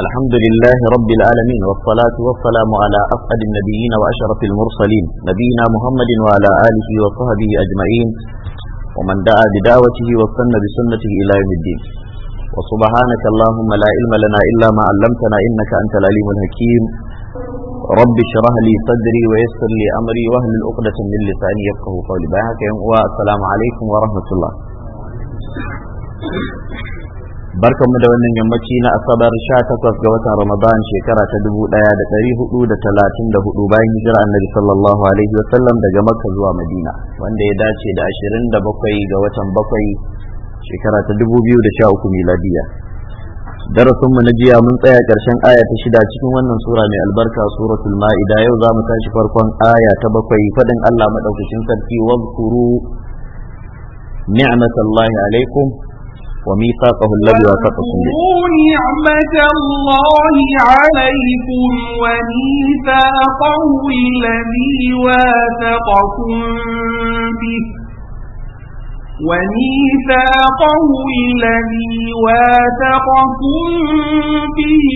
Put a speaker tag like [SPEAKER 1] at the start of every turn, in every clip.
[SPEAKER 1] الحمد لله رب العالمين والصلاة والسلام على أفقد النبيين وأشرف المرسلين نبينا محمد وعلى آله وصحبه أجمعين ومن دعا بدعوته واستنى بسنته إلى يوم الدين وسبحانك اللهم لا علم لنا إلا ما علمتنا إنك أنت العليم الحكيم رب اشرح لي صدري ويسر لي أمري وأهل العقدة من لساني يفقه قولي بارك السلام عليكم ورحمة الله mu da wannan yammaci na asabar 18 ga watan ramadan shekara ta 1434 bayan hijira annabi sallallahu alaihi wa sallam daga makka zuwa madina wanda ya dace da 27 ga watan bakwai shekara ta 2013 miladiya darasinmu na jiya mun tsaya ƙarshen aya ta shida cikin wannan sura mai albarka suratul ma'ida yau za mu tashi farkon aya ta bakwai faɗin allah maɗaukacin sarki wazkuru ni'matallahi alaikum وميثاقه الذي وثقكم به
[SPEAKER 2] نعمة الله عليكم وميثاقه الذي واثقكم به وميثاقه الذي واثقكم به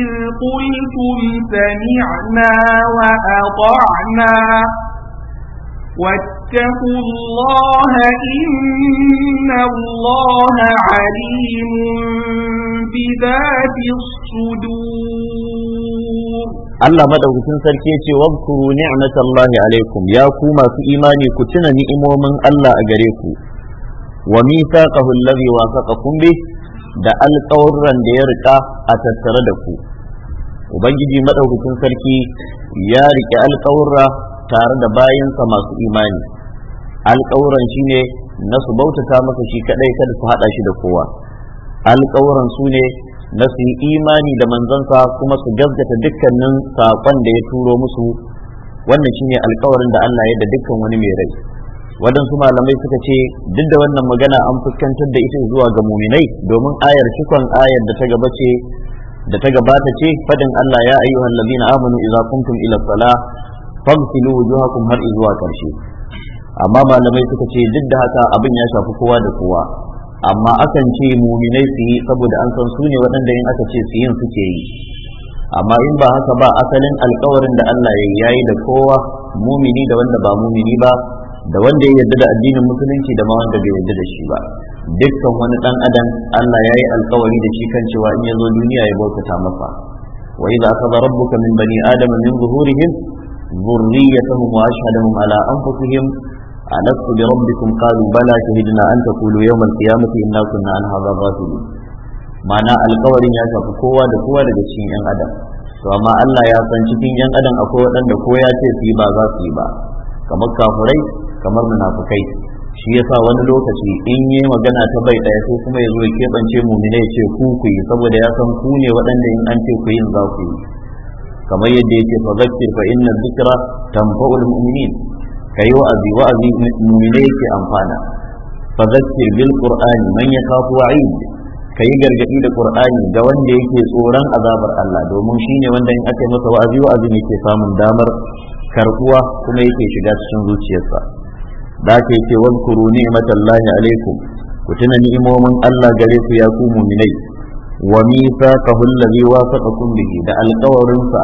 [SPEAKER 2] إذ قلتم سمعنا وأطعنا واتقوا الله إن الله عليم بذات الصدور
[SPEAKER 1] Allah madaukakin sarki ya ce wabkuru ni'matallahi alaikum ya ku masu imani ku tuna ni'imomin Allah a gare ku wa mithaqahu allazi wasaqakum bi da alƙawurran da ya riƙa a tattare da ku ubangiji madaukakin sarki ya rike alƙawurra tare da bayansa masu imani alƙawuran shi ne na su bautata masa shi kaɗai kada su haɗa shi da kowa alƙawuran su ne na su yi imani da manzansa kuma su gaskata dukkanin saƙon da ya turo musu wannan shi ne alƙawarin da Allah ya da dukkan wani mai rai waɗansu malamai suka ce duk da wannan magana an fuskantar da ita zuwa ga muminai domin ayar cikon ayar da ta gaba ce da ta gabata ce faɗin Allah ya ayyuhan ladina amanu idza kuntum ila salah famsilu wujuhakum har zuwa karshe amma malamai suka ce duk da haka abin ya shafi kowa da kowa amma akan ce muminai su yi saboda an san su ne waɗanda yin aka ce su yin suke yi amma in ba haka ba asalin alkawarin da Allah ya yayi da kowa mumini da wanda ba mumini ba da wanda ya yarda da addinin musulunci da ma wanda bai yarda da shi ba dukkan wani dan adam Allah yayi alkawari da shi kan cewa in ya zo duniya ya bautata masa wa idza akhadha rabbuka min bani adama min zuhurihim ya وأشهدهم على أنفسهم ألست بربكم قالوا بلى شهدنا أن تقولوا يوم القيامة إنا كنا عن هذا غافلين ma'ana alkawarin ya shafi kowa da kowa daga cikin 'yan adam Sama Allah ya san cikin 'yan adam akwai waɗanda ko ya ce su yi ba za su yi ba kamar kafurai kamar munafukai shi yasa wani lokaci in yi magana ta bai ɗaya sai kuma ya zo ya keɓance mumina ya ce ku ku yi saboda ya san ku ne waɗanda in an ce ku yin za ku yi kamar yadda yake fa zakkir fa inna dhikra tanfa'ul mu'minin kayi wa'azi wa'azi mu'mine yake amfana fa bil qur'ani man yakhafu wa'id kayi gargadi da qur'ani ga wanda yake tsoron azabar Allah domin shine wanda in aka masa wa'azi wa'azi yake samun damar karbuwa kuma yake shiga cikin zuciyarsa da ke ce kuruni, ni'matallahi alaikum ku tuna ni'imomin Allah gare ku ya ku mu'minai wa mithaqahu allazi wasaqakum bihi da alƙawarinsa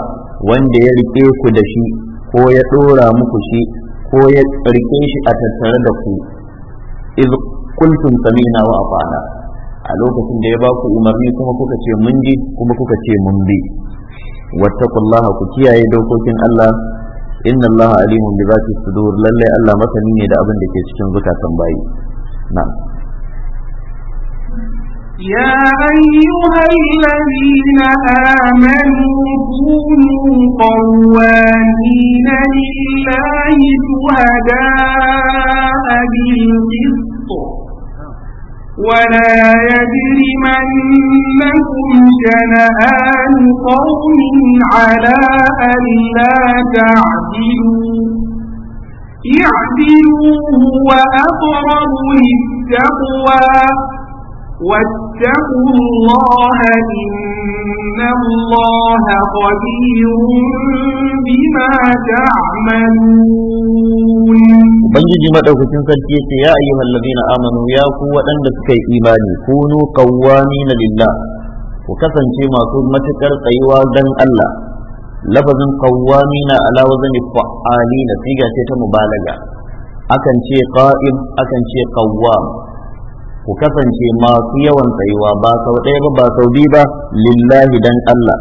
[SPEAKER 1] wanda ya rike ku da shi ko ya dora muku shi ko ya rike shi a tattare da ku iz sami samina wa afana a lokacin da ya baku umarni kuma kuka ce mun ji kuma kuka ce mun bi wattaqullaha ku kiyaye dokokin Allah innallahu alimu alimun bi zati sudur lalle Allah masani ne da abin da ke cikin zukatan bayi na'am
[SPEAKER 2] يا أيها الذين آمنوا كونوا قوامين لله شهداء بالقسط ولا يجرمنكم شنآن قوم على ألا تعدلوا اعدلوا أقرب للتقوى واتقوا الله إن الله خبير بما تعملون
[SPEAKER 1] Ubangiji madaukakin sarki ya ce ya ayyuha allazina amanu ya ku waɗanda suka yi imani kunu na lillah ku kasance masu matukar tsayuwa dan Allah lafazin qawwamina ala wazni fa'alina siga ce ta mubalaga akan ce qa'im akan ce qawwam ku kasance masu yawan tsayuwa ba sau ɗaya ba ba sau biyu ba lillahi dan Allah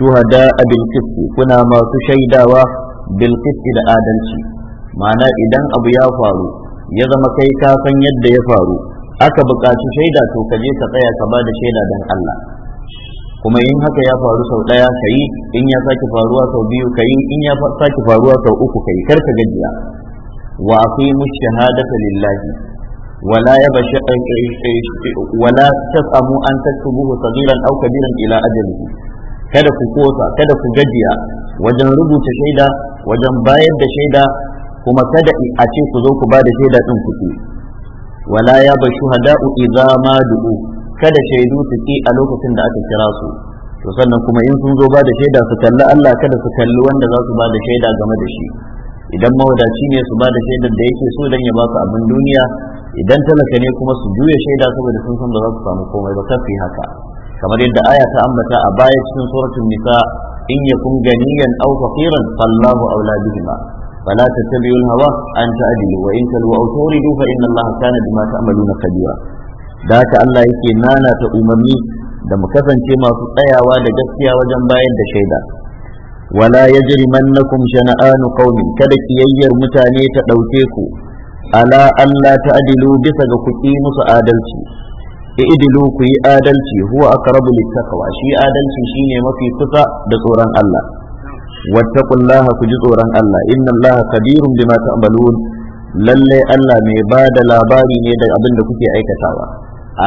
[SPEAKER 1] shuhada a qisti kuna masu shaidawa bil da adalci ma'ana idan abu ya faru ya zama kai ka san yadda ya faru aka buƙaci shaida to ka je ka tsaya ka ba da shaida dan Allah kuma in haka ya faru sau ɗaya ka yi in ya sake faruwa sau biyu ka yi in ya sake faruwa sau uku ka yi kar ka gajiya wa aqimu shahadata lillahi ولا يبش mu تفهموا أن تكتبوه صغيرا أو كبيرا إلى أجله kada ku kosa kada ku gajiya wajen rubuta shaida wajen bayar da shaida kuma kada a ce ku zo ku ba da shaida din ku wala ya ba shuhada'u idza ma du'u kada shaidu su ki a lokacin da aka kira su to sannan kuma in sun zo ba da shaida su kalli Allah kada su kalli wanda za su ba da shaida game da shi idan mawadaci ne su ba da shaidar da yake so dan ya ba su abin duniya idan talaka ne kuma su juya shaida saboda sun san ba za su samu komai ba kafi haka kamar yadda aya ta ambata a baya cikin suratul nisa in yakun ganiyan aw faqiran fallahu aula bihima فلا تتبعوا الهوى أن تعدلوا وإن تلووا أو توردوا فإن الله كان بما تعملون Da ta Allah yake nana ta umarni da mu kasance masu tsayawa da gaskiya wajen bayar da shaida wala yajrimannakum shana'anu qaumin kada kiyayyar mutane ta dauke ku ala Allah ta'dilu bisa ga ku yi musu adalci i'dilu ku yi adalci huwa aqrabu littaqwa shi adalci shine mafi kusa da tsoron Allah wattaqullaha ku ji tsoron Allah inna Allaha kabirun bima ta'malun lalle Allah mai ba da labari ne da abin da kuke aikatawa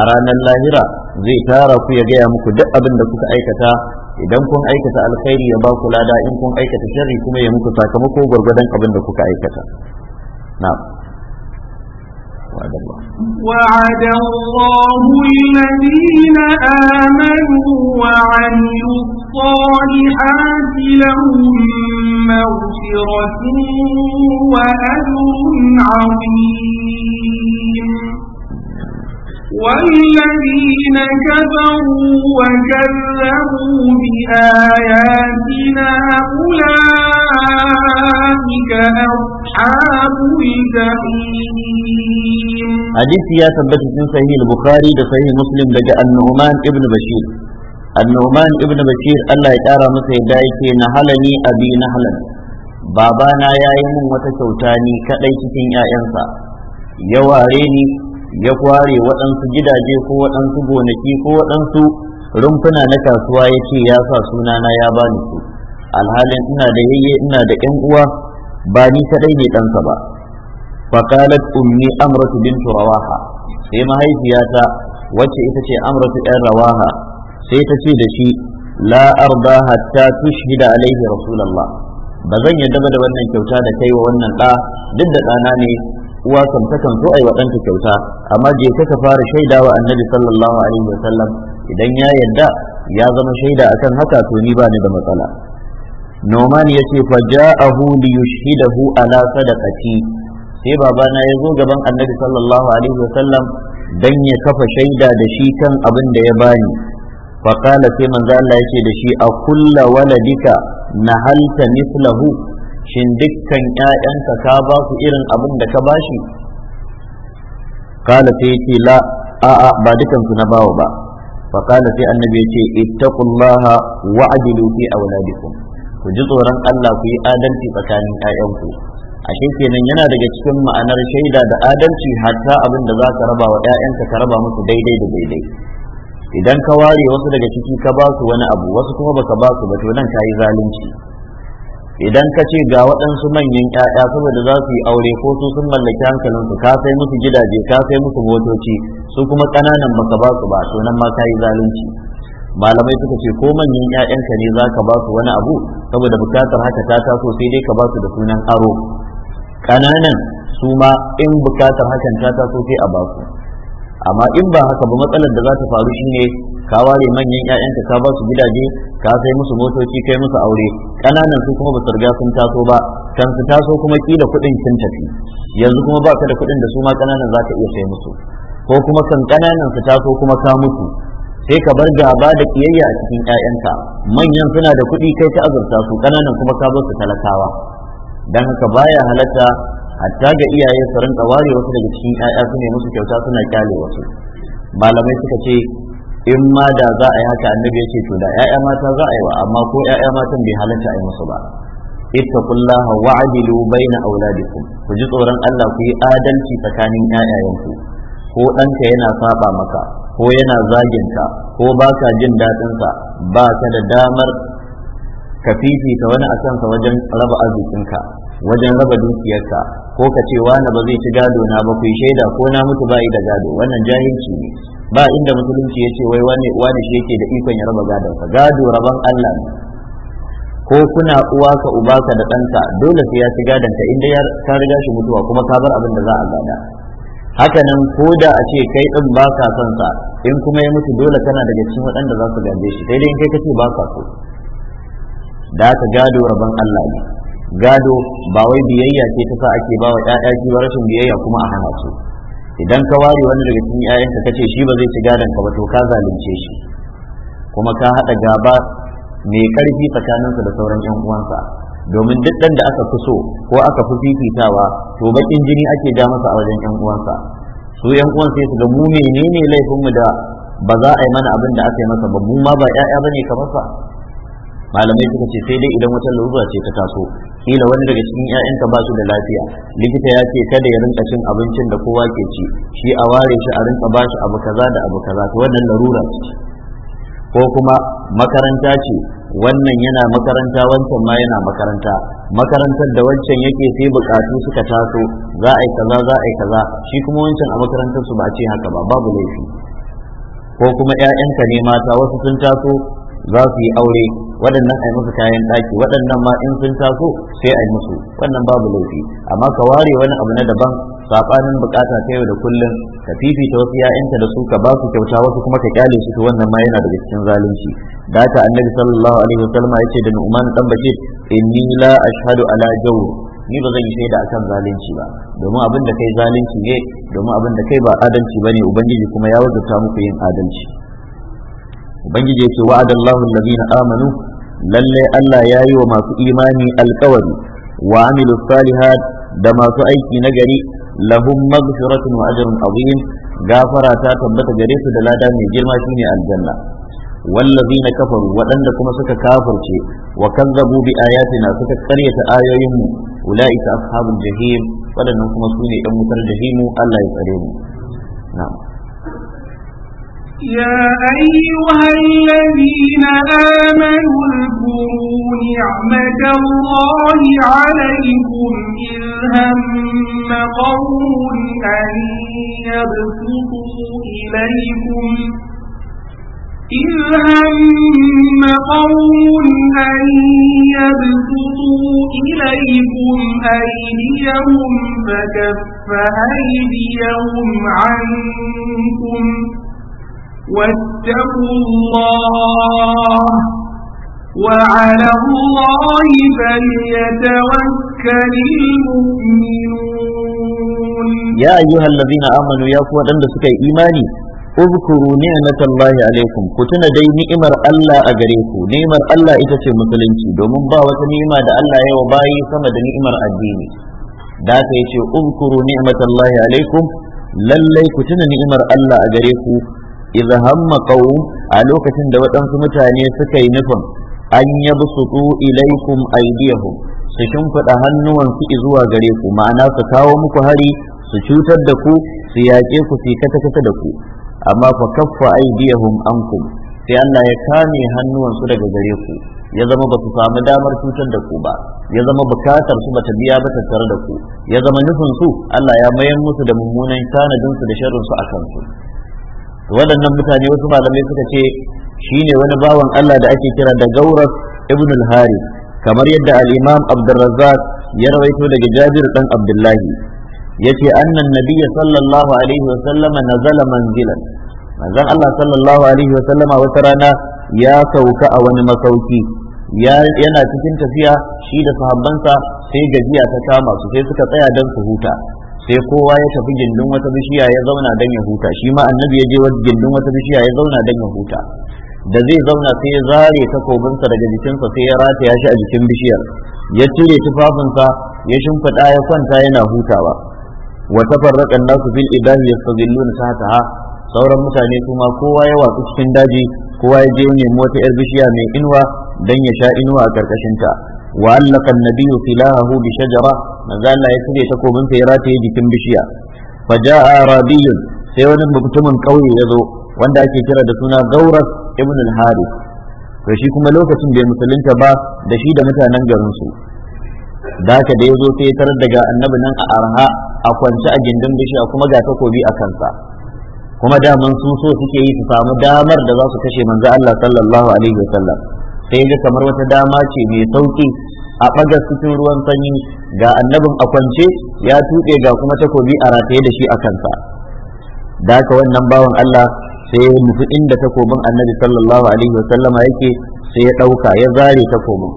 [SPEAKER 1] a ranar lahira zai tara ku ya gaya muku duk abin da kuka aikata idan kun aikata alkhairi ya ba ku lada in kun aikata sharri kuma ya muku sakamako gwargwadon abin da kuka aikata na'am وعد الله
[SPEAKER 2] وعد الله الذين آمنوا وعملوا الصالحات لهم مغفرة وأجر عظيم والذين كفروا وكذبوا بآياتنا أولئك أصحاب الجحيم
[SPEAKER 1] حديث يا ثبت في صحيح البخاري ده صحيح مسلم لجاء النعمان ابن بشير النعمان ابن بشير الله يقرا مسا يدايكي نهلني أبي نهلا babana ya yi min wata kyauta ni kaɗai cikin ‘ya'yansa, ya ware ni ya kware waɗansu gidaje ko waɗansu gonaki ko waɗansu rumfuna na kasuwa ya ce ya sa sunana ya bani su alhalin ina da yayye ina da ƴan uwa ba ni kadai ne ɗansa ba fakalat ummi amratu bintu rawaha sai mahaifiyata wacce ita ce amratu ɗan rawaha sai ta ce da shi la arda hatta tushhida alaihi rasulullah ba zan yarda ba da wannan kyauta da kai wa wannan ɗa duk da ɗana ne uwa kam takan so ai waɗanta kyauta amma je ta ka fara shaida wa annabi sallallahu alaihi idan ya yadda ya zama shaida akan haka to ni ba ni da matsala Noman ya ce fa ja'ahu li yushhidahu ala sadaqati sai babana ya zo gaban annabi sallallahu alaihi dan ya kafa shaida da shi kan abin da ya bani fa qala sai manzo Allah yake da shi a kulla waladika nahalta mislahu shin dukkan ‘ya'yanka ka ba su irin abin da ka ba shi sai ya ce la a'a ba dukansu na bawa ba fa kala sai annabi ya ce ittaqullaha wa adilu fi awladikum ku ji tsoron Allah ku yi adalci tsakanin ‘ya'yanku ashe kenan yana daga cikin ma'anar shaida da adalci hatta abin da za ka raba wa ‘ya'yanka ka raba musu daidai da daidai idan ka ware wasu daga ciki ka ba su wani abu wasu kuma baka ba su ba to nan ka yi zalunci idan ka ce ga waɗansu manyan ƴaƴa saboda za su yi aure ko su sun mallaki hankalinsu ka sai musu gidaje ka sai musu motoci su kuma ƙananan baka ba su ba to nan ma ka yi zalunci malamai suka ce ko manyan ƴaƴanka ne za ka ba su wani abu saboda bukatar haka ta taso sai dai ka ba su da sunan aro ƙananan su ma in bukatar hakan ta taso sai a ba su amma in ba haka ba matsalar da za ta faru shine ka ware manyan ƴaƴanka ka ba su gidaje ka sai musu motoci kai musu aure ƙananan su kuma ba su riga sun taso ba kan su taso kuma kila kuɗin kin tafi yanzu kuma ba ka da kuɗin da su ma ƙananan za ka iya sai musu ko kuma kan ƙananan su taso kuma ka mutu sai ka bar gaba da kiyayya a cikin ƴaƴanka manyan suna da kuɗi kai ta azurta su ƙananan kuma ka ba su talakawa dan haka baya halatta hatta ga iyaye su rinka ware wasu daga cikin ƴaƴa su ne musu kyauta suna kyale wasu malamai suka ce in ma da za a yi haka annabi ya ce to da ƴaƴa mata za a yi wa amma ko ƴaƴa matan bai halarta a yi musu ba ittaqullaha wa'dilu baina auladikum ku ji tsoron Allah ku yi adalci tsakanin ƴaƴayenku ko ɗanka yana saba maka ko yana zagin zaginka ko baka jin sa, ba ka da damar ka fifita wani a kansa wajen raba arzikinka wajen raba dukiyarsa ko ka ce wani ba zai ci gado na ba ku shaida ko na mutu ba da gado wannan jahilci ne ba inda musulunci ya ce wai wani shi yake da ikon ya raba gadonsa gado raban Allah ne ko kuna uwa ka uba ka da ɗanka dole sai ya ci gadonka inda ya ka riga shi mutuwa kuma ka bar abin da za a gada haka nan ko da a ce kai ɗin ba ka son sa in kuma ya mutu dole kana daga cikin waɗanda za su gaje shi sai dai in kai ce ba ka so da ka gado raban Allah ne gado ba wai biyayya ce ta sa ake ba wa ƴaƴa ki ba rashin biyayya kuma a hana su idan ka ware wani daga cikin ƴaƴanka ka ce shi ba zai ci gadon ka ba to ka zalunce shi kuma ka haɗa gaba mai ƙarfi tsakaninsa da sauran ƴan uwansa domin duk ɗan da aka fi so ko aka fi fifitawa to baƙin jini ake ja masa a wajen ƴan uwansa su ƴan uwan sai su ga mu menene laifinmu da ba za a yi mana abin da aka yi masa ba mu ma ba ƴaƴa bane kamar sa malamai suka ce sai dai idan wata larura ce ta taso kila wani daga cikin ƴaƴanka ba su da lafiya likita ya ce kada ya rinka cin abincin da kowa ke ci shi a ware shi a rinka ba shi abu kaza da abu kaza to wannan larura ce ko kuma makaranta ce wannan yana makaranta wancan ma yana makaranta makarantar da wancan yake sai bukatu suka taso za a yi kaza za a yi kaza shi kuma wancan a makarantar su ba a ce haka ba babu laifi ko kuma 'ya'yanka ne mata wasu sun taso za su yi aure waɗannan a yi musu kayan ɗaki waɗannan ma in sun taso sai a yi musu wannan babu laifi amma ka ware wani abu na daban saɓanin bukata ta yau da kullum ka fifita wasu ya'yanta da su ka ba su kyauta wasu kuma ka kyale su to wannan ma yana daga cikin zalunci da haka annabi sallallahu alaihi wasallam ya ce da nu'man dan bashir inni la ashhadu ala jawr ni ba zan yi shaida akan zalunci ba domin abin da kai zalunci ne domin abin da kai ba adalci bane ubangiji kuma ya wajabta muku yin adalci ubangiji ce wa'adallahu allazina amanu lalle Allah ya yi wa masu imani alkawari wa amilu salihat da masu aiki na gari lahum maghfiratun wa ajrun azim gafara ta tabbata gare su da lada mai girma shine aljanna wallazina kafaru waɗanda kuma suka kafirce wa kazzabu bi ayatina suka karyata mu ulaika ashabul jahim waɗannan kuma sune ɗan wutar jahimu Allah ya tsare mu na'am
[SPEAKER 2] يا أيها الذين آمنوا اذكروا نعمة الله عليكم إذ هم قوم أن يبسطوا إليكم إذ هم قوم أن يبسطوا إليكم أيديهم فكف أيديهم عنكم واتقوا الله وعلى الله فليتوكل المؤمنون يا أيها
[SPEAKER 1] الذين آمنوا يا أخوة أن إيماني اذكروا نعمة الله عليكم كتنا دي نعمة الله أجريكم نعمة الله إتسي مسلمتي دومن باوة نعمة الله يوباي سمد نعمر الدين da ka اذكروا نعمة الله عليكم alaikum lallai ku الله أجريكم idza hamma qaum a lokacin da waɗansu mutane suka yi nufin an ilaikum aydiyahum su shimfiɗa hannuwansu zuwa gare ku ma'ana su kawo muku hari su cutar da ku su yaƙe ku su kata kata da ku amma fa kaffa aydiyahum ankum sai Allah ya kame hannuwansu daga gare ku ya zama ba su samu damar cutar da ku ba ya zama bukatar su bata biya ba tattare da ku ya zama nufin su Allah ya mayar musu da mummunan tanadin su da sharrin su a kansu waɗannan mutane wasu malamai suka ce shine wani bawan Allah da ake kira da Gauras ibn al-Hari kamar yadda al-Imam Abdurrazzaq ya rawaito daga Jabir dan Abdullahi yace annan nabiy sallallahu alaihi wa sallama nazala manzilan manzon Allah sallallahu alaihi wa sallama wata rana ya sauka a wani masauki yana cikin tafiya shi da sahabbansa sai gajiya ta kama su sai suka tsaya don su huta sai kowa ya tafi gindin wata bishiya ya zauna don ya huta shi ma annabi ya je wa gindin wata bishiya ya zauna don ya huta da zai zauna sai ya zare takobinsa daga jikinsa sai ya rataya shi a jikin bishiyar ya cire tufafinsa ya shimfiɗa ya kwanta yana hutawa wa tafarraqan nasu fil sa yastazilluna ha, sauran mutane kuma kowa ya watsu cikin daji kowa ya je nemi wata yar bishiya mai inuwa don ya sha inuwa a karkashin وألق النبي سلاحه بشجرة ما زال لا يسري تكون في راته جكم بشيا فجاء أعرابي سيون مبتم قوي يزو wanda ake kira da suna gauras ibn al-harith shi kuma lokacin bai musulunta ba da shi da mutanen garinsu. garin su da ya zo yazo sai tarar daga annabi nan a arha a kwance a gindin bishiya kuma ga takobi a kansa kuma daman su so suke yi su samu damar da za su kashe manzo Allah sallallahu alaihi wasallam sai ga kamar wata dama ce mai sauki a ɓagar cikin ruwan sanyi ga annabin a kwance ya tuɗe ga kuma takobi a rataye da shi a kansa da haka wannan bawan Allah sai ya nufi inda takobin annabi sallallahu alaihi wasallama yake sai ya ɗauka ya zare takobin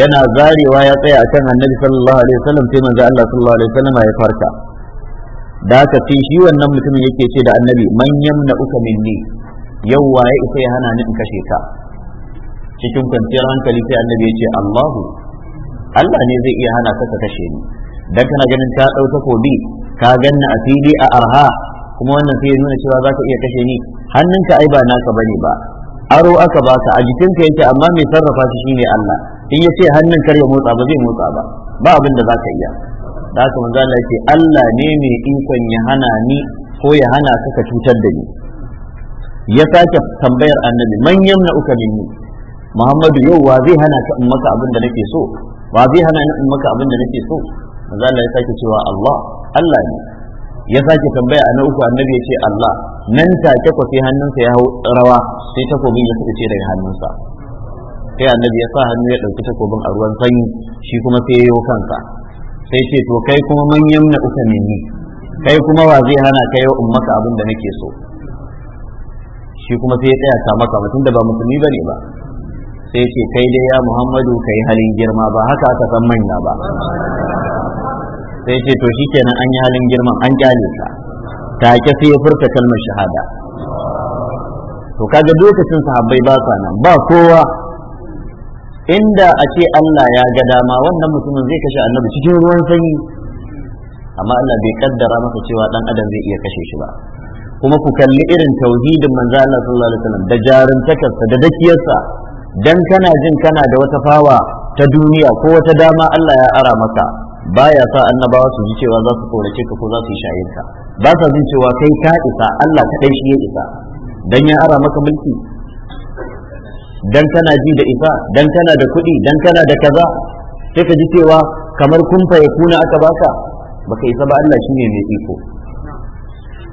[SPEAKER 1] yana zarewa ya tsaya a kan annabi sallallahu alaihi wasallam sai manzo Allah sallallahu alaihi wasallama ya farka da haka sai shi wannan mutumin yake ce da annabi man yamna uka minni yau waye isa ya hana ni in kashe ka cikin kwanciyar hankali sai annabi ya ce Allahu Allah ne zai iya hana ka kashe ni dan kana ganin ka ɗauka kobi ka ganna a fili a arha kuma wannan sai ya nuna cewa za ka iya kashe ni hannunka ai ba naka bane ba aro aka baka a jikinka yake amma mai sarrafa shi shine Allah in ya ce hannun kar ya motsa ba zai motsa ba ba abin da za ka iya da haka manzo Allah yake Allah ne mai ikon ya hana ni ko ya hana ka ka cutar da ni ya sake tambayar annabi man yamna uka minni muhammadu yau wa zai hana ka in maka abin da nake so wa zai hana ni in maka abin da nake so manzo Allah ya sake cewa Allah Allah ne ya sake tambaya a na uku annabi ya ce Allah nan take ku sai hannunsa ya hau rawa sai takobin ya fice daga hannunsa sai annabi ya sa hannu ya dauki takobin a ruwan sanyi shi kuma sai ya yi kansa sai ce to kai kuma manyan na uka ni? kai kuma wa zai hana kai in maka abin da nake so shi kuma sai ya tsaya ta maka mutum da ba musulmi bane ba sai ce kai dai ya muhammadu kai halin girma ba haka aka san manya ba sai ce to kenan an yi halin girman an kyale ka take sai ya furta kalmar shahada to kaga lokacin sahabbai ba sa nan ba kowa inda a ce Allah ya ga dama wannan mutumin zai kashe annabi cikin ruwan sanyi amma Allah bai kaddara masa cewa dan adam zai iya kashe shi ba kuma ku kalli irin tauhidin manzo Allah sallallahu alaihi wasallam da jaruntakarsa da dakiyarsa dan kana jin kana da wata fawa ta duniya ko wata dama Allah ya ara maka baya sa annabawa su ji cewa za su korace ka ko za su yi ka ba sa jin cewa kai ka isa Allah kaɗai shi ya isa dan ya ara maka mulki dan kana ji da isa dan kana da kuɗi dan kana da kaza sai ka ji cewa kamar kun fa kuna aka baka baka isa ba Allah shine mai iko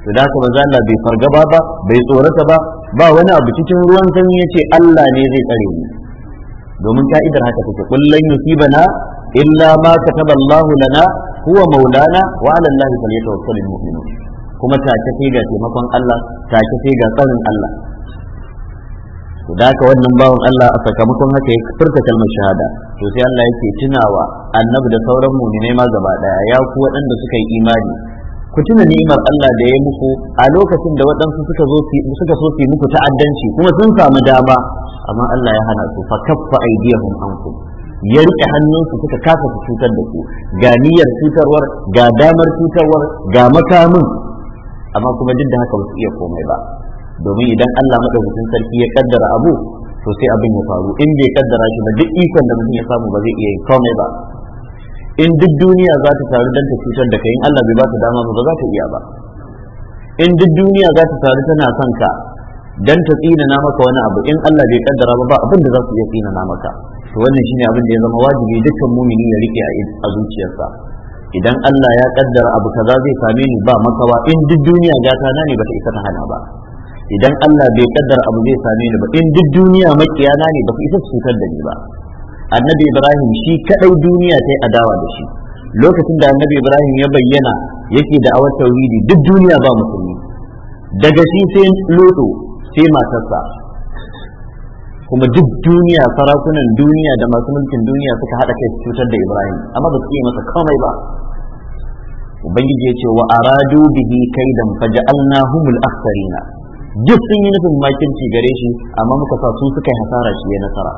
[SPEAKER 1] to da haka za Allah bai fargaba ba bai tsorata ba ba wani abu cikin ruwan sanyi ce Allah ne zai tsare mu domin ka'idar haka take kullun yusibana illa ma kataba Allah lana huwa maulana wa 'ala Allah falyatawakkalul mu'minun kuma ta sai ga taimakon Allah ta sai ga tsarin Allah to da haka wannan bawan Allah a sakamakon haka ya furta kalmar shahada to sai Allah yake tunawa annabi da sauran mu'minai ma gaba daya ya ku waɗanda suka yi imani ku tuna ni'imar Allah da ya muku a lokacin da waɗansu suka zo suka so su muku ta'addanci kuma sun samu dama amma Allah ya hana su fa kaffa aydiyahum ankum ya rike hannunsu suka kasa su cutar da ku ga niyyar cutarwar ga damar cutarwar ga makamin amma kuma duk da haka ba su iya komai ba domin idan Allah madaukakin sarki ya kaddara abu to sai abin ya faru in bai kaddara shi ba duk ikon da mutum ya samu ba zai iya komai ba in duk duniya za ta taru don ta cutar da kai in Allah bai ba ta dama ba za ta iya ba in duk duniya za ta taru tana son ka dan ta tsina na maka wani abu in Allah bai kaddara ba ba abin da za su iya tsina na maka to wannan shine abin da ya zama wajibi dukkan mumini ya rike a zuciyarsa idan Allah ya kaddara abu kaza zai same ni ba makawa in duk duniya gata na ne bata isa ta hana ba idan Allah bai kaddara abu zai same ni ba in duk duniya makiyana ne bata isa su cutar da ni ba annabi ibrahim shi kadai duniya ta yi adawa da shi lokacin da annabi ibrahim ya bayyana yake da awar tauhidi duk duniya ba musulmi daga shi sai lutu sai matarsa kuma duk duniya sarakunan duniya da masu mulkin duniya suka haɗa kai cutar da ibrahim amma ba su iya masa komai ba ubangiji ya ce wa aradu bihi kaidan humul aktharina duk sun yi nufin makirci gare shi amma muka sa su suka yi hasara shi ya nasara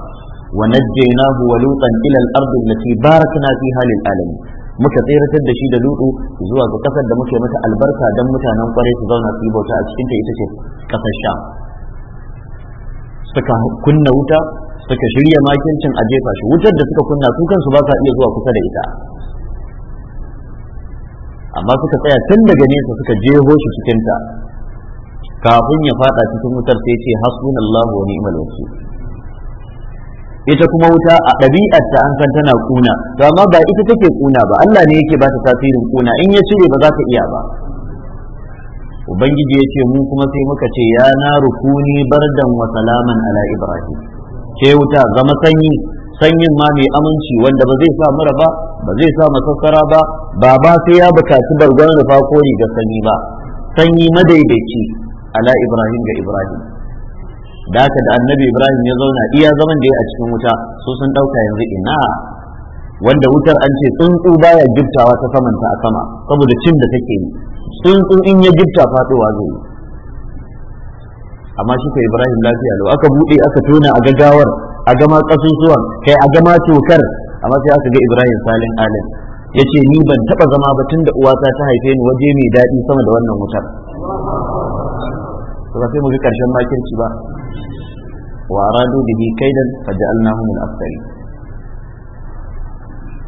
[SPEAKER 1] ونجيناه ولوطا إلى الأرض التي باركنا فيها للعالمين muka tseratar da shi da luɗu zuwa ga kasar da muke mata albarka don mutanen kwarai su zauna su yi bauta a cikinta ita ce kasar sha suka kunna wuta suka shirya makincin a jefa shi wutar da suka kunna su kansu ba sa iya zuwa kusa da ita amma suka tsaya tun daga nesa suka jeho shi cikinta kafin ya fada cikin wutar sai ce hasbunallahu wa ni'mal wakil ita kuma wuta a ɗabi'ar ta an san tana kuna to amma ba ita take kuna ba Allah ne yake ba ta tasirin kuna in ya cire ba za ka iya ba ubangiji yace mu kuma sai muka ce ya na rukuni bardan wa salaman ala ibrahim ke wuta zama sanyi sanyin ma mai aminci wanda ba zai sa mura ba ba zai sa masassara ba ba ba sai ya bukaci bargon rufa ko ga sanyi ba sanyi madaidaici ala ibrahim ga ibrahim da haka da annabi ibrahim ya zauna iya zaman da ya a cikin wuta su sun ɗauka yanzu ina wanda wutar an ce tsuntsu baya giftawa ta saman ta a sama saboda cin da take yi tsuntsu in ya gifta faɗowa zai yi amma shi ka ibrahim lafiya lau aka buɗe aka tona a gagawar a gama ƙasusuwan kai a gama tokar amma sai aka ga ibrahim salin alim ya ce ni ban taɓa zama ba tunda da uwata ta haife ni waje mai daɗi sama da wannan wutar ba sai mu bi karshen makirci ba wa aradu kai kaidan faj'alnahum min afsari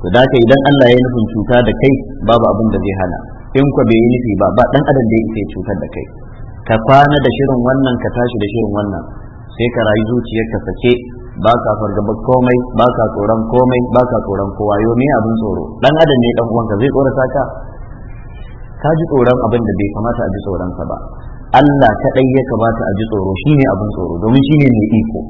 [SPEAKER 1] to da ka idan Allah ya nufin cuta da kai babu abin da zai hana in ku bai yi nufi ba ba dan adam da yake cutar da kai ka kwana da shirin wannan ka tashi da shirin wannan sai ka rayu zuciyarka sake ba ka fargaba komai ba ka tsoron komai ba ka tsoron kowa yo me abin tsoro dan adam ne dan uwanka zai tsorata ka ka ji tsoron abin da bai kamata a ji tsoron ka ba Allah kaɗai ya kamata a ji tsoro ne abin tsoro domin ne mai iko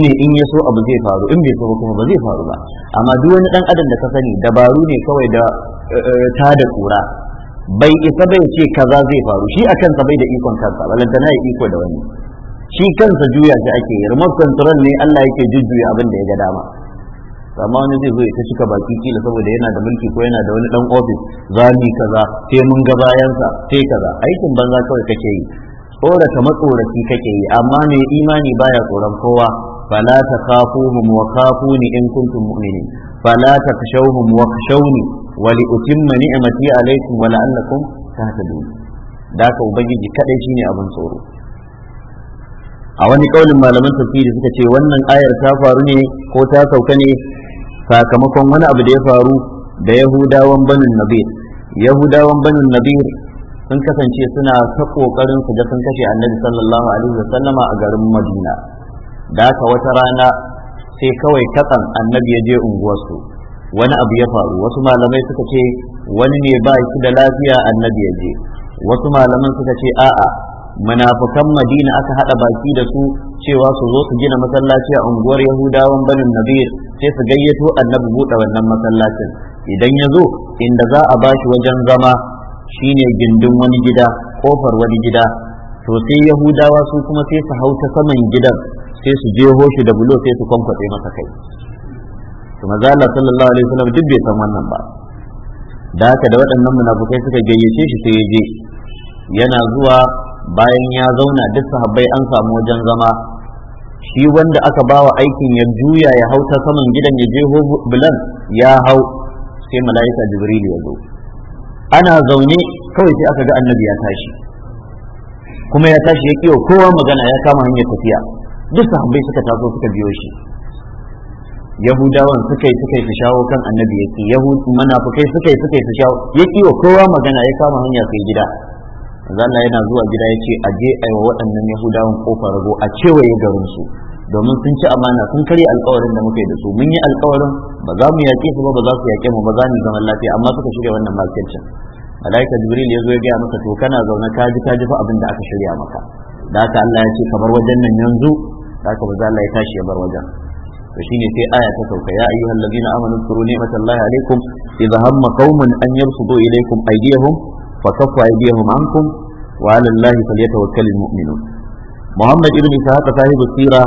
[SPEAKER 1] ne in ya so abu zai faru in bai so kuma ba zai faru ba amma duk wani dan adam da ka sani dabaru ne kawai da eh, ta da kura bai isa bai ce kaza zai faru shi a kansa bai da ikon kansa balantana ya iko da wani shi kansa juya shi ake yi remote control ne Allah yake jujjuya abin da ya ga dama amma wani zai zo ya ta cika baki kila saboda yana da mulki ko yana da wani dan ofis zami kaza sai mun ga bayansa sai kaza aikin banza kawai kake yi tsorata matsoraci kake yi amma mai imani baya tsoron kowa fala ta kafuhum wa kafuni in kuntum mu'minin fala ta kashawhum wa kashawni wa li utimma ni'mati alaykum wa la'allakum tahtadun da ka ubangiji kadai shine abin tsoro a wani kaulin malaman tafsiri suka ce wannan ayar ta faru ne ko ta sauka ne sakamakon wani abu da ya faru da yahudawan banin nabir yahudawan banin nabir sun kasance suna ta kokarin su ga sun kashe annabi sallallahu alaihi wa sallama a garin madina da aka wata rana sai kawai katsan annabi ya je unguwarsu wani abu ya faru wasu malamai suka ce wani ne ba shi da lafiya annabi ya je wasu malaman suka ce a'a munafukan madina aka hada baki da su cewa su zo su gina masallaci a unguwar yahudawan banin nabir sai su gayyato annabi buɗe wannan masallacin idan ya zo inda za a bashi wajen zama shine gindin wani gida kofar wani gida to sai yahudawa su kuma sai su hauta saman gidan sai su je shi da bulo sai su kwankwace masa kai to maza Allah sallallahu alaihi wasallam duk bai san wannan ba da haka da waɗannan munafukai suka gayyace shi sai ya je yana zuwa bayan ya zauna duk sahabbai an samu wajen zama shi wanda aka bawa aikin ya juya ya hau ta saman gidan ya je bulan ya hau sai mala'ika jibril ya zo ana zaune kawai sai aka ga annabi ya tashi kuma ya tashi ya kiyo kowa magana ya kama hanyar tafiya duk sahabbai suka taso suka biyo shi yahudawan suka yi suka yi su shawo kan annabi yake yahud manafukai suka yi suka yi su shawo ya kiwo kowa magana ya kama hanya sai gida zalla yana zuwa gida ya ce a je a yi wa waɗannan yahudawan kofar rago a cewaye garin su domin sun ci amana sun karya alkawarin da muka yi da su mun yi alkawarin ba za mu yaƙe su ba ba za su yaƙe mu ba za mu zaman lafiya amma suka shirya wannan makircin malaika jibril ya zo ya gaya masa to kana zaune ka ji ka ji fa abin da aka shirya maka da haka Allah ya ce ka bar wajen nan yanzu da haka ba za Allah ya tashi ya bar wajen to shine sai aya ta sauka ya ayyuhal ladina amanu zkuru ni'matallahi alaikum idh hamma qauman an yabsutu ilaykum aydiyahum فكف أيديهم عنكم وعلى الله فليتوكل المؤمنون محمد ابن إسحاق صاحب السيرة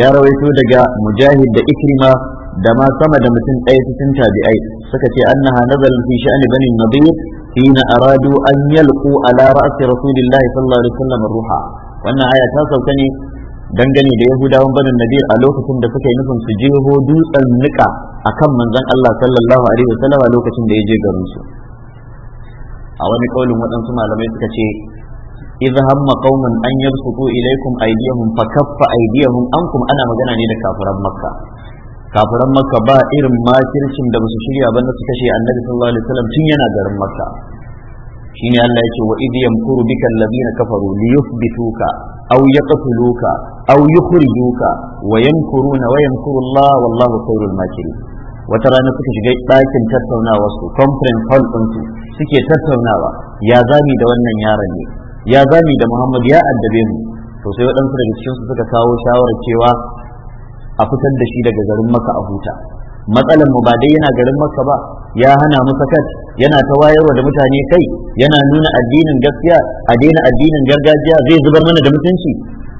[SPEAKER 1] يا رويتو دجا مجاهد دا إكرمة da ma sama da mutum ɗaya cikin tabi'ai suka ce annaha nazarin fi sha'ani bani nadir hina aradu an yalqu ala ra'si rasulillahi sallallahu alaihi wasallam ruha wannan aya ta sauka ne dangane da yahudawan banin nadir a lokacin da suka yi nufin su jeho dutsen nika akan manzon Allah sallallahu alaihi wasallam lokacin da ya je garinsu. a wani kaulin waɗansu malamai suka ce idan hamma qauman an yabsutu ilaykum aydiyahum fa kaffa an kuma ana magana ne da kafiran makka kafiran makka ba irin makircin da basu shirya ba na su kashe annabi sallallahu alaihi wasallam tun yana garin makka shine Allah yake wa idh yamkuru bika alladhina kafaru li aw yaqtuluka aw yukhrijuka wa yamkuruna wa yamkuru Allah wallahu khairul makirin wata rana suka shiga ɗakin tattaunawa su conference hall su suke tattaunawa ya zami da wannan yaron ne ya zami da muhammad ya addabe mu to sai waɗansu daga cikin su suka kawo shawarar cewa a fitar da shi daga garin maka a huta matsalar mu ba dai yana garin maka ba ya hana mu sakat yana ta wayarwa da mutane kai yana nuna addinin gaskiya a daina addinin gargajiya zai zubar mana da mutunci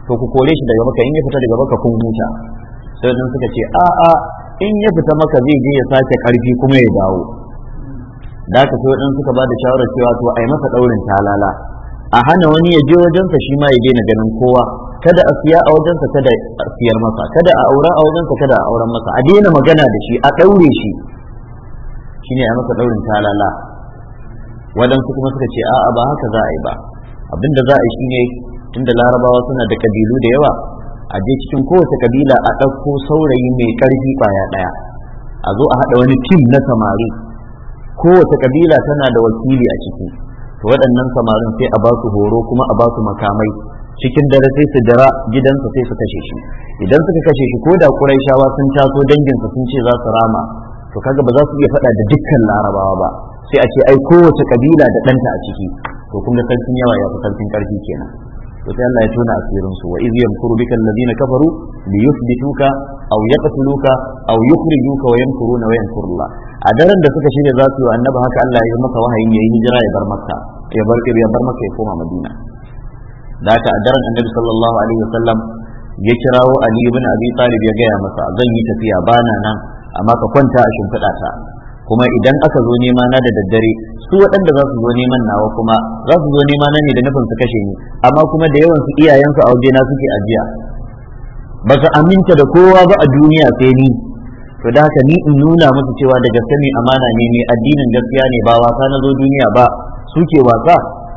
[SPEAKER 1] to ku kore shi daga maka in ya fita daga maka kun huta sai dan suka ce a'a. in ya fita maka zai je ya sake karfi kuma ya dawo da ka sai wadansu suka ba da shawarar cewa to a yi masa ɗaurin talala a hana wani ya je wajensa shi ma ya daina ganin kowa kada a siya a wajensa kada a siyar masa kada a aura a wajensa kada a auren masa a daina magana da shi a ɗaure shi shine a masa ɗaurin talala wadansu kuma suka ce a'a ba haka za a yi ba abinda za a yi shine tunda larabawa suna da kabilu da yawa a je cikin kowace kabila a ɗauko saurayi mai ƙarfi ƙwaya ɗaya a zo a haɗa wani tim na samari kowace kabila tana da wakili a ciki to waɗannan samarin sai a ba su horo kuma a ba su makamai cikin dare sai su dara gidansa sai su kashe shi idan suka kashe shi ko da ƙuraishawa sun taso danginsa sun ce za su rama to kaga ba za su iya faɗa da dukkan larabawa ba sai a ce ai kowace kabila da ɗanta a ciki to kun ga sarkin yawa ya fi sarkin ƙarfi kenan to sai Allah ya tona asirin su wa iz yamkuru bika alladhina kafaru li yuthbituka aw yaqtuluka aw yukhrijuka wa yamkuruna wa yamkurullah a daren da suka shirya za su yi annabi haka Allah ya masa wahayin yayi hijira ya bar makka ya bar ya bar makka ya koma madina da haka a daren annabi sallallahu alaihi wasallam ya kirawo ali ibn abi talib ya gaya masa zan yi tafiya bana nan amma ka kwanta a shimfiɗa ta kuma idan aka zo nema na da daddare su waɗanda za su zo neman nawa kuma za su zo nema na ne da nufin su kashe ni amma kuma da yawan su iyayensu a waje na suke ajiya ba su aminta da kowa ba a duniya sai ni to da haka ni in nuna musu cewa da gaske mai amana ne mai addinin gaskiya ne ba wasa na zo duniya ba suke wasa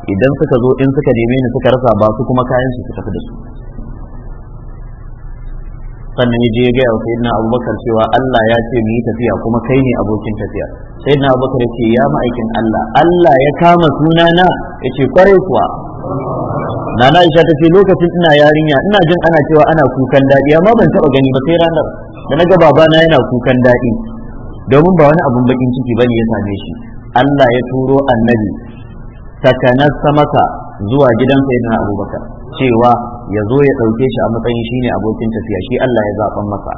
[SPEAKER 1] idan suka zo in suka neme ni suka rasa ba su kuma kayan su suka tafi da su sannan ya je ya gaya wa sayyidina abubakar cewa Allah ya ce mu tafiya kuma kai ne abokin tafiya sayyidina abubakar ya ce ya ma'aikin Allah Allah ya kama sunana ya ce kwarai kuwa nana Aisha ta ce lokacin ina yarinya ina jin ana cewa ana kukan daɗi amma ban taɓa gani ba sai ranar da na ga babana yana kukan daɗi domin ba wani abun bakin ciki bane ya same shi Allah ya turo annabi sakanar samaka zuwa gidan sayyidina abubakar cewa ya zo ya dauke shi a matsayin shine abokin tafiya shi Allah ya zaɓan masa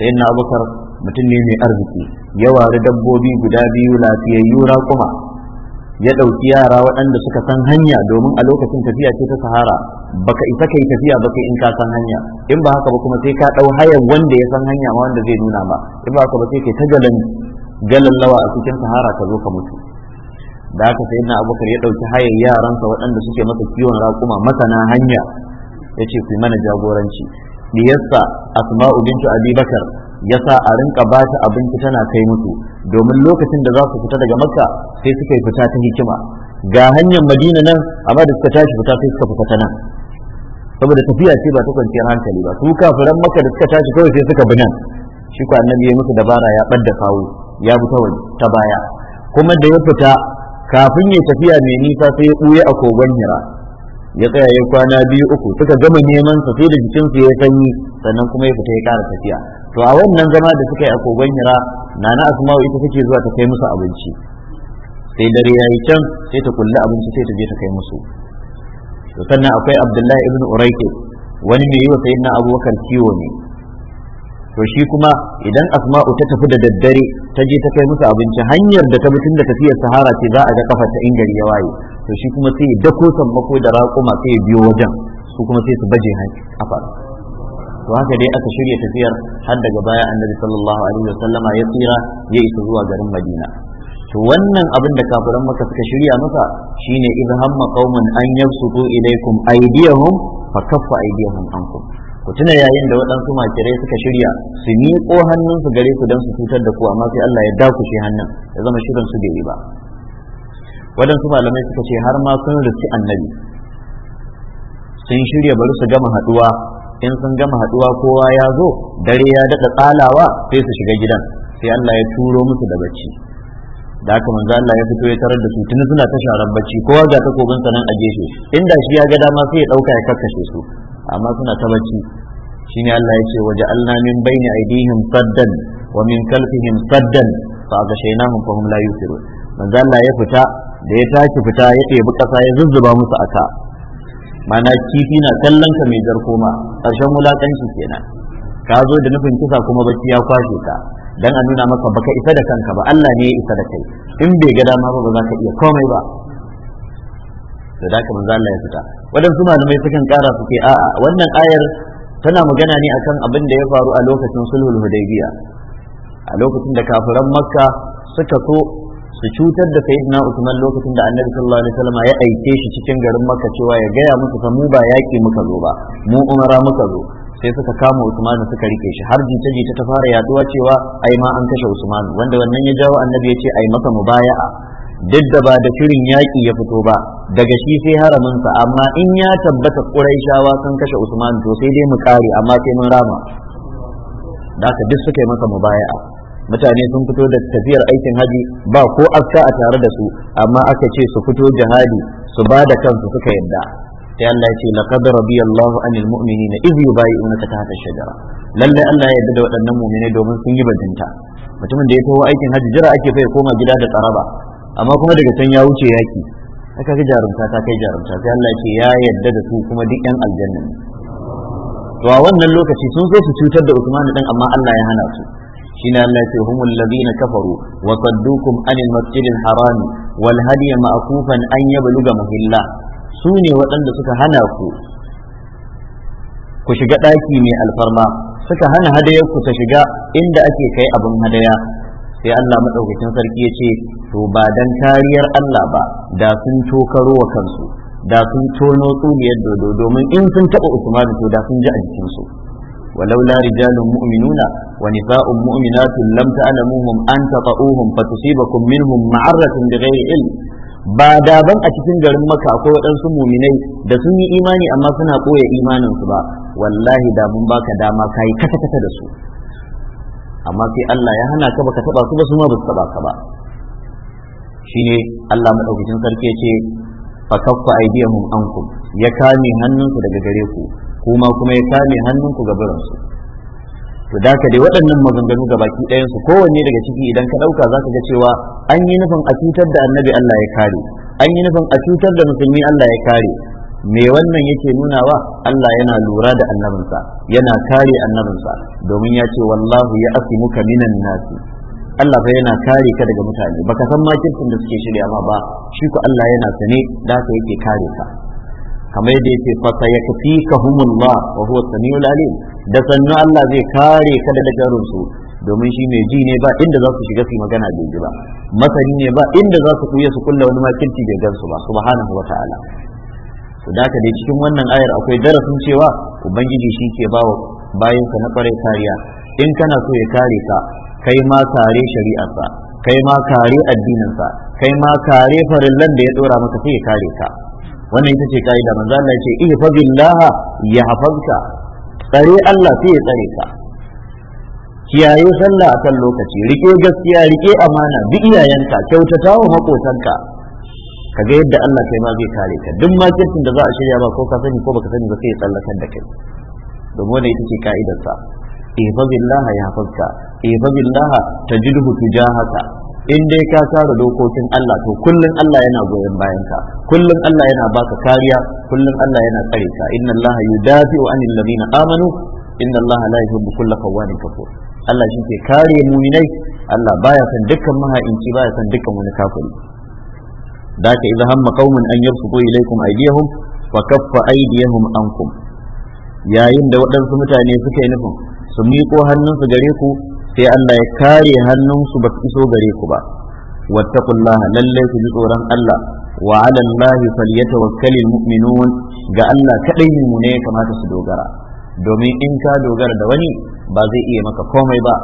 [SPEAKER 1] sayyidina abubakar mutum ne mai arziki ya wari dabbobi guda biyu lafiyayyu kuma? ya ɗauki yara waɗanda suka san hanya domin a lokacin tafiya ce ta sahara baka isa kai tafiya baka in ka san hanya in ba haka ba kuma sai ka ɗau hayar wanda ya san hanya ma wanda zai nuna ba in ba haka ba sai kai ta galan lawa a cikin sahara ka zo ka mutu da aka sai na abubakar ya ɗauki hayar yaransa waɗanda suke masa kiwon raƙuma masana hanya ya ce ku mana jagoranci diyarsa asma'u bintu abubakar ya sa a rinka ba ta abinci tana kai musu domin lokacin da za su fita daga makka sai suka yi fita ta hikima ga hanyar madina nan amma da suka tashi fita sai suka fita ta nan saboda tafiya ce ba ta kwanciyar hankali ba su kafiran makka da suka tashi kawai sai suka bi nan shi ko annabi ya musu dabara ya ɓadda kawo ya bi ta baya kuma da ya fita kafin ya tafiya mai nisa sai ya ɓuya a kogon hira ya tsaya ya kwana biyu uku suka gama neman sa sai da jikinsu ya sanyi sannan kuma ya fita ya ƙara tafiya to a wannan zama da suka yi a kogon hira nana asma'u ita take zuwa ta kai musu abinci sai dare ya yi can sai ta kulli abinci sai ta je ta kai musu to sannan akwai abdullahi ibn uraiki wani mai yi wa sayyidina abubakar kiwo ne to shi kuma idan asma'u ta tafi da daddare ta je ta kai musu abinci hanyar da ta mutun da tafiyar sahara ce za a ga kafa ta in gari ya waye to shi kuma sai da sammako da raƙuma sai ya biyo wajen su kuma sai su baje kafar to haka dai aka shirya tafiyar har daga baya annabi sallallahu alaihi wasallama ya tsira ya isa zuwa garin madina to wannan abin da kafiran maka suka shirya masa shine idh hamma qauman an yabsutu ilaykum aydiyahum fa kaffa aydiyahum ankum ku tuna yayin da waɗansu makirai suka shirya su miƙo hannunsu gare su don su cutar da ku amma sai Allah ya shi hannun ya zama shirin su bai yi ba waɗansu malamai suka ce har ma sun rufi annabi sun shirya bari su gama haɗuwa in sun gama haɗuwa kowa ya zo dare ya daɗa tsalawa sai su shiga gidan sai Allah ya turo musu da bacci da haka manzo Allah ya fito ya tarar da su tuni suna ta sharar bacci kowa ga takobin sanan a gefe inda shi ya ga dama sai ya ɗauka ya kakkashe su amma suna ta bacci shine Allah ya ce waje alna min baini aidihim saddan wa min kalfihim saddan fa aghshaynahum fa hum la yusirun manzo Allah ya fita da ya tashi fita ya ɗebi ƙasa ya zuzzuba musu aka mana kifi na kallon ka mai jarko ma ƙarshen wulaƙanci kenan ka zo da nufin kisa kuma bacci ya kwashe ka dan a nuna maka baka isa da kanka ba Allah ne ya isa da kai in bai ga dama ba ba za ka iya komai ba to da haka manzo Allah ya fita waɗansu malamai sukan ƙara suke. a'a wannan ayar tana magana ne akan abin da ya faru a lokacin sulhul hudaybiya a lokacin da kafiran makka suka so su cutar da sayyidina usman lokacin da annabi sallallahu alaihi wasallam ya aike shi cikin garin makka cewa ya gaya musu fa mu ba yaki muka zo ba mu umara muka zo sai suka kama usman suka rike shi har jita jita ta fara yaduwa cewa ai ma an kashe usman wanda wannan ya jawo annabi ya ce ai mu mubaya'a duk da ba da shirin yaƙi ya fito ba daga shi sai haraminsa amma in ya tabbata shawa sun kashe usman to sai dai mu kare amma sai mun rama da ka duk suka yi masa mubaya'a mutane sun fito da tafiyar aikin haji ba ko aska a tare da su amma aka ce su fito jihadi su ba da kansu suka yadda sai Allah ya ce laqad radiyallahu anil mu'minina idh yubayi'unaka tahta shajara lalle Allah ya yarda da waɗannan mu'minai domin sun yi bajinta mutumin da ya taho aikin haji jira ake fa ya koma gida da tsaraba amma kuma daga can ya wuce yaki aka ga jarumta ta kai jarumta sai Allah ce ya yadda da su kuma duk yan aljanna ne to a wannan lokaci sun so su cutar da Usman din amma Allah ya hana su shine Allah ce humul ladina kafaru wa saddukum anil masjidil harami wal hadiya ma'kufan an yabluga mahilla su ne waɗanda suka hana ku ku shiga ɗaki mai alfarma suka hana hadayar ku ta shiga inda ake kai abin hadaya sai Allah madaukakin sarki ya ce to ba dan kariyar Allah ba da sun tokaro wa kansu da sun tono tsuniyar dodo domin in sun taɓa Usman to da sun ji a jikinsu su ولولا رجال مؤمنون ونساء مؤمنات لم تعلموهم أن تطؤوهم فتصيبكم منهم معرة بغير علم ba daban a cikin garin maka akwai waɗansu muminai da sun yi imani amma suna ɓoye imaninsu ba wallahi da mun baka dama kayi kata kata da su amma sai Allah ya hana ka baka taba su ba su ma ba taba ka ba shine Allah madaukakin sarki ce fa kaffa aydiyahum ankum ya kame hannunku daga gare ku kuma kuma ya kame hannunku ga biran su to da ka dai waɗannan maganganu ga baki ɗayan su kowanne daga ciki idan ka ɗauka za ka ga cewa an yi nufin a cutar da annabi Allah ya kare an yi nufin a cutar da musulmi Allah ya kare me wannan yake nunawa Allah yana lura da annabinsa yana kare annabinsa domin ya ce wallahu ya muka minan nasi Allah fa yana kare ka daga mutane baka san makircin da suke shirya ba ba shi ku Allah yana sane da haka yake kare ka kamar yadda yake fa sayakfikahumullah wa huwa samiul alim da sannu Allah zai kare ka daga jarin domin shi mai ji ne ba inda za su shiga su magana bai ji ba masani ne ba inda za su kuya su kulla wani makirci bai gansu ba subhanahu wa ta'ala to da dai cikin wannan ayar akwai darasin cewa ubangiji shi ke bawa bayansa na kwarai kariya in kana so ya kare ka kai ma kare shari'arsa kai ma kare addininsa kai ma kare farillan da ya dora maka sai ya kare ka wannan ita ce ka'ida manzo Allah ya ce ihfazillaha yahfazka tsare Allah sai ya tsare ka kiyaye sallah akan lokaci rike gaskiya rike amana bi iyayenka kyautata wa makotanka kaga yadda Allah kai ma zai kare ka duk makircin da za a shirya ba ko ka sani ko baka sani ba sai ya tsallakar da kai domin wannan ita ce ka'idar sa ihfazillah yahfazka ihfazillah tajidhu tujahaka in dai ka tsara dokokin Allah to kullun Allah yana goyon bayan ka kullun Allah yana baka kariya kullun Allah yana tsare ka inna Allah yudafi'u anil ladina amanu inna Allah la yuhibbu kulla kawani kafur Allah shi ke kare muminai Allah baya san dukkan maha'inci baya san dukkan wani kafiri da ka idza hamma qaumun an yabsutu ilaykum aydiyahum fa kaffa aydiyahum ankum yayin da waɗansu mutane suka yi nufin su miƙo hannunsu gare ku sai Allah ya kare hannunsu ba su iso gare ku ba wattaqullaha lallai su ji tsoron Allah wa 'ala Allahi falyatawakkalul mu'minun ga Allah kadai ne ya kamata su dogara domin in ka dogara da wani ba zai iya maka komai ba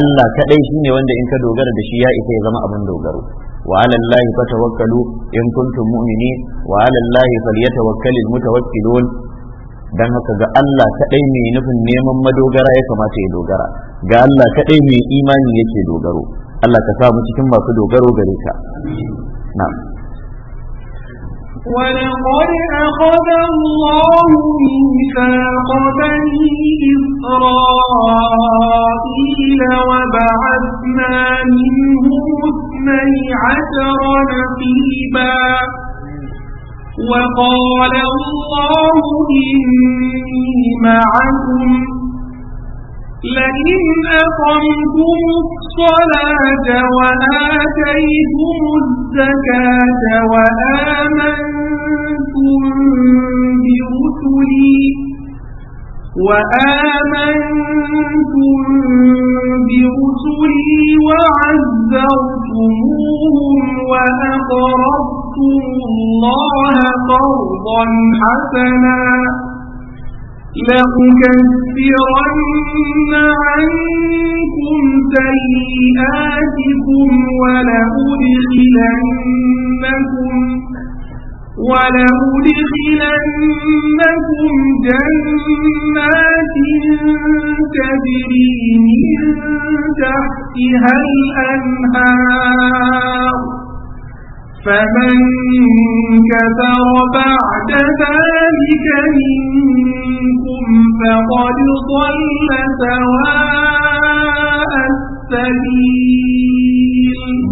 [SPEAKER 1] Allah kadai shine wanda in ka dogara da shi ya isa ya zama abin dogaro وعلى الله فتوكلوا إن كنتم مؤمنين وعلى الله فليتوكل المتوكلون dan haka ga Allah kaɗai mai nufin neman madogara ya kamata ya dogara ga Allah kaɗai mai imani yake dogaro Allah ka sa mu cikin masu dogaro gare ka na'am
[SPEAKER 2] ولقد أخذ الله ميثاق بني إسرائيل وبعثنا منه اثني عشر نقيبا وقال الله إني معكم لئن أقمتم الصلاة وآتيتم الزكاة وآمنتم برسلي وآمنتم برسلي وعزرتموهم وأقرضتم الله قرضا حسنا لأكفرن عنكم سيئاتكم ولأدخلنكم ولأدخلنكم جنات تجري من تحتها الأنهار فمن كفر بعد ذلك منكم فقد ضل سواء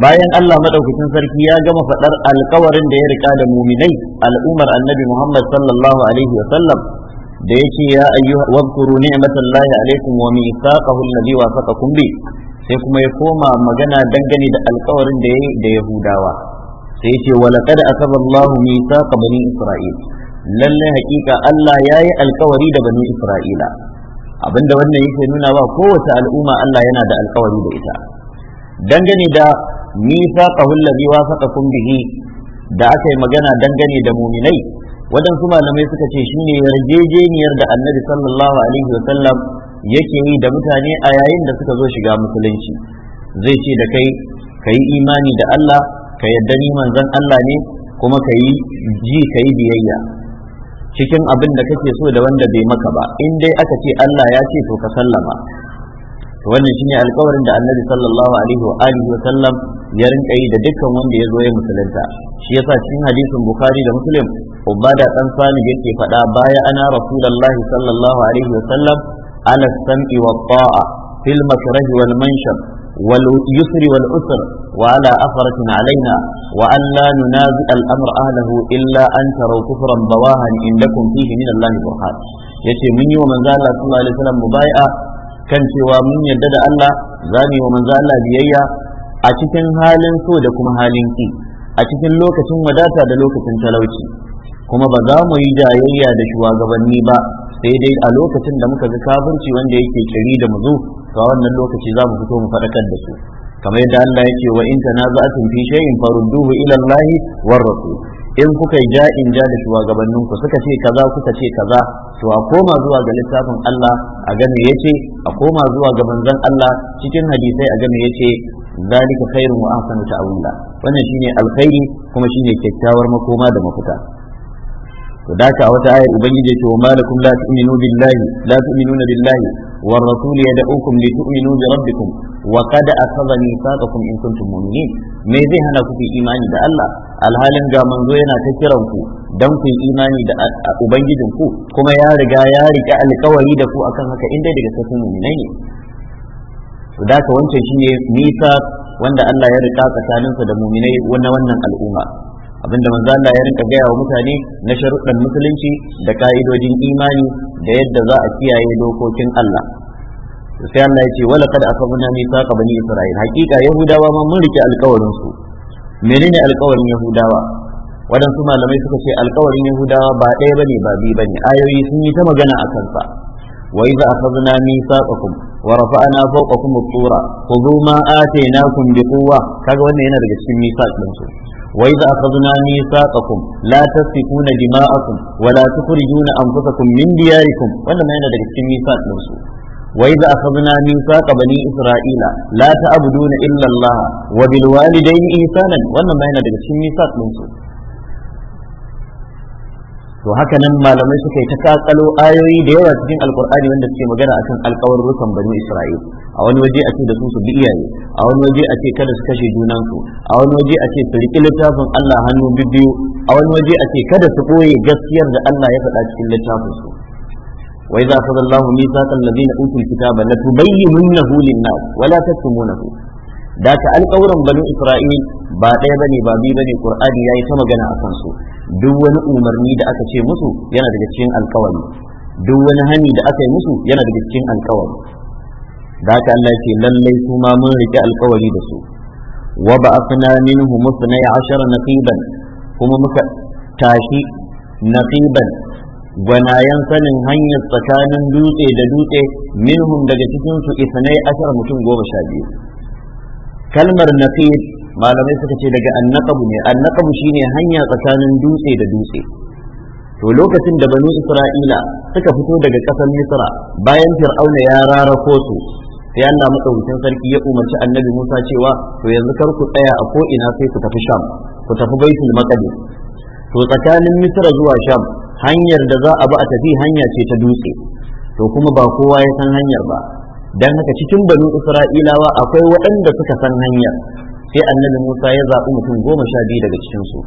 [SPEAKER 2] bayan
[SPEAKER 1] Allah madaukakin sarki ya gama faɗar alkawarin da ya rika da muminai al'ummar annabi Muhammad sallallahu alaihi wa sallam da yake ya ayyuha wadhkuru ni'matallahi alaikum wa mithaqahu alladhi wasaqakum bi sai kuma ya koma magana dangane da alkawarin da ya da Yahudawa sai yace wa laqad asaballahu mithaqa bani isra'il lallai hakika Allah ya yi alkawari da bani Isra'ila abinda wannan yake nuna wa kowace al'umma Allah yana da alkawari da ita dangane da mithaqahu allazi wasaqakum bihi da aka yi magana dangane da muminai waɗansu malamai suka ce shine yarjejeniyar da annabi sallallahu alaihi wa sallam yake yi da mutane a yayin da suka zo shiga musulunci zai ce da kai ka yi imani da Allah ka yarda ni manzon Allah ne kuma ka yi ji ka yi biyayya cikin abin da kake so da wanda bai maka ba in dai aka ce Allah ya ce to ka sallama to wannan shine alƙawarin da Annabi sallallahu alaihi wa alihi wa sallam ya rinka yi da dukkan wanda ya zo ya musulunta shi yasa cikin hadisin Bukhari da Muslim Ubada dan Sani yake faɗa baya ana Rasulullahi sallallahu alaihi wa sallam ala sam'i wa ta'a fil makrahi wal واليسر والعسر وعلى أثرة علينا وأن لا ننازع الأمر أهله إلا أن تروا كفرا بواها إن لكم فيه من الله برهان yace mun yi wa manzo Allah sallallahu alaihi wasallam mubai'a kan cewa mun yarda da Allah za mu wa manzo biyayya a cikin halin so da kuma halin ki a cikin lokacin wadata da lokacin talauci kuma ba za mu yi jayayya da shugabanni ba sai dai a lokacin da muka ga kafirci wanda yake kiri da mu zo to a wannan lokaci za mu fito mu faɗakar da su kamar yadda Allah ya ce wa in tanaza'atum fi shay'in farudduhu ila Allah war rasul in kuka ja in ja da shugabannin ku suka ce kaza kuka ce kaza to a koma zuwa ga littafin Allah a ga me yace a koma zuwa ga manzon Allah cikin hadisai a ga me yace zalika khairun wa ahsanu ta'wila wannan shine alkhairi kuma shine kyakkyawar makoma da mafita وداك أو تعالى أبنجي وما لكم لا تؤمنوا بالله لا تؤمنون بالله والرسول يدعوكم لتؤمنوا بربكم وقد أخذ ميثاقكم إن كنتم مؤمنين ما زي في إيماني ده الله alhalin ga manzo yana ta kiran ku dan ku imani da ubangijin ku kuma ya riga ya rike alkawari da ku akan haka inda daga cikin mu'minai ne to da ka wancan shine misa wanda Allah ya rika tsakaninsa da mu'minai na wannan al'umma abinda manzo Allah ya rinka gaya wa mutane na sharuɗan musulunci da ka'idojin imani da yadda za a kiyaye dokokin Allah sai Allah ya ce wala kad akabna ta bani isra'il hakika yahudawa ma mun rike alƙawarin su menene alƙawarin yahudawa waɗansu malamai suka ce alƙawarin yahudawa ba ɗaya bane ba biyu bane ayoyi sun yi ta magana a kansa wa idza akhadna mithaqakum wa rafa'na fawqakum at-tura khudhu ma atainakum biquwwa kaga wannan yana daga cikin mithaq din su وإذا أخذنا ميثاقكم لا تسفكون دماءكم ولا تخرجون أنفسكم من دياركم ولا ما ينادى في ميثاق نفسه وإذا أخذنا ميثاق بني إسرائيل لا تعبدون إلا الله وبالوالدين إحسانا ولا ما ينادى في ميثاق نفسه to haka nan malamai suka yi ta kakalo ayoyi da yawa cikin alkur'ani wanda suke magana akan alkawarrukan bani isra'il a wani waje a ce da su su bi iyaye a wani waje a ce kada su kashe junansu a wani waje a ce su riƙi littafin Allah hannu bibbiyu a wani waje a ce kada su ɓoye gaskiyar da Allah ya faɗa cikin littafin su wa idza akhadha Allahu mithaqa alladhina utul kitaba latubayyinunnahu lin-nas wa la da ta alƙawuran banu isra'il ba ɗaya bane ba biyu bane ya yi ta magana a kansu duk wani umarni da aka ce musu yana daga cikin alƙawari duk wani hani da aka yi musu yana daga cikin alƙawari da ta Allah ce lallai su ma mun rike alƙawari da su wa ba'athna minhum na naqiban kuma muka tashi naqiban gwanayen sanin hanyar tsakanin dutse da dutse minhum daga cikinsu isanai ashar mutum goma sha biyu kalmar naqib malamai suka ce daga annaqabu ne annaqabu shine hanya tsakanin dutse da dutse to lokacin da banu isra'ila suka fito daga ƙasar misra bayan fir'auna ya rarako su sai Allah madaukakin sarki ya umarci annabi Musa cewa to yanzu kar ku tsaya a ko ina sai ku tafi Sham ku tafi Baitul Maqdis to tsakanin Misra zuwa Sham hanyar da za a bi a tafi hanya ce ta dutse to kuma ba kowa ya san hanyar ba dan haka cikin banu isra'ilawa akwai waɗanda suka san hanya sai annabi musa ya zaɓi mutum goma sha biyu daga cikinsu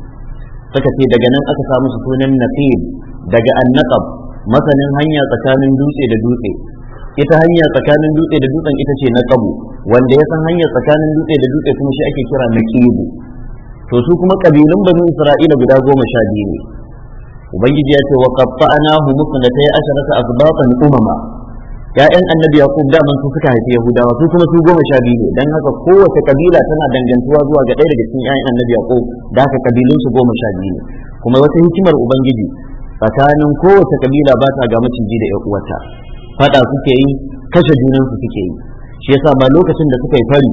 [SPEAKER 1] suka ce daga nan aka samu su sunan nasib daga annaqab masanin hanya tsakanin dutse da dutse ita hanya tsakanin dutse da dutsen ita ce naqabu wanda ya san hanya tsakanin dutse da dutse kuma shi ake kira naqibu to su kuma kabilun banu isra'ila guda goma sha biyu ne ubangiji ya ce wa qatta'nahu musnatay asharata asbatan umama ya'yan annabi yaqub da man su suka haifi yahudawa su kuma su goma sha biyu ne dan haka kowace kabila tana dangantuwa zuwa ga ɗaya daga cikin ya'yan annabi yaqub da haka kabilun su goma sha biyu ne kuma wata hikimar ubangiji tsakanin kowace kabila ba ta ga maciji da ƴan Faɗa fada suke yi kashe junan su suke yi shi yasa ba lokacin da suka yi fari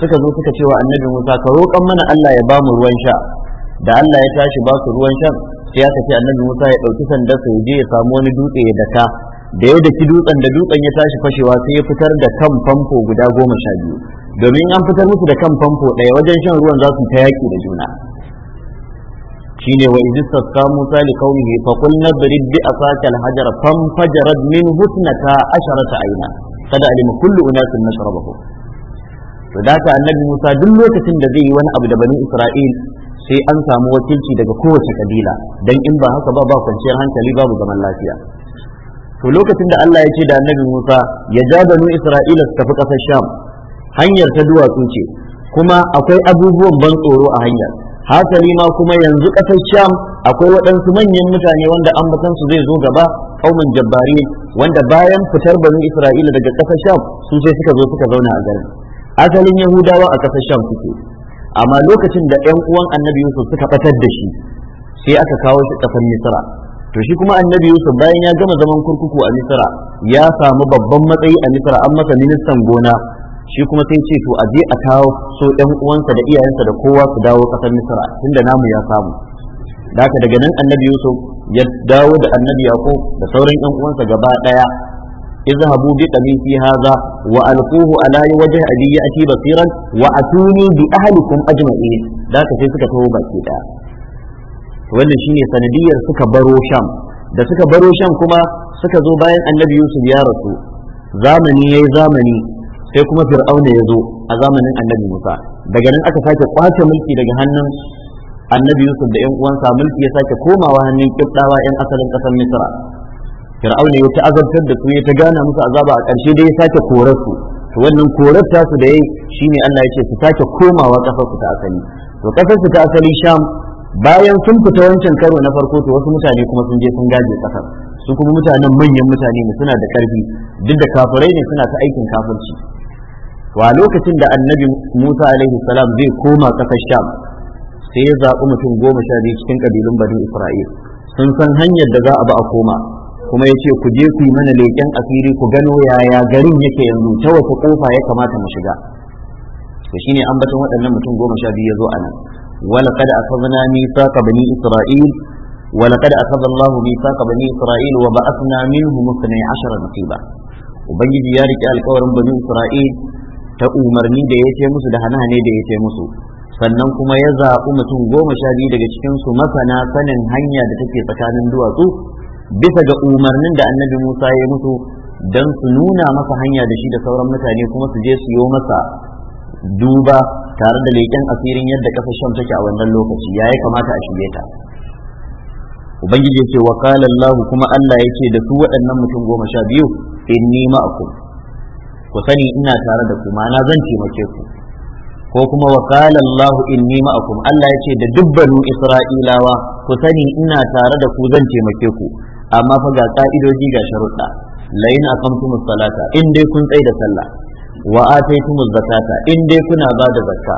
[SPEAKER 1] suka zo suka cewa annabi Musa ka roƙon mana Allah ya bamu ruwan sha da Allah ya tashi ba su ruwan sha sai ya tafi annabi Musa ya ɗauki sandarsa ya je ya samu wani dutse ya daka da ya daki dutsen da dutsen ya tashi fashewa sai ya fitar da kan famfo guda goma sha biyu domin an fitar musu da kan famfo ɗaya wajen shan ruwan za su ta yaƙi da juna shine wa idh tasqa musa li qaumihi fa qulna drib bi asaka al-hajar fam fajarat min hutnata asharata ayna kada alima kullu unasin mashrabahum to da ka annabi musa duk lokacin da zai yi wani abu da bani isra'il sai an samu wakilci daga kowace kabila dan in ba haka ba ba kwanciyar hankali babu zaman lafiya to lokacin da Allah ya ce da annabi Musa ya ja banu Isra'ila su tafi ƙasar Sham hanyar ta duwatsu ce kuma akwai abubuwan ban tsoro a hanyar hasali ma kuma yanzu ƙasar Sham akwai waɗansu manyan mutane wanda ambatan su zai zo gaba kaumin jabbari wanda bayan fitar banu Isra'ila daga ƙasar Sham su sai suka zo suka zauna a garin asalin Yahudawa a ƙasar Sham suke amma lokacin da 'yan uwan annabi Yusuf suka batar da shi sai aka kawo shi ƙasar Misra to shi kuma annabi yusuf bayan ya gama zaman kurkuku a misra ya samu babban matsayi a misra an masa ministan gona shi kuma sai ce to aje a kawo so ɗan uwansa da iyayensa da kowa su dawo ƙasar misra tunda namu ya samu da daga nan annabi yusuf ya dawo da annabi yaqub da sauran ɗan uwansa gaba ɗaya اذهبوا بقميصي هذا والقوه على وجه basiran wa atuni bi ahlikum ajma'in daga sai suka taho baki ɗaya. wannan shine sanadiyar suka baro sham da suka baro sham kuma suka zo bayan annabi yusuf ya rasu zamani yayi zamani sai kuma fir'auna ya zo a zamanin annabi musa daga nan aka sake kwace mulki daga hannun annabi yusuf da yan uwansa mulki ya sake komawa hannun kibdawa yan asalin kasar misra fir'auna ya ta azabtar da su ya ta gana musu azaba a ƙarshe dai ya sake korar su to wannan korar ta su da yayi shine Allah ya ce su sake komawa kasar su ta asali to kasar su ta asali sham bayan sun fita wancan karo na farko to wasu mutane kuma sun je sun gaje kasar su kuma mutanen manyan mutane ne suna da karfi duk da kafirai ne suna ta aikin kafirci Wa lokacin da annabi Musa alaihi salam zai koma kasar Sham sai ya zaɓi mutum goma sha biyu cikin kabilun Bani Isra'il sun san hanyar da za a ba a koma kuma ya ce ku je ku yi mana leƙen asiri ku gano yaya garin yake yanzu ta wace kofa ya kamata mu shiga to shine batun waɗannan mutum goma sha biyu ya zo a nan ولقد أخذنا ميثاق بني إسرائيل ولقد أخذ الله ميثاق بني إسرائيل وبعثنا منهم اثني عشر نقيبا ubangiji ya rike alkawarin bani isra'il ta umarni da ya ce musu da hana da ya musu sannan kuma ya zaɓi mutum goma sha biyu daga cikinsu masana sanin hanya da take tsakanin duwatsu bisa ga umarnin da annabi musa ya musu don su nuna masa hanya da shi da sauran mutane kuma su je su yo masa duba tare da leƙen asirin yadda ƙasar sham take a wannan lokaci ya kamata a shige ta ubangiji ce wa Allahu kuma Allah ya da su waɗannan mutum goma sha biyu inni ma'akum ku sani ina tare da ku ma'ana zan taimake ku ko kuma wa Allahu inni ma'akum Allah ya ce da dubbanu Isra'ilawa ku sani ina tare da ku zan taimake ku amma fa ga ka'idoji ga sharuɗa lain aqamtumus salata in dai kun tsaya da sallah wa ataytum zakata in dai kuna ba da zakka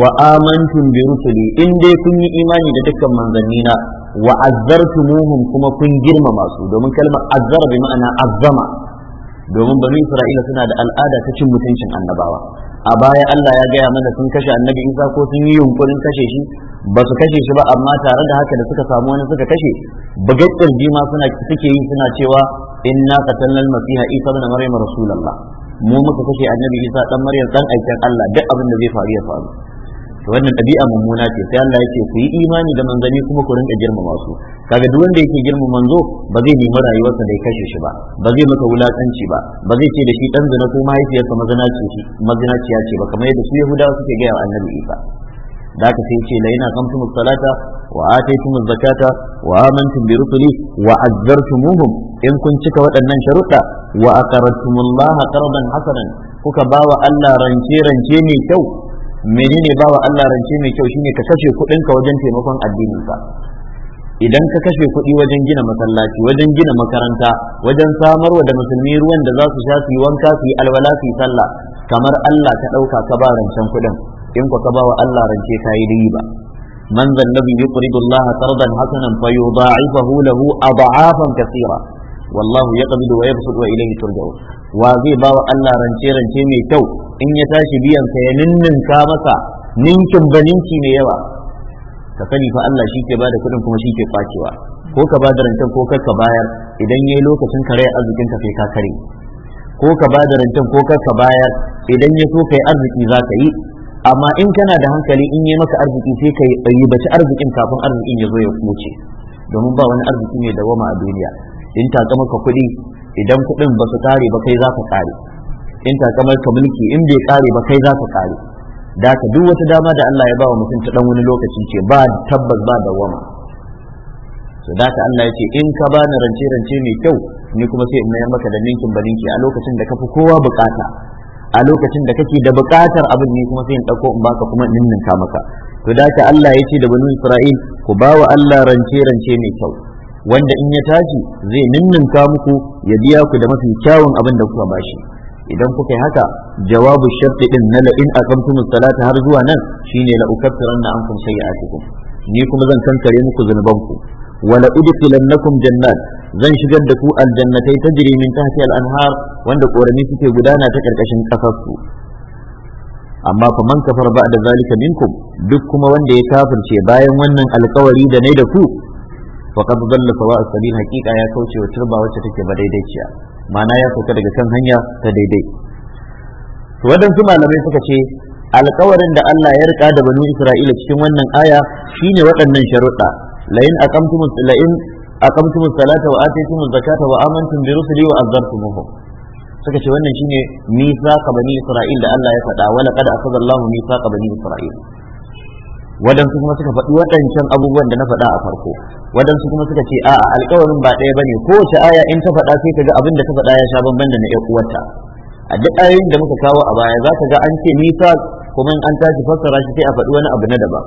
[SPEAKER 1] wa amantum bi rusuli in dai kun yi imani da dukkan na wa azzartumuhum kuma kun girmama su domin kalmar azzara bi ma'ana azzama domin bani isra'ila suna da al'ada ta cin mutuncin annabawa a baya Allah ya gaya mana sun kashe annabi Isa ko sun yi yunkurin kashe shi ba su kashe shi ba amma tare da haka da suka samu wani suka kashe bugacciyar jima suna suke yi suna cewa inna qatalna al-masiha Isa ibn Maryam rasulullah mu muka kashe annabi isa dan maryam dan aikin Allah duk abin da zai faru ya faru to wannan ɗabi'a mummuna ce sai Allah yake ku yi imani da manzanni kuma ku rinka girmama su kaga duk wanda yake girmama manzo ba zai nemi rayuwarsa da ya kashe shi ba ba zai maka wulakanci ba ba zai ce da shi dan zina ko mahaifiyarsa mazinaciya ce ba kamar yadda su Yahudawa suke gaya annabi Isa da aka sai ce la salata wa ataytumuz zakata wa amantum bi rusuli wa azzartumuhum in kun cika waɗannan sharuɗa wa aqartumullaha qardan hasanan kuka bawa Allah rance rance mai kyau menene bawa Allah rance mai kyau shine ka kashe kuɗin ka wajen taimakon addinin ka idan ka kashe kuɗi wajen gina masallaci wajen gina makaranta wajen samarwa da musulmi ruwan da za su sha su yi wanka su yi alwala su yi sallah kamar Allah ta ɗauka ka ba rancen kuɗin in ka ba wa Allah rance ka yi riba man zan nabi yuqridu Allah qardan hasanan fayudha'ifahu lahu ad'afan katsira wallahu yaqbidu wa yabsutu wa ilayhi turja'un wa zai ba wa Allah rance rance mai kyau in ya tashi biyan sa ya ninninka masa ninkin baninki mai yawa ka sani fa Allah shi ke bada kuɗin kuma shi ke kwacewa ko ka bada rancen ko kar ka bayar idan yayi lokacin kare arzikin ka sai ka kare ko ka bada rancen ko kar ka bayar idan ya so kai arziki za ka yi amma in kana da hankali in yi maka arziki sai ka yi bace arzikin kafin arzikin ya zo ya wuce domin ba wani arziki mai dawama a duniya in ta maka kuɗi idan kuɗin ba su kare ba kai za ka kare in ta ka mulki in bai kare ba kai za ka kare da ka duk wata dama da Allah ya ba wa mutum ta dan wani lokaci ce ba tabbas ba dawama to da ka Allah ya ce in ka bani rance rance mai kyau ni kuma sai in mayar maka da ninkin baninki a lokacin da ka fi kowa bukata a lokacin da kake da buƙatar abin ne kuma sai in ɗauko in baka kuma ninka maka to da ka Allah ya ce da banu Isra'il ku ba wa Allah rance rance mai kyau wanda in ya tashi zai ninninka muku ya biya ku da mafi kyawun abin da kuka bashi idan kuka yi haka jawabu sharti din na la'in aqamtum salata har zuwa nan shine la ukaffiranna ankum sayi'atikum ni kuma zan kankare muku zunubanku ku wala udkhilannakum jannat zan shigar da ku aljannatai tajri min tahti al-anhar wanda korami suke gudana ta karkashin kafar amma fa man kafara ba'da zalika minkum duk kuma wanda ya kafirce bayan wannan alkawari da ne da ku faqad dalla sawa as-sabil haqiqa ya kauce wa turba wacce take ba daidaiciya ma'ana ya sauka daga kan hanya ta daidai to wadansu malamai suka ce alkawarin da Allah ya rika da banu Isra'ila cikin wannan aya shine waɗannan sharuɗa la'in aqamtumus la'in aqamtumus salata wa ataytumuz zakata wa amantum bi rusuli wa azartumuhum suka ce wannan shine misaqa bani isra'il da Allah ya faɗa wala qad akhadha Allahu misaqa bani isra'il wadansu kuma suka faɗi waɗancan abubuwan da na faɗa a farko wadansu kuma suka ce a'a alƙawarin ba ɗaya bane kowace aya in ta faɗa sai kaga abin da ta faɗa ya sha bamban da na ƴan uwarta a duk ayoyin da muka kawo a baya za ka ga an ce misaq kuma in an tashi fassara shi sai a faɗi wani abu na daban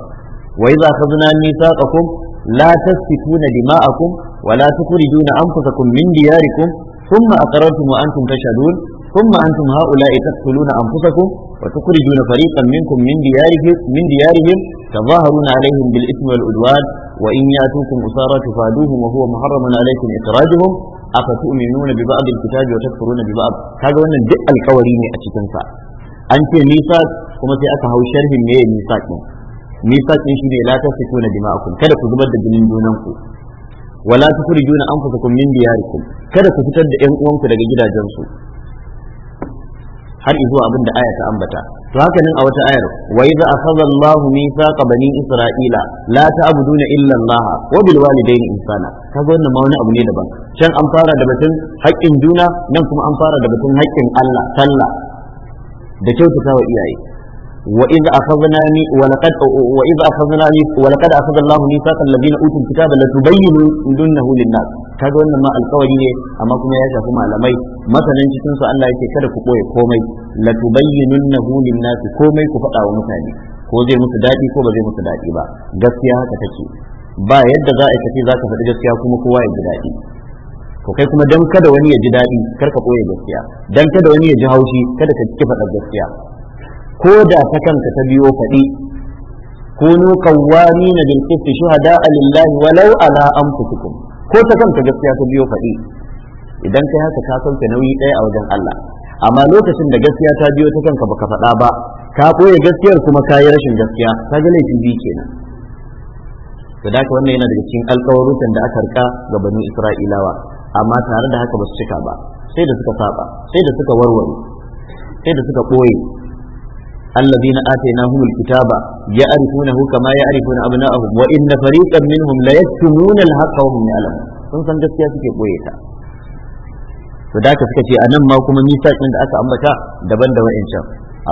[SPEAKER 1] wa idza akhadna misaqakum la tasfikuna dima'akum wa la tukhrijuna anfusakum min diyarikum thumma aqrartum wa antum tashhadun ثم أنتم هؤلاء تقتلون أنفسكم وتخرجون فريقا منكم من ديارهم من ديارهم تظاهرون عليهم بالإثم والعدوان وإن يأتوكم أسارى تفادوهم وهو محرم عليكم إخراجهم أفتؤمنون ببعض الكتاب وتكفرون ببعض هذا هو دق القولين أتشتنسا أنت ميثاق وما سيأتى هو شرح ميثاق mifaqin shi ne la tasfikuna dima'akum kada ku zubar da jinin junanku wala fasa kun min diyarikum kada ku fitar da yan uwanku daga gidajensu har izuwa abin da aya ta ambata to haka nan a wata ayar wa idza akhadha Allah mithaqa bani isra'ila la ta'buduna illa Allah wa bil walidayni ihsana kaga wannan ma wani abu ne daban can an fara da batun haƙƙin juna nan kuma an fara da batun haƙƙin Allah sallah da kyautata wa iyaye وإذ أخذنا ولقد وإذ أخذنا ولقد أخذ الله ميثاق الذين أوتوا الكتاب لتبيننه للناس kaga wannan ma alkawari ne amma kuma ya shafi malamai masanan cikin su Allah yake kada ku koye komai latubayyinunnahu lin-nas komai ku faɗa wa mutane ko zai musu daɗi ko ba zai musu daɗi ba gaskiya haka take ba yadda za a kace za ka faɗi gaskiya kuma kowa ya ji daɗi to kai kuma dan kada wani ya ji daɗi kar ka koye gaskiya dan kada wani ya ji haushi kada ka ki faɗa gaskiya ko da ta kanka ta biyo faɗi kunu na bil qist shuhada'a lillahi walau ala anfusikum ko ta kanka gaskiya ta biyo faɗi idan kai haka ka sauke nauyi ɗaya a wajen Allah amma lokacin da gaskiya ta biyo ta kanka baka faɗa ba ka koya gaskiyar kuma ka yi rashin gaskiya ka ga laifin biyu kenan to da wannan yana daga cikin alƙawarutan da aka rika ga banu Isra'ilawa amma tare da haka ba su cika ba sai da suka saba sai da suka warware sai da suka ɓoye الذين آتيناهم الكتاب يعرفونه كما يعرفون أبناءهم وإن فريقا منهم ليكتمون الحق وهم يعلمون sun san gaskiya suke ɓoye ta to da suka ce a nan ma kuma misakin da aka ambata daban da wa'ancan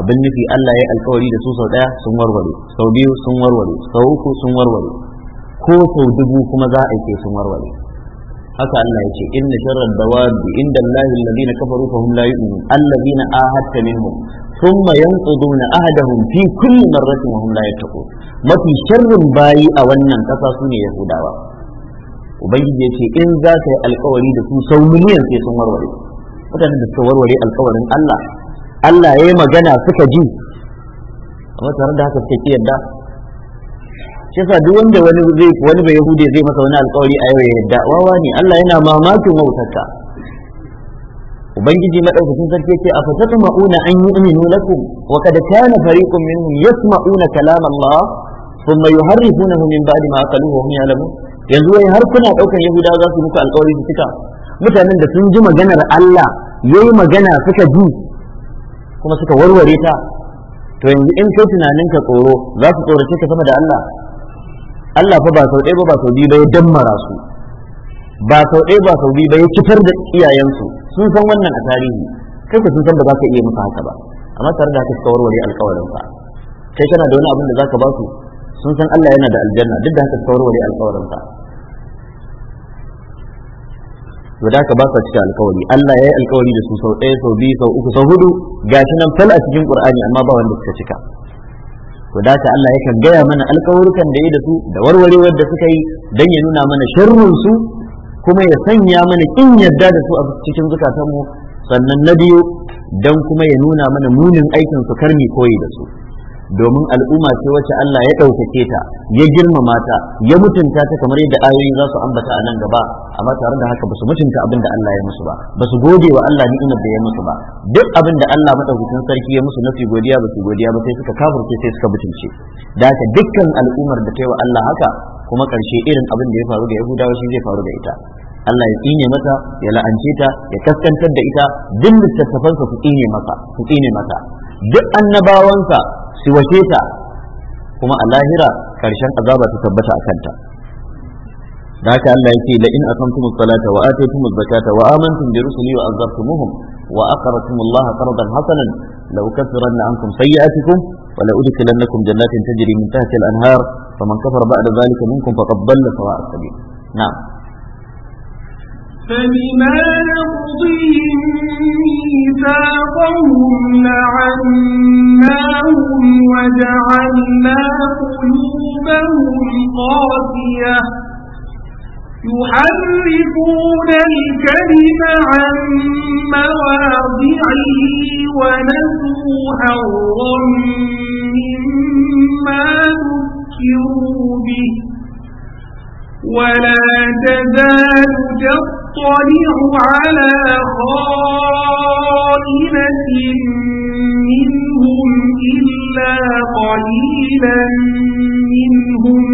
[SPEAKER 1] abin nufi Allah ya alkawari da su sau ɗaya sun warware sau biyu sun warware sau uku sun warware ko sau dubu kuma za a yi sun warware haka Allah ya ce inna sharrad dawabi inda Allah alladhina kafaru fa hum la yu'minun alladhina ahadta minhum ثم ينقضون عهدهم في كل مرة وهم لا يتقون ما في شر باي أو أن انتصاصون يهودا ubangiji ya ce in za ka yi alkawari da su sau miliyan sai sun warware mutanen da suka warware alkawarin Allah Allah ya yi magana suka ji amma tare da haka suka ki yadda shi yasa duk wanda wani zai ya bai zai masa wani alkawari a yau ya yadda wawa ne Allah yana mamakin wautarka ubangiji madaukakin sarki yace a fatatu ma'una an yu'minu lakum wa kad kana fariqun minhum yasma'una kalam Allah thumma yuharrifunahu min ba'di ma aqaluhu hum ya'lamun yanzu wai har kuna daukan yahuda za su muku alƙawari su cika mutanen da sun ji maganar Allah yayi magana suka ji kuma suka warware ta to yanzu in kai tunanin ka tsoro za su tsorace ka sama da Allah Allah fa ba sau ɗaya ba ba sau biyu ba ya dammara su ba sau ɗaya ba sau biyu ba ya kifar da iyayensu sun san wannan a tarihi kai ku sun san ba za ka iya musu haka ba amma tare da haka suka warware alƙawarin fa kai kana da wani abin da za ka ba su sun san Allah yana da aljanna duk da haka suka warware alƙawarin fa to da ka ba sa cika alƙawari, Allah ya yi alƙawari da su sau ɗaya sau biyu sau uku sau hudu gashi nan fal a cikin Qur'ani amma ba wanda suka cika to da ka Allah yakan gaya mana alkawarukan da ya da su da warwarewar da suka yi dan ya nuna mana sharrun su kuma ya sanya mana kin yarda da su a cikin zukatanmu sannan na biyu dan kuma ya nuna mana munin aikin su karmi koyi da su domin al'umma ce wacce Allah ya ɗaukake ta ya girmama ta ya mutunta ta kamar yadda ayoyi za su ambata a nan gaba amma tare da haka ba su mutunta abin da Allah ya musu ba ba su gode wa Allah ni'imar da ya musu ba duk abin da Allah madaukakin sarki ya musu nafi godiya ba su godiya ba sai suka kafirce sai suka mutunce da haka dukkan al'ummar da ta yi wa Allah haka kuma karshe irin abin da ya faru da yahudawa shi zai faru da ita Allah ya tsine mata ya la'ance ta ya kaskantar da ita duk littattafansa su tsine mata. su tsine mata duk sa su washe ta kuma a lahira karshen azaba ta tabbata a kanta da haka Allah yake la in aqamtumus salata wa ataytumuz zakata wa amantum bi rusuli wa azzartumuhum wa aqrartum Allah qardan hasanan law kafaranna ankum sayyi'atukum wa la udkhilannakum jannatin tajri min tahtiha al-anhar فمن كفر بعد ذلك منكم فقد ضل سواء السبيل نعم
[SPEAKER 2] فبما نقضيهم ميثاقهم لعناهم وجعلنا قلوبهم قاسية يحرفون الكلم عن مواضعه ونسوا حرا مما فاستبشروا به ولا تزال تطلع على خائنة منهم إلا قليلا منهم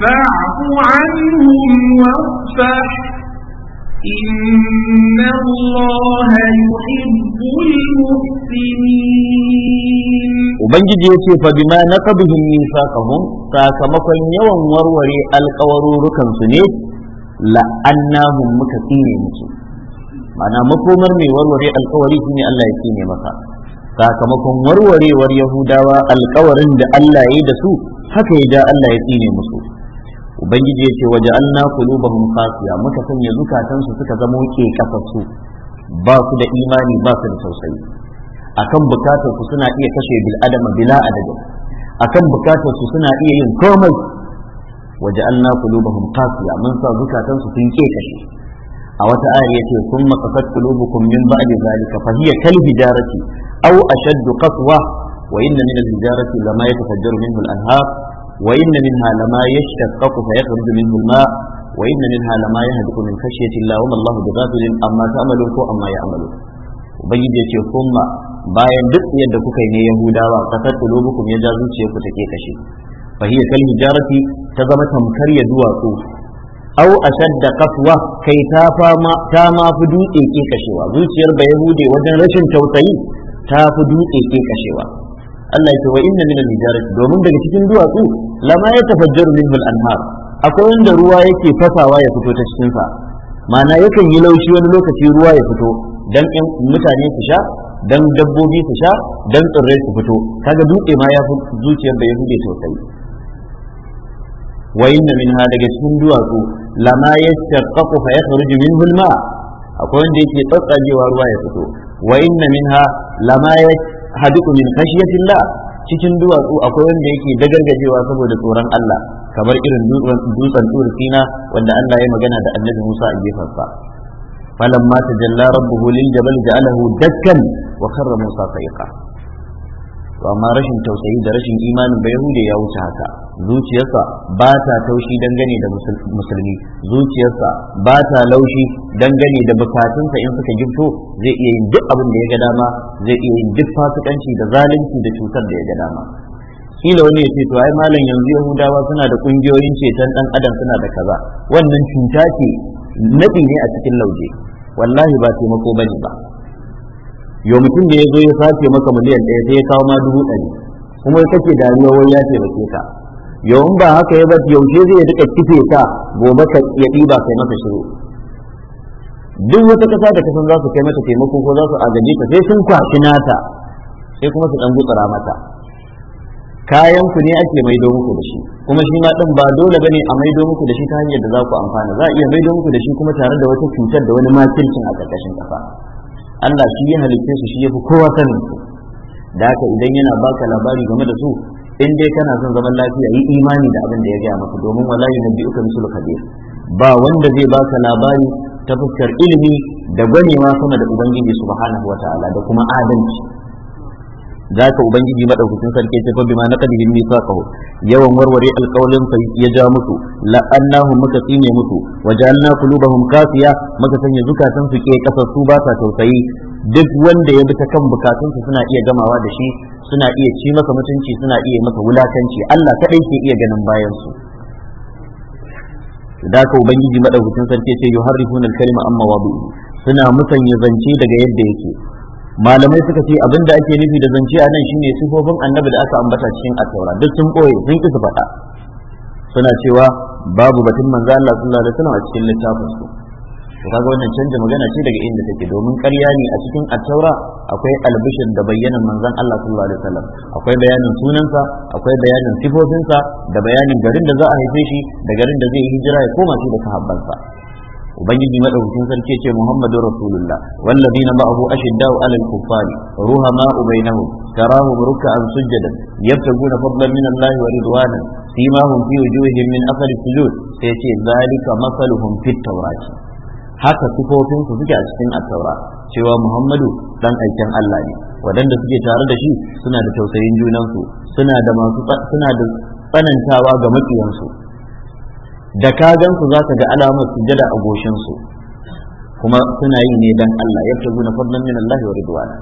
[SPEAKER 2] فاعف عنهم واصفح إن الله يحب المحسنين
[SPEAKER 1] وبنجي يتي nisa نقضهم ميثاقهم سakamakon yawan warware alkawarurukansu su ne la'annahum muka tsine musu Mana makomar mai warware alkawari ne Allah ya tsine maka sakamakon warwarewar yahudawa alkawarin da Allah ya yi da su haka ya ja Allah ya tsine musu ubangiji yace waje anna qulubahum qasiya muka sanya zukatan suka zama ke kafasu ba su da imani ba su da tausayi akan bukatar su suna iya kashe bil adama bila adadin akan bukatar su suna iya yin komai waje anna qulubahum qasiya mun sa zukatan sun ke kashe a wata ayar yace summa qasat qulubukum min ba'di zalika fa hiya kal hijarati aw ashaddu qaswa wa inna min al hijarati lama yatafajjaru minhu al anhar وإن منها لما يشتقق فيخرج منه الماء وإن منها لما يهدك من خشية الله وما الله بغافل أما تعملون ko amma يعملون ubangiji ya ce bayan duk yadda kuka yi ne yahudawa kasar kulubukum ya ja zuciya ku take kashe fa hiya ta zama tamkar ya duwatsu au ashadda qaswa kai ta fama ta ma fi dutse ke kashewa zuciyar ba yahude wajen rashin tausayi ta fi dutse ke kashewa Allah yake wa inna minal mijarat domin daga cikin duwatsu lama ya tafajjaru min al-anhar akwai wanda ruwa yake fasawa ya fito ta cikin sa ma'ana yakan yi laushi wani lokaci ruwa ya fito dan mutane su sha dan dabbobi su sha dan tsirrai su fito kaga dutse ma ya fi zuciyar da ya buge sosai wa inna ha daga cikin duwatsu lama yashaqqaqu fa yakhruju minhu al-ma akwai wanda yake tsatsajewa ruwa ya fito wa inna minha lama hadiku min khashiyatillah cikin duwatsu akwai wanda yake dagargajewa saboda tsoron Allah kamar irin dutsen tsuri sina wanda Allah ya magana da annabi Musa a gefen sa falamma tajalla rabbuhu lil jabal ja'alahu dakkan wa kharra Musa sayqa to amma rashin tausayi da rashin imanin bai hunde ya wuce haka zuciyarsa ba ta taushi dangane da musulmi zuciyarsa ba ta laushi dangane da bukatunsa in suka gifto zai iya yin duk abin da ya ga dama zai iya yin duk fasikanci da zalunci da cutar da ya ga dama kila wani ya ce to ai malam yanzu yahudawa suna da kungiyoyin ceton dan adam suna da kaza wannan cuta ce nabi ne a cikin lauje wallahi ba taimako bane ba yau mutum da ya zo ya sace maka miliyan ɗaya sai ya kawo ma dubu ɗari kuma ya kake dariya wani ya taimake ka yau in ba haka ya bar yaushe zai ya duka kife ka gobe ka ya ɗiba kai masa shiru duk wata kasa da kasan za su kai mata taimako ko za su agaje ta sai sun kwashi nata sai kuma su ɗan gutsara mata kayan ku ne ake maido muku da shi kuma shi ma ɗin ba dole bane a maido muku da shi ta hanyar da za ku amfana za a iya maido muku da shi kuma tare da wata cutar da wani makircin a ƙarƙashin ƙafa Allah shi ya halicce su shi ya fi kowa sanin da haka idan yana baka labari game da su in dai kana son zaman lafiya yi imani da abin da ya gaya maka domin wallahi nabi uka misul kabir ba wanda zai baka labari ta fuskar ilimi da gwanewa sama da ubangiji subhanahu wataala da kuma adalci da ka ubangiji madaukakin sarki ce fa bima sa ka yawan warware alqawlin fa ya ja musu la'annahum muka tsine musu wajalna qulubahum kafiya muka sanya zukatan su ke kasar su ba sa tausayi duk wanda ya bi ta kan bukatun su suna iya gamawa da shi suna iya ci masa mutunci suna iya masa wulakanci Allah kadai ke iya ganin bayan su da ka ubangiji madaukakin sarki ce yuharrifuna alkalima amma wadu suna musanya zance daga yadda yake malamai suka ce abin da ake nufi da zance a nan shine sifofin annabi da aka ambata cikin attaura duk sun ɓoye sun kisa faɗa suna cewa babu batun manzo Allah sallallahu alaihi wasallam a cikin littafin su to kaga wannan canja magana ce daga inda take domin ƙarya ne a cikin attaura akwai albishin da bayyanan manzon Allah sallallahu alaihi wasallam akwai bayanin sunansa akwai bayanin sifofinsa da bayanin garin da za a haife shi da garin da zai hijira ya koma shi da sahabbansa ubangiji madaukakin sarki ce muhammadu rasulullah na ma'ahu ashiddau alal kuffari ruhama bainahum tarahum ruk'an sujadan yabtaguna fadlan min allahi wa ridwana simahum fi wujuhihim min athari sujud sai ce zalika masaluhum fit tawrati haka sifofin su suke a cikin attaura. cewa muhammadu dan aikin Allah ne wadanda suke tare da shi suna da tausayin junansu suna da masu suna da tsanantawa ga makiyansu da ka gan za zaka ga alamar sujjada a su kuma suna yi ne dan Allah ya tabu fadlan min Allah wa ridwana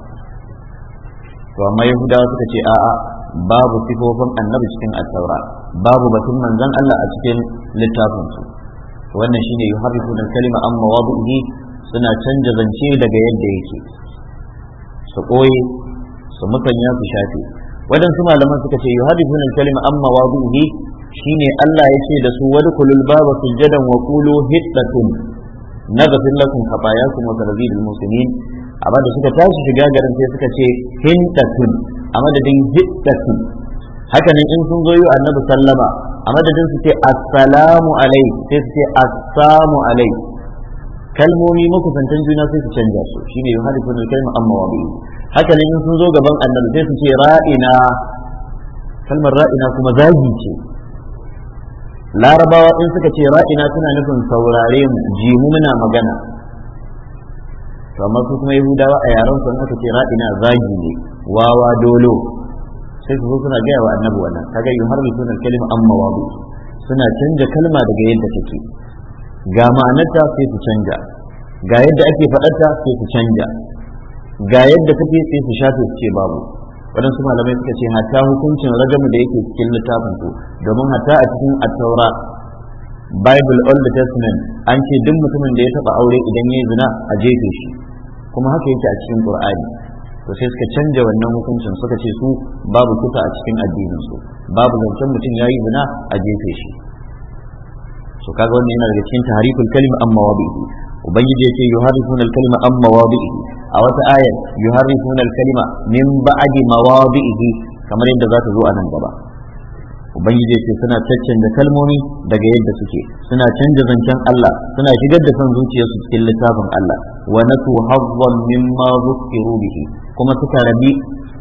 [SPEAKER 1] to amma yahudawa suka ce a'a babu sifofin annabi cikin at-taura babu batun manzon Allah a cikin littafin su wannan shine yuharrifuna kalima amma mawadihi suna canja zance daga yadda yake su koyi su mutanya su shafe wadansu malaman suka ce yuharrifuna kalima amma mawadihi shine Allah ya ce da su wadkhulul baba sujadan wa qulu hiddatun naghfir lakum khatayakum wa tanzilul musulmin. amma da suka tashi shiga garin sai suka ce hintatun a madadin hiddatun haka nan in sun zo yi annabi sallama a madadin su ce assalamu alai sai su ce assamu alai kalmomi makusantan juna sai su canja su shine yuhadithun al-kalima amma wa bihi haka nan in sun zo gaban annabi sai su ce ra'ina kalmar ra'ina kuma zagi ce larabawa in suka ce ra'ina suna nufin saurare mu ji mu muna magana to amma su kuma yahudawa a yaran su aka ce ra'ina zagi ne wawa dolo sai su suna gaya wa annabi wannan kaga yuharrifuna sunan kalima amma wabu suna canja kalma daga yadda take ga ma'anarta sai su canja ga yadda ake faɗarta sai su canja ga yadda take sai su shafe su ce babu waɗansu malamai suka ce hatta hukuncin ragamu da yake cikin littafin ku domin hatta a cikin attaura bible old testament an ce duk mutumin da ya taɓa aure idan ya zina a jefe shi kuma haka yake a cikin qur'ani to sai suka canja wannan hukuncin suka ce su babu kuta a cikin addinin su babu zancen mutum yayi zina a jefe shi so kaga wannan yana daga cikin tahriful kalima amma wabihi ubangiji yace yuharifuna al-kalima amma wabihi a wata ayar yuharrifuna al-kalima min ba'di mawadi'ihi kamar yadda za ta zo a nan gaba ubangiji ce suna da kalmomi daga yadda suke suna canza zancen Allah suna shigar da son zuciyarsu cikin littafin Allah wa nasu hazzan mimma zukiru bihi kuma suka rabi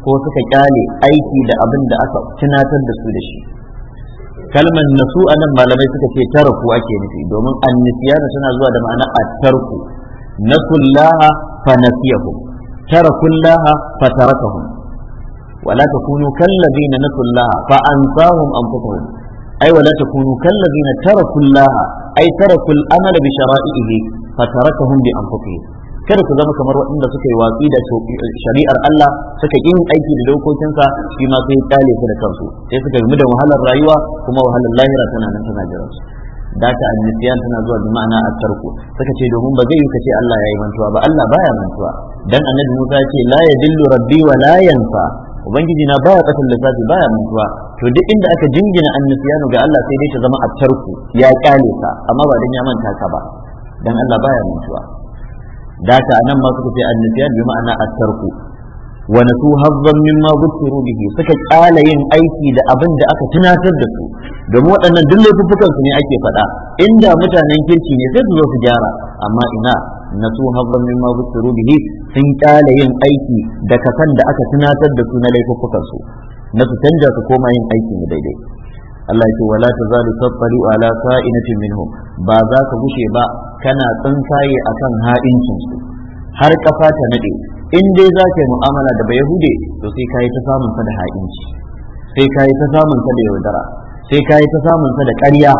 [SPEAKER 1] ko suka kyale aiki da abin da aka tunatar da su da shi kalman nasu anan malamai suka ce taraku ake nufi domin annisiyana suna zuwa da ma'ana at-tarku nasu Allah fa nasiyahum taraku Allah fa tarakahum wala takunu kallazina nasu Allah fa ansahum anfusahum ay wala takunu kallazina taraku Allah ay taraku al fa kada ku zama kamar waɗanda suka yi watsi da shari'ar Allah suka yin aiki da dokokinsa shi ma sai kyale su da kansu sai suka yi da wahalar rayuwa kuma wahalar lahira tana nan tana su. data annisyan tana zuwa da ma'ana at-tarku Saka ce domin ba zai yi kace Allah yayi mantuwa ba Allah baya mantuwa dan annabi Musa ya ce la yadillu rabbi wa la yanfa ubangiji na baya kasan lissafi baya mantuwa to duk inda aka jingina annisiyanu ga Allah sai dai ta zama at-tarku ya kyale ka amma ba dan ya manta ka ba dan Allah baya mantuwa data anan ma suka ce annisiyan bi ma'ana at-tarku wa nasu hazzan mimma zukiru bihi suka kyala yin aiki da abin da aka tunatar da su domin waɗannan duk laifukan ne ake faɗa inda mutanen kirki ne sai su zo su gyara amma ina nasu hazzan mimma zukiru bihi sun kyala yin aiki da kasan da aka tunatar da su na laifuffukansu? su na su canja su koma yin aiki ne daidai Allah ya ce wala tazalu tattali ala sa'inatin ba za ka gushe ba kana tsinkaye akan ha'incin su har kafa ta nade in dai za ka yi mu'amala da bayahude to sai ka yi ta samun sa da ha'inci sai ka yi ta samun sa da yaudara sai ka yi ta samun sa da ƙarya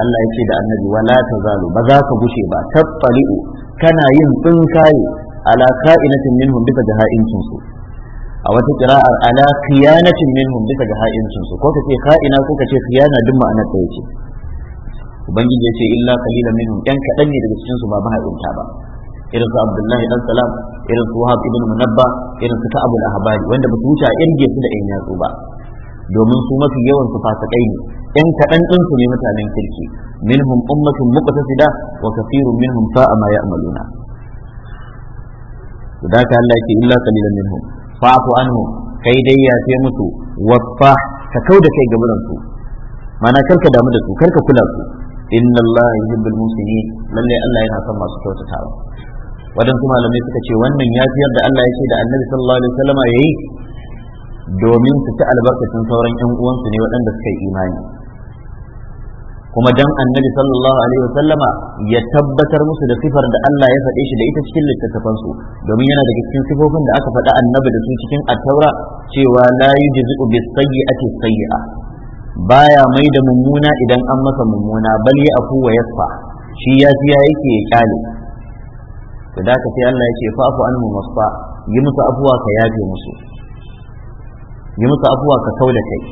[SPEAKER 1] Allah ya ce da annabi wala ta zalu ba za ka gushe ba tabbali'u kana yin tsinkaye ala ka'inatin minhum bisa da ha'incin su a wata kira'ar ala khiyanatin minhum bisa ga ha'incin su ko ka ce kaina ko ka ce khiyana duk ma'anar ta yace ubangiji ya ce illa qalilan minhum yan kadan ne daga cikin su ba maha'inta ba irin su abdullahi dan salam irin su wahab ibn munabba irin su ka'ab al-ahbari wanda ba su wuce a irge su da yan yatsu ba domin su mafi yawan su fasikai ne yan kaɗan ɗin su ne mutanen kirki minhum ummatun muqtasida wa kathirun minhum sa'a ma ya'maluna sadaka Allah yake illa qalilan minhum fa'fu anhum kai dai ya ce musu wasfa ka da kai gaburan su mana karka damu da su karka kula su inna Allah yuhibbul muslimin lalle Allah yana son masu kyautatawa waɗansu malamai suka ce wannan ya fiyar da Allah ya ce da annabi sallallahu alaihi wasallam ya yi domin su ci albarkacin sauran yan uwansu ne waɗanda suka yi imani kuma dan annabi sallallahu alaihi wasallama ya tabbatar musu da sifar da Allah ya faɗe shi da ita cikin littattafan su domin yana daga cikin sifofin da aka faɗa annabi da su cikin at-taura cewa la yujzi'u bis-sayyi'ati sayyi'a baya mai da mummuna idan an masa mummuna bal ya afu wa yasfa shi ya yake ya kyale to da sai Allah ya ce fa'fu anhu masfa yi musu afuwa ka yaje musu yi musu afuwa ka kaula kai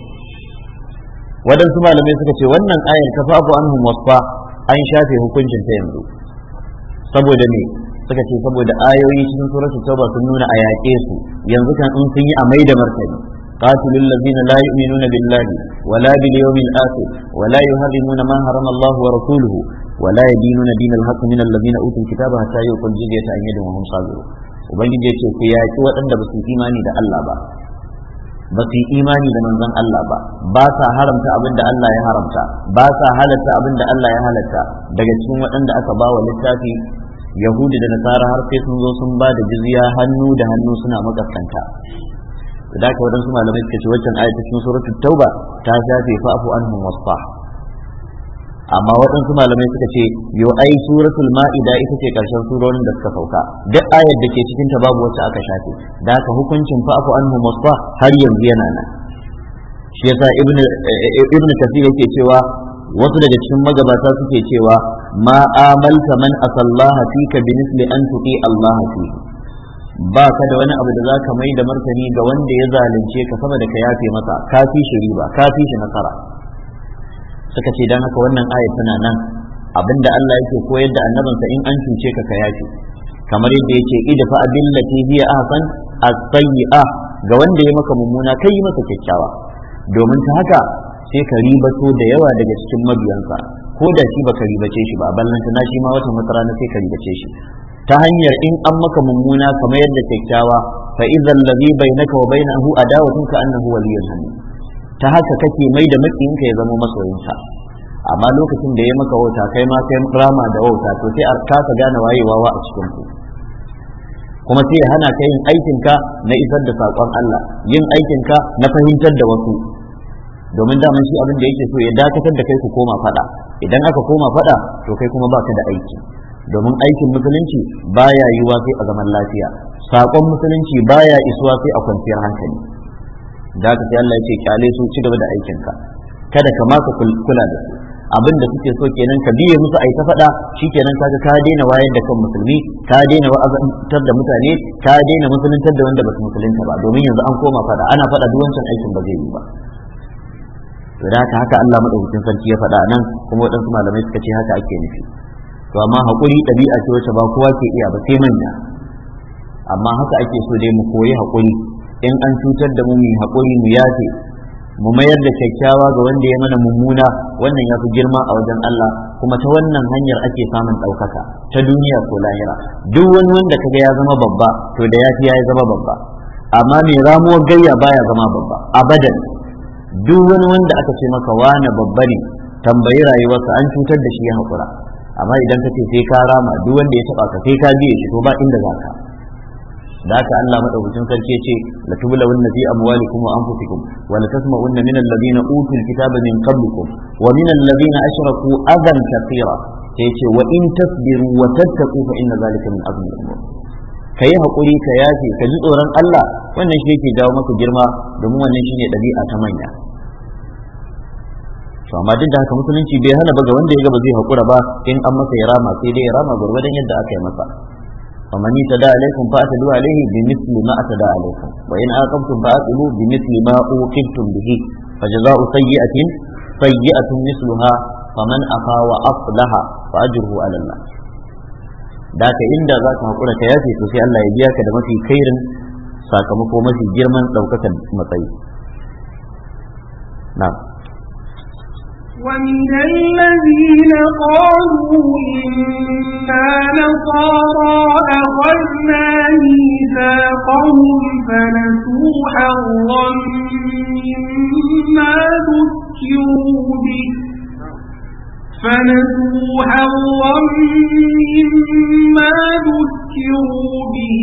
[SPEAKER 1] waɗansu malamai suka ce wannan ayar ka fa'fu anhu masfa an shafe hukuncin ta yanzu saboda me suka ce saboda ayoyi cikin suratul tauba sun nuna a yaƙe su yanzu kan in sun yi a mai da martani قاتلوا الذين لا يؤمنون بالله ولا باليوم الآخر ولا يهرمون ما حرم الله ورسوله ولا يدينون دين الحق من الذين أوتوا الكتاب حتى يؤتوا الجزية عن يد وهم صاغرون ubangiji ya ce ku yaƙi waɗanda ba su imani da Allah ba ba su imani da manzon Allah ba ba sa haramta abin da Allah ya haramta ba sa halatta Allah ya halatta daga cikin waɗanda aka ba wa littafi yahudi da nasara har sai sun zo sun ba da jizya hannu da hannu suna makaskanta da ka waɗansu malamai suka ce waccan ayat cikin suratul tauba ta shafe fa'fu anhum wasfah amma waɗansu malamai suka ce yo ai suratul ma'ida ita ce karshen surorin da suka sauka duk ayar da ke cikin ta babu wacce aka shafe da ka hukuncin fa'fu anhum wasfah har yanzu yana nan shi yasa ibnu eh, ibnu kasir yake cewa wasu daga cikin magabata suke cewa ma amalta man asallaha fika bi misli an tuqi Allah fihi ba ka da wani abu da za ka mai da martani ga wanda ya zalunce ka sama da ka yafe masa ka fi shi riba ka fi shi nasara suka ce dan haka wannan ayat tana nan abinda Allah yake koyar da annabinsa in an cuce ka ka yafe kamar yadda yake fa abillati hiya ahsan as-sayyi'a ga wanda ya maka mummuna kai yi masa kyakkyawa domin ta haka sai ka ribato da yawa daga cikin mabiyansa ko da shi baka ribace shi ba ballanta na shi ma wata matsara na sai ka ribace shi ta hanyar in an maka mummuna kamar yadda kyakkyawa fa idzal ladhi bainaka wa bainahu adawatun ka annahu waliyyun hamim ta haka kake mai da ka ya zama masoyinka amma lokacin da ya maka wauta kai ma kai rama da wauta to sai a ka gane wayewa a cikin ku kuma sai hana ka yin aikinka na isar da saƙon Allah yin aikinka na fahimtar da wasu domin daman shi abin da yake so ya dakatar da kai ku koma fada idan aka koma fada to kai kuma baka da aiki domin aikin musulunci baya yiwa sai a zaman lafiya sakon musulunci baya isuwa sai a kwanciyar hankali da ka sai Allah ya ce kyale su ci gaba da aikinka kada ka maka kula da su abin da suke so kenan ka biye musu ai ta faɗa shikenan kaga ka daina wayar da kan musulmi ka daina wa'azantar da mutane ka daina musuluntar da wanda ba su musulunta ba domin yanzu an koma faɗa ana faɗa duk wancan aikin ba zai yi ba to da haka haka Allah madaukakin sarki ya faɗa nan kuma waɗansu malamai suka ce haka ake nufi to amma hakuri ɗabi'a ce wacce ba kowa ke iya ba sai manya amma haka ake so dai mu koyi hakuri in an cutar da mu mu hakuri mu yafe mu mayar da kyakkyawa ga wanda ya mana mummuna wannan ya fi girma a wajen Allah kuma ta wannan hanyar ake samun ɗaukaka ta duniya ko lahira duk wani wanda kaga ya zama babba to da yafi ya zama babba amma mai ramuwar gayya baya zama babba abadan duk wani wanda aka ce maka wane babba ne tambayi rayuwarsa an cutar da shi ya haƙura amma idan ka ce sai ka rama duk wanda ya taɓa ka sai ka biye shi to ba inda za ka da haka Allah madaukakin sarki ce la tublawunna fi amwalikum wa anfusikum wa la tasma'unna min alladhina utul kitaba min qablikum wa min alladhina ashraku adan kathira sai ce wa in tasbiru wa tattaqu fa inna zalika min azmi al-umur ka yi haƙuri ka yafe ka ji tsoron Allah wannan shi yake jawo maka girma domin wannan shi ne ɗabi'a ta manya to amma duk da haka musulunci bai hana ba ga wanda ya ga zai haƙura ba in an masa ya rama sai dai ya rama gwargwadon yadda aka yi masa ومن اعتدى عليكم فاعتدوا عليه بمثل ما اعتدى عليكم وان عاقبتم فاعقبوا بمثل ما اوقبتم به فجزاء سيئه سيئه مثلها فمن عفا واصلح فاجره على الله da ka inda za ka haƙura ka yafe to sai Allah ya biya ka da mafi kairin sakamako mafi girman ɗaukakan matsayi na
[SPEAKER 2] ومن الذين قالوا إنا نصارى أخذنا ميثاقهم فنسوا حظا مما ذكروا به فنسوا حظا مما ذكروا به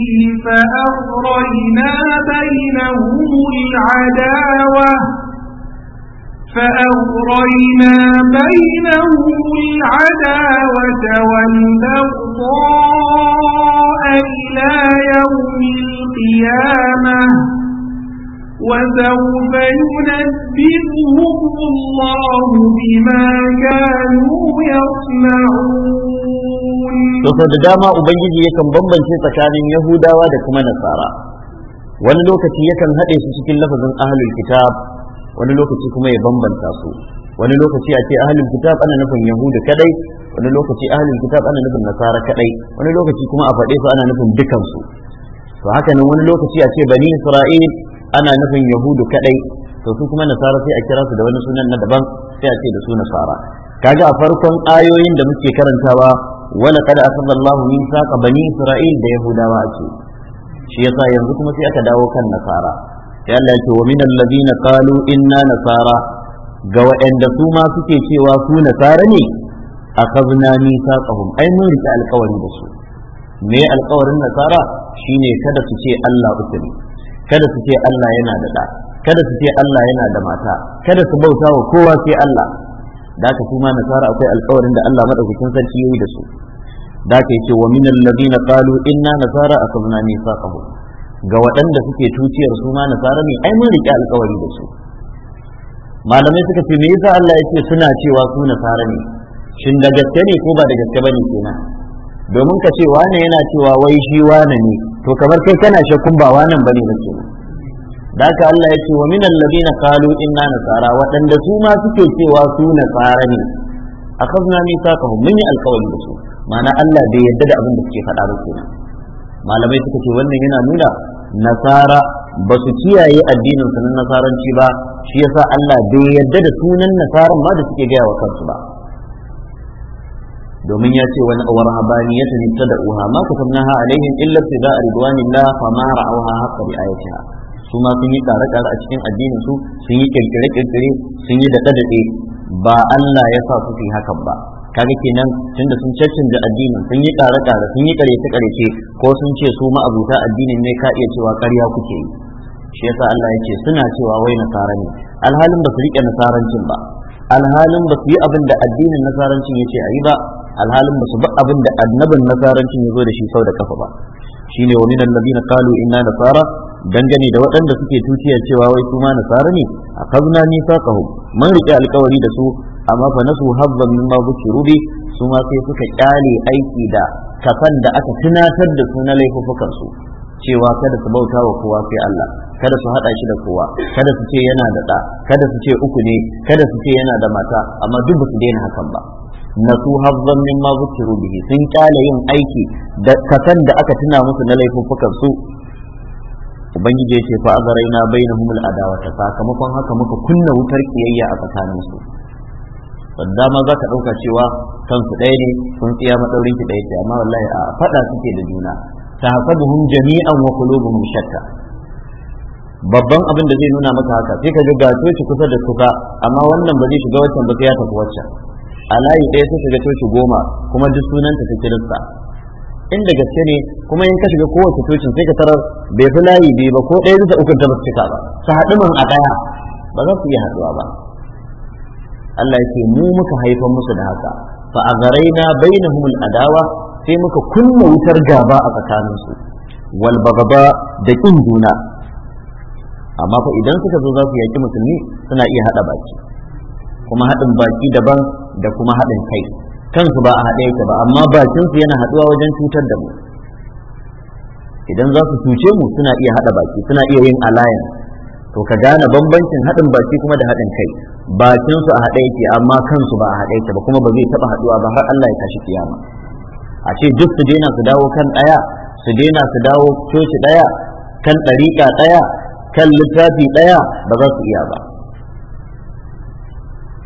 [SPEAKER 2] فأغرينا بينهم العداوة فأغرينا بينهم العداوة والبغضاء إلى يوم القيامة وسوف ينبئهم الله بما كانوا يصنعون
[SPEAKER 1] to sau da dama ubangiji yakan bambance tsakanin yahudawa da kuma nasara wani lokaci yakan haɗe su cikin lafazin ahlul kitab wani lokaci kuma ya bambanta su wani lokaci a ce ahlul kitab ana nufin yahudu kadai wani lokaci ahlul kitab ana nufin nasara kadai wani lokaci kuma a faɗe su ana nufin dukansu to haka nan wani lokaci a ce bani isra'il ana nufin yahudu kadai to su kuma nasara sai a kira su da wani sunan na daban sai a ce da su nasara kaga a farkon ayoyin da muke karantawa wala kada asallallahu min saqa bani isra'il da yahudawa ake shi yasa yanzu kuma sai aka dawo kan nasara sai Allah ya ce wa min alladhina qalu inna nasara ga waɗanda su ma suke cewa su nasara ne akhadna mithaqahum ai mun rike alƙawari da su me alƙawarin nasara shine kada su ce Allah uku ne kada su ce Allah yana da ɗa kada su ce Allah yana da mata kada su bauta wa kowa sai Allah da aka su ma nasara akwai alƙawarin da Allah madaukakin sarki yayi da su da aka yace wa minal ladina qalu inna nasara akhadna mithaqahum ga waɗanda suke tuciyar su ma nasara ne ai mun rike alƙawari da su malamai suka ce me yasa Allah yake suna cewa su nasara ne shin da gaske ne ko ba da gaske bane kenan domin ka ce wane yana cewa wai shi wane ne to kamar kai kana shakkun ba wanan bane ba da ka Allah ya ce wa min alladhina qalu inna nasara waɗanda su ma suke cewa su nasara ne akhadna mithaqahum mun yi alƙawari da su ma'ana Allah bai yarda da abin da suke faɗa ba kenan malamai suka ce wannan yana nuna nasara ba su kiyaye addinin su na nasaranci ba shi yasa Allah bai yarda da sunan nasaran ma da suke gaya wa kansu ba domin ya ce wani awar habaniyatan ibtada'uha ma katabnaha alaihim illa ibtida'a ridwanillah fama ra'awha haqqa ri'ayatiha su ma sun yi tsare-tsare a cikin addinin su sun yi kirkire-kirkire sun yi daɗe-daɗe ba Allah ya sa su fi hakan ba kaga kenan tunda sun cancanta addinin sun yi tsare-tsare sun yi karyace-karyace ko sun ce su ma abuta addinin ne ka iya cewa karya kuke yi shi yasa Allah ya ce suna cewa wai nasara ne alhalin ba su riƙe nasarancin ba alhalin ba su yi abin da addinin nasarancin ya ce a yi ba alhalin ba su abin da annabin nasarancin ya zo da shi sau da kafa ba shine wa minan ladina qalu ina nasara dangane da waɗanda suke tuciya cewa wai su ma nasara ne A akazna mithaqahum mun rike alkawari da su amma fa nasu hazzan ma bukiru bi su ma sai suka kyale aiki da kafan da aka tunatar da su na laifukan su cewa kada su bauta wa kowa sai Allah kada su hada shi da kowa kada su ce yana da da kada su ce uku ne kada su ce yana da mata amma duk ba su daina hakan ba nasu hazzan ma zukiru bihi sun kyale yin aiki da kasan da aka tuna musu na laifuffukan su ubangiji ya ce fa azaraina bainahum adawa ta sakamakon haka muka kunna wutar kiyayya a tsakanin su wanda ma za ka ɗauka cewa kansu ɗaya ne sun tsiya matsaurin ki ɗaya ce amma wallahi a faɗa suke da juna ta hasabuhum jami'an wa qulubuhum shatta babban abin da zai nuna maka haka sai ka ga gato kusa da kusa amma wannan ba zai shiga wancan ba sai ya tafi wancan a layi ɗaya sai shiga coci goma kuma duk sunanta ta kirista inda gaske ne kuma in ka shiga kowace cocin sai ka tarar bai fi layi biyu ba ko ɗaya da uku ta ba cika ba su haɗu man a ɗaya ba za su iya haɗuwa ba Allah ya ce mu muka haifan musu da haka fa a garai na garaina humul adawa sai muka kunna wutar gaba a tsakaninsu walba gaba da ƙin juna amma fa idan suka zo za su yaki musulmi suna iya haɗa baki kuma haɗin baki daban da kuma haɗin kai kansu ba a haɗe ka ba amma bakinsu yana haɗuwa wajen cutar da mu idan za su cuce mu suna iya haɗa baki suna iya yin alayan to ka gane bambancin haɗin baki kuma da haɗin kai bakinsu a haɗe yake amma kansu ba a haɗe yake ba kuma ba zai taɓa haɗuwa ba har Allah ya tashi kiyama a ce duk su daina su dawo kan ɗaya su daina su dawo coci ɗaya kan ɗariƙa ɗaya kan littafi ɗaya ba za su iya ba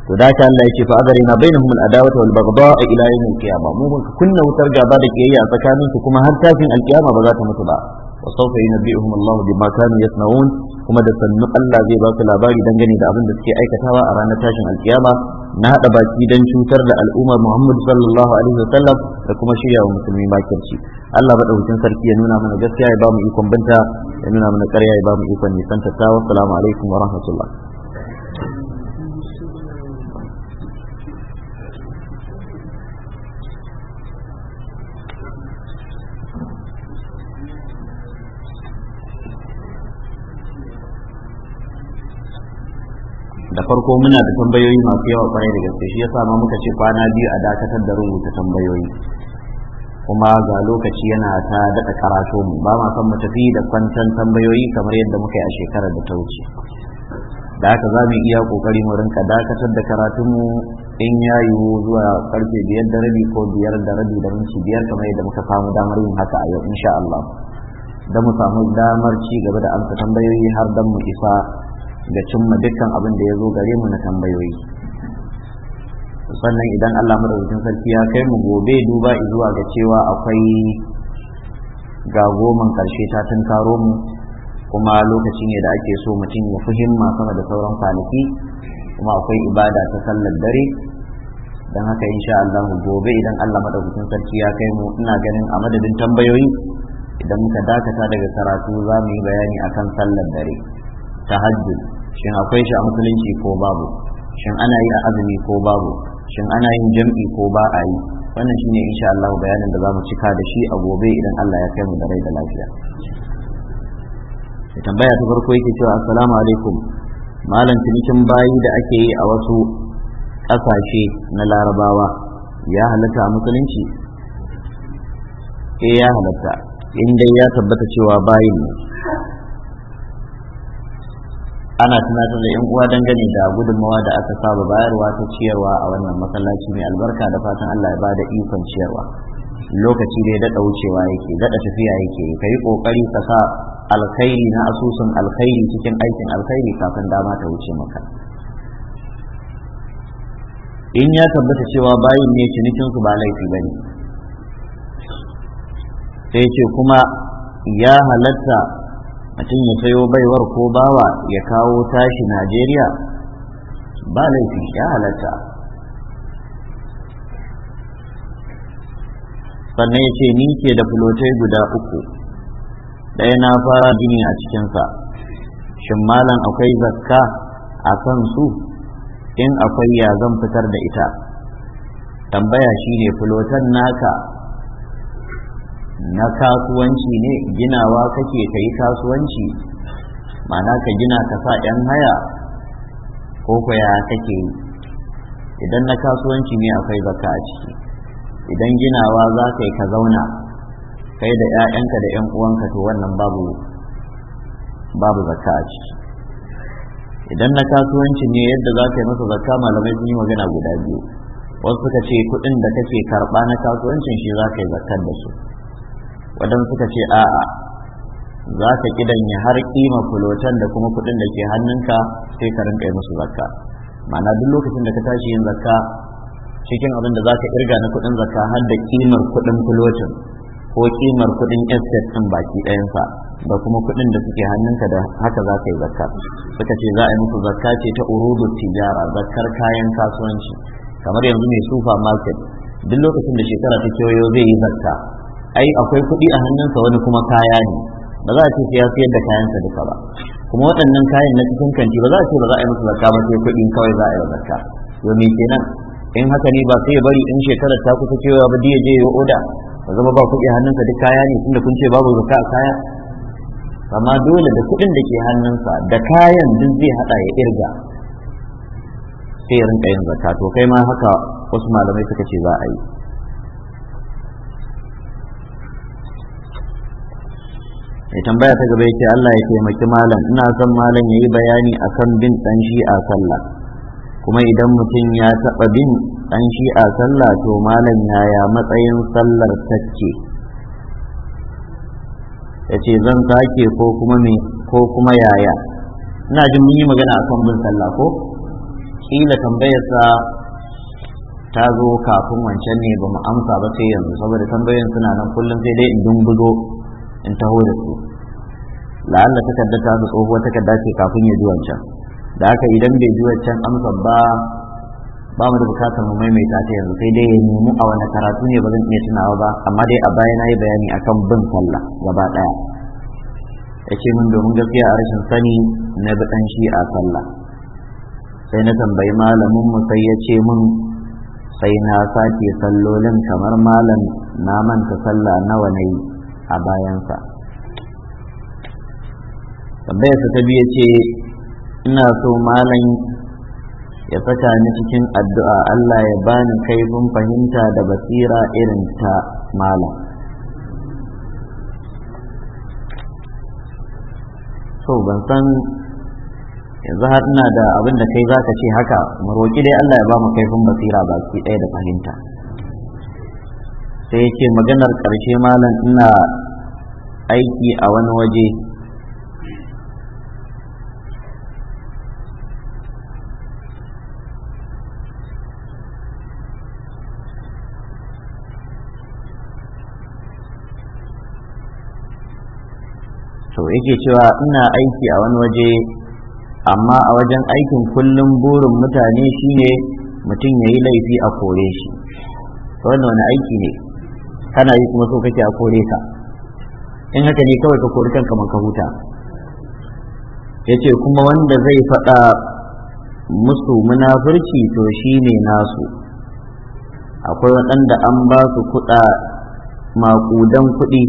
[SPEAKER 1] to da ta Allah yake fa na bainahum al-adawata wal baghdha'a ila yawm al-qiyamah mu mun kunna wutar gaba da kiyayya tsakanin su kuma har tashin al ba za ta mutu ba wa sawfa yunabbi'uhum Allah bima kanu yasna'un kuma da sannu Allah zai ba su labari dangane da abin da suke aikatawa a ranar tashin al na hada baki dan cutar da al'ummar Muhammad sallallahu alaihi wasallam da kuma shirya wa musulmi makirci Allah madaukakin sarki ya nuna mana gaskiya ya ba mu ikon binta ya nuna mana ƙarya ya ba mu ikon nisan tattawa assalamu alaikum wa rahmatullah da farko muna da tambayoyi masu yawa kwarai da gaske shi yasa ma muka ce kwana biyu a dakatar da rubuta tambayoyi kuma ga lokaci yana ta daɗa karato mu ba ma san mu tafi da kwantan tambayoyi kamar yadda muka yi a shekarar da ta wuce da haka za mu iya kokari mu rinka dakatar da karatunmu in ya yiwu zuwa karfe biyar da rabi ko biyar da rabi da minti biyar kamar yadda muka samu damar yin haka a yau insha Allah da mu samu damar ci gaba da amsa tambayoyi har dan mu isa ga cimma dukkan abin da ya zo gare mu na tambayoyi sannan idan Allah madaukakin sarki ya kai mu gobe duba zuwa ga cewa akwai ga goman karshe ta tun mu kuma lokaci ne da ake so mutum ya fahimma sama da sauran kwanaki kuma akwai ibada ta sallar dare don haka insha Allah gobe idan Allah madaukakin sarki ya kai mu ina ganin a madadin tambayoyi idan muka dakata daga karatu za mu yi bayani akan sallar dare tahajjud shin akwai shi a musulunci ko babu shin ana yi a azumi ko babu shin ana yin jam'i ko ba a yi wannan shine insha Allah bayanin da za mu cika da shi a gobe idan Allah ya kai mu da rai da lafiya tambaya ta farko yake cewa assalamu alaikum malam cinikin bayi da ake yi a wasu ƙasashe na larabawa ya halatta a musulunci eh ya halatta in dai ya tabbata cewa bayin ne ana tunatar da 'yan uwa dangane da gudunmawa da aka saba bayarwa ta ciyarwa a wannan masallaci mai albarka da fatan Allah ya ba da ikon ciyarwa lokaci ya daɗa wucewa yake daɗa tafiya yake ka yi ƙoƙari ka sa alkhairi na asusun alkhairi cikin aikin alkhairi kafin dama ta wuce maka in ya tabbata cewa bayin ne cinikinsu ba laifi ba ne sai ce kuma ya halatta mutum ya sayo baiwar ko bawa ya kawo tashi najeriya ba laifi ya halatta sannan ya ce ni ke da fulotai guda uku ɗaya na fara gini a cikinsa shin malam akwai zakka a kan su in akwai ya zan fitar da ita tambaya shine fulotan naka na kasuwanci ne ginawa kake ka yi kasuwanci Mana ka gina ka sa 'yan haya ko kwaya kake yi idan na kasuwanci ne akwai zaka a ciki idan ginawa za ka yi ka zauna kai da 'ya'yanka da 'yan uwanka to wannan babu babu zaka a ciki idan na kasuwanci ne yadda za ka yi masa zaka malamai sun yi magana guda biyu wasu suka ce kuɗin da kake karɓa na kasuwancin shi za ka yi zakkar da su wadan suka ce a'a za ka ya har kima kulotan da kuma kuɗin da ke hannunka sai ka rinka yi musu zakka ma'ana duk lokacin da ka tashi yin zakka cikin abin da za ka irga na kuɗin zakka har da kimar kuɗin fulotin ko kimar kuɗin estate ɗin baki ɗayansa da kuma kuɗin da suke hannunka da haka za ka yi zakka suka ce za a yi musu zakka ce ta urudu tijara zakkar kayan kasuwanci kamar yanzu mai sufa market duk lokacin da shekara ta kewayo zai yi zakka ai akwai kuɗi a hannunsa wani kuma kaya ne ba za a ce ya sayar da kayansa duka ba kuma waɗannan kayan na cikin kanti ba za a ce ba za a yi musu zakka ba sai kuɗi kawai za a yi zakka domin kenan in haka ne ba sai ya bari in shekarar ta kusa cewa ba diya je ya oda ba zama ba kuɗi hannunsa duk kaya ne tunda kun ce babu zakka a kaya amma dole da kuɗin da ke hannunsa da kayan duk zai haɗa ya irga sai ya rinka yin zakka to kai ma haka wasu malamai suka ce za a yi mai tambaya ta gaba yace Allah ya taimaki malam ina son malam yayi bayani akan bin dan a sallah kuma idan mutum ya taba bin dan a sallah to malam yaya matsayin sallar tacce yace zan take ko kuma me ko kuma yaya ina jin mun yi magana akan bin sallah ko kila tambayarsa ta zo kafin wancan ne ba mu amsa ba sai yanzu saboda tambayoyin suna nan kullum sai dai in dumbuzo in taho da su la'alla takarda ta da tsohuwar takarda ce kafin ya zuwa wancan da haka idan bai zuwa can amsa ba ba mu da bukatar mu maimaita ta yanzu sai dai ya nemi a wani karatu ne ba zan iya tunawa ba amma dai a baya na yi bayani akan bin sallah gaba daya ce min domin gaskiya a rashin sani na bi dan shi a sallah sai na tambayi malamin mu sai ya ce min sai na sake sallolin kamar malam na manta sallah nawa na yi a bayansa tambayarsa ta biya ce ina so malam ya saka ni cikin addu'a Allah ya bani kaifin fahimta da basira irin ta malam so ban san yanzu har ina da abin da kai zaka ce haka mu roki dai Allah ya ba mu kaifin basira baki ɗaya da fahimta sai ya ce maganar ƙarshe malam ina aiki a wani waje to yake cewa ina aiki a wani waje amma a wajen aikin kullum burin mutane shine mutum ya yi laifi a kore shi wannan wani aiki ne kana yi kuma so kake a kore ka in haka ne kawai ka kori kanka man ka huta yace kuma wanda zai faɗa musu munafurci to shi ne nasu akwai waɗanda an ba su kuɗa makudan kuɗi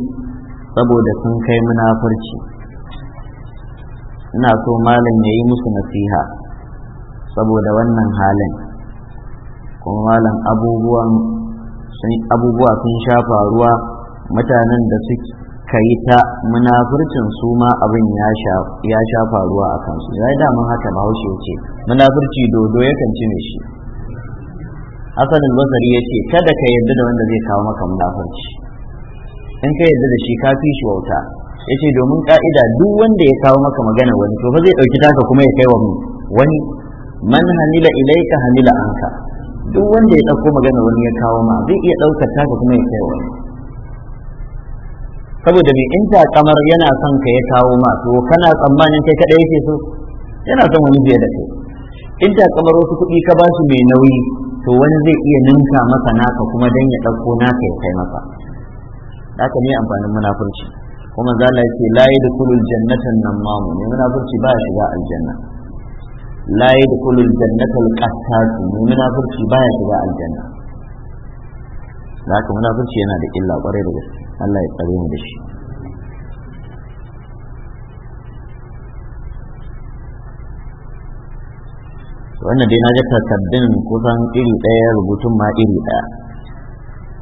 [SPEAKER 1] saboda sun kai munafurci ina so malam ya yi musu nasiha saboda wannan halin kuma malam abubuwan sun abubuwa sun sha faruwa mutanen da suka yi ta munafurcin su ma abin ya sha faruwa a kansu ya yi damun haka bahaushe ya ce munafurci dodo yakan ci shi asalin basari ya ce kada ka yarda da wanda zai kawo maka munafurci in ka yarda da shi ka fi shi wauta ya ce domin ka'ida duk wanda ya kawo maka magana wani to fa zai ɗauki taka kuma ya kai wa wani man hamila ilaika hamila anka duk wanda ya ɗauko magana wani ya kawo ma zai iya ɗaukar taka kuma ya kai wani saboda mai in ta kamar yana son ka ya kawo ma to kana tsammanin kai kaɗai yake so yana son wani biye da kai in ta kamar wasu kuɗi ka ba su mai nauyi to wani zai iya ninka masa naka kuma dan ya ɗauko naka ya kai masa haka ne amfanin munafurci kuma zala ce la yadkhulul jannatan nan mamu ne munafurci ba shiga aljanna la yadkhulu al-jannata al-qattat munafurci baya shiga aljanna haka munafurci yana da illa kwarai da gaske Allah ya tsare mu da shi wannan dai na ga takaddun kusan iri ɗaya rubutun ma iri ɗaya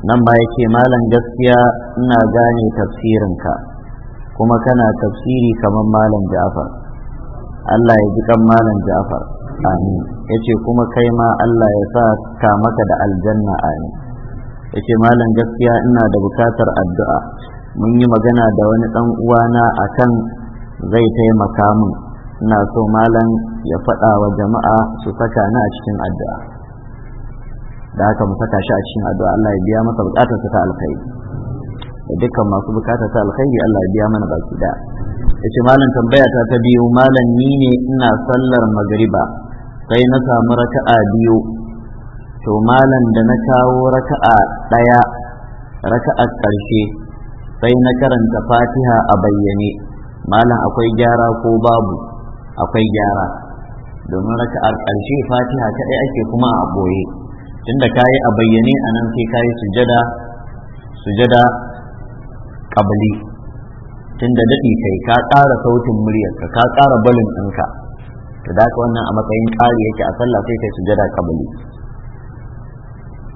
[SPEAKER 1] nan ba yake malam gaskiya ina gane tafsirinka kuma kana tafsiri kamar malam ja'far Allah ya ji kan malam Ja'far amin yace kuma kai ma Allah ya sa ka maka da aljanna amin yace malam gaskiya ina da bukatar addu'a mun yi magana da wani dan uwana akan zai taimaka mun ina so malam ya faɗa wa jama'a su saka ni a cikin addu'a da haka mu saka shi a cikin addu'a Allah ya biya masa bukatar ta alkhairi dukkan masu bukata ta alkhairi Allah ya biya mana baki da yace malam tambaya ta ta biyu malam ni ne ina sallar magriba sai na samu raka'a biyu to malam da na kawo raka'a daya raka'a karshe sai na karanta fatiha a bayyane malam akwai gyara ko babu akwai gyara domin raka'ar ƙarshe fatiha kaɗai ake kuma a ɓoye tunda ka yi a bayyane a nan sai ka yi sujada sujada Kabali, tun da daɗi kai ka ƙara sautin muryarka ka ƙara balin ɗinka to da ka wannan a matsayin ƙari yake a sallah sai kai sujada kabali.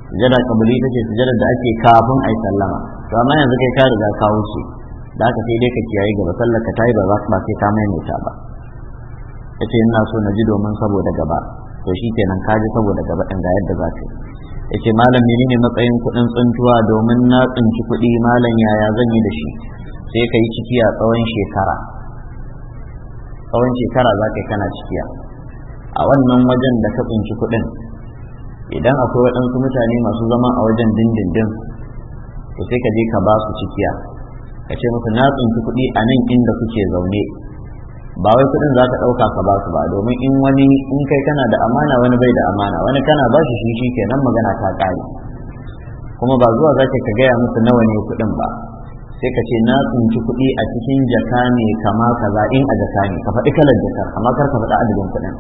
[SPEAKER 1] sujada kabali ta ce sujada da ake kafin a yi sallama to amma yanzu kai ka riga ka wuce da ka sai dai ka kiyaye gaba sallar ka tayi ba za ba sai ka maimaita ba yace ina so na ji domin saboda gaba to shikenan ka ji saboda gaba ɗin ga yadda za ka yi yace malam ne matsayin kuɗin tsuntuwa domin na tsinci kuɗi malam yaya zan yi da shi sai ka yi ciki a tsawon shekara tsawon shekara za ka kana ciki. a wannan wajen da ka tsinci kuɗin idan akwai waɗansu mutane masu zama a wajen dindindin to sai ka je ka ba su cikiya ka ce musu na tsinci kuɗi a nan inda kuke zaune ba wai kuɗin za ka ɗauka ka ba su ba domin in wani in kai kana da amana wani bai da amana wani kana ba shi shi kenan magana ta ƙare kuma ba zuwa zaka ka gaya musu nawa ne kuɗin ba sai ka ce na tsinci kuɗi a cikin jaka ne kama kaza in a jaka ne ka faɗi kalar jakar amma kar ka faɗi adadin kuɗin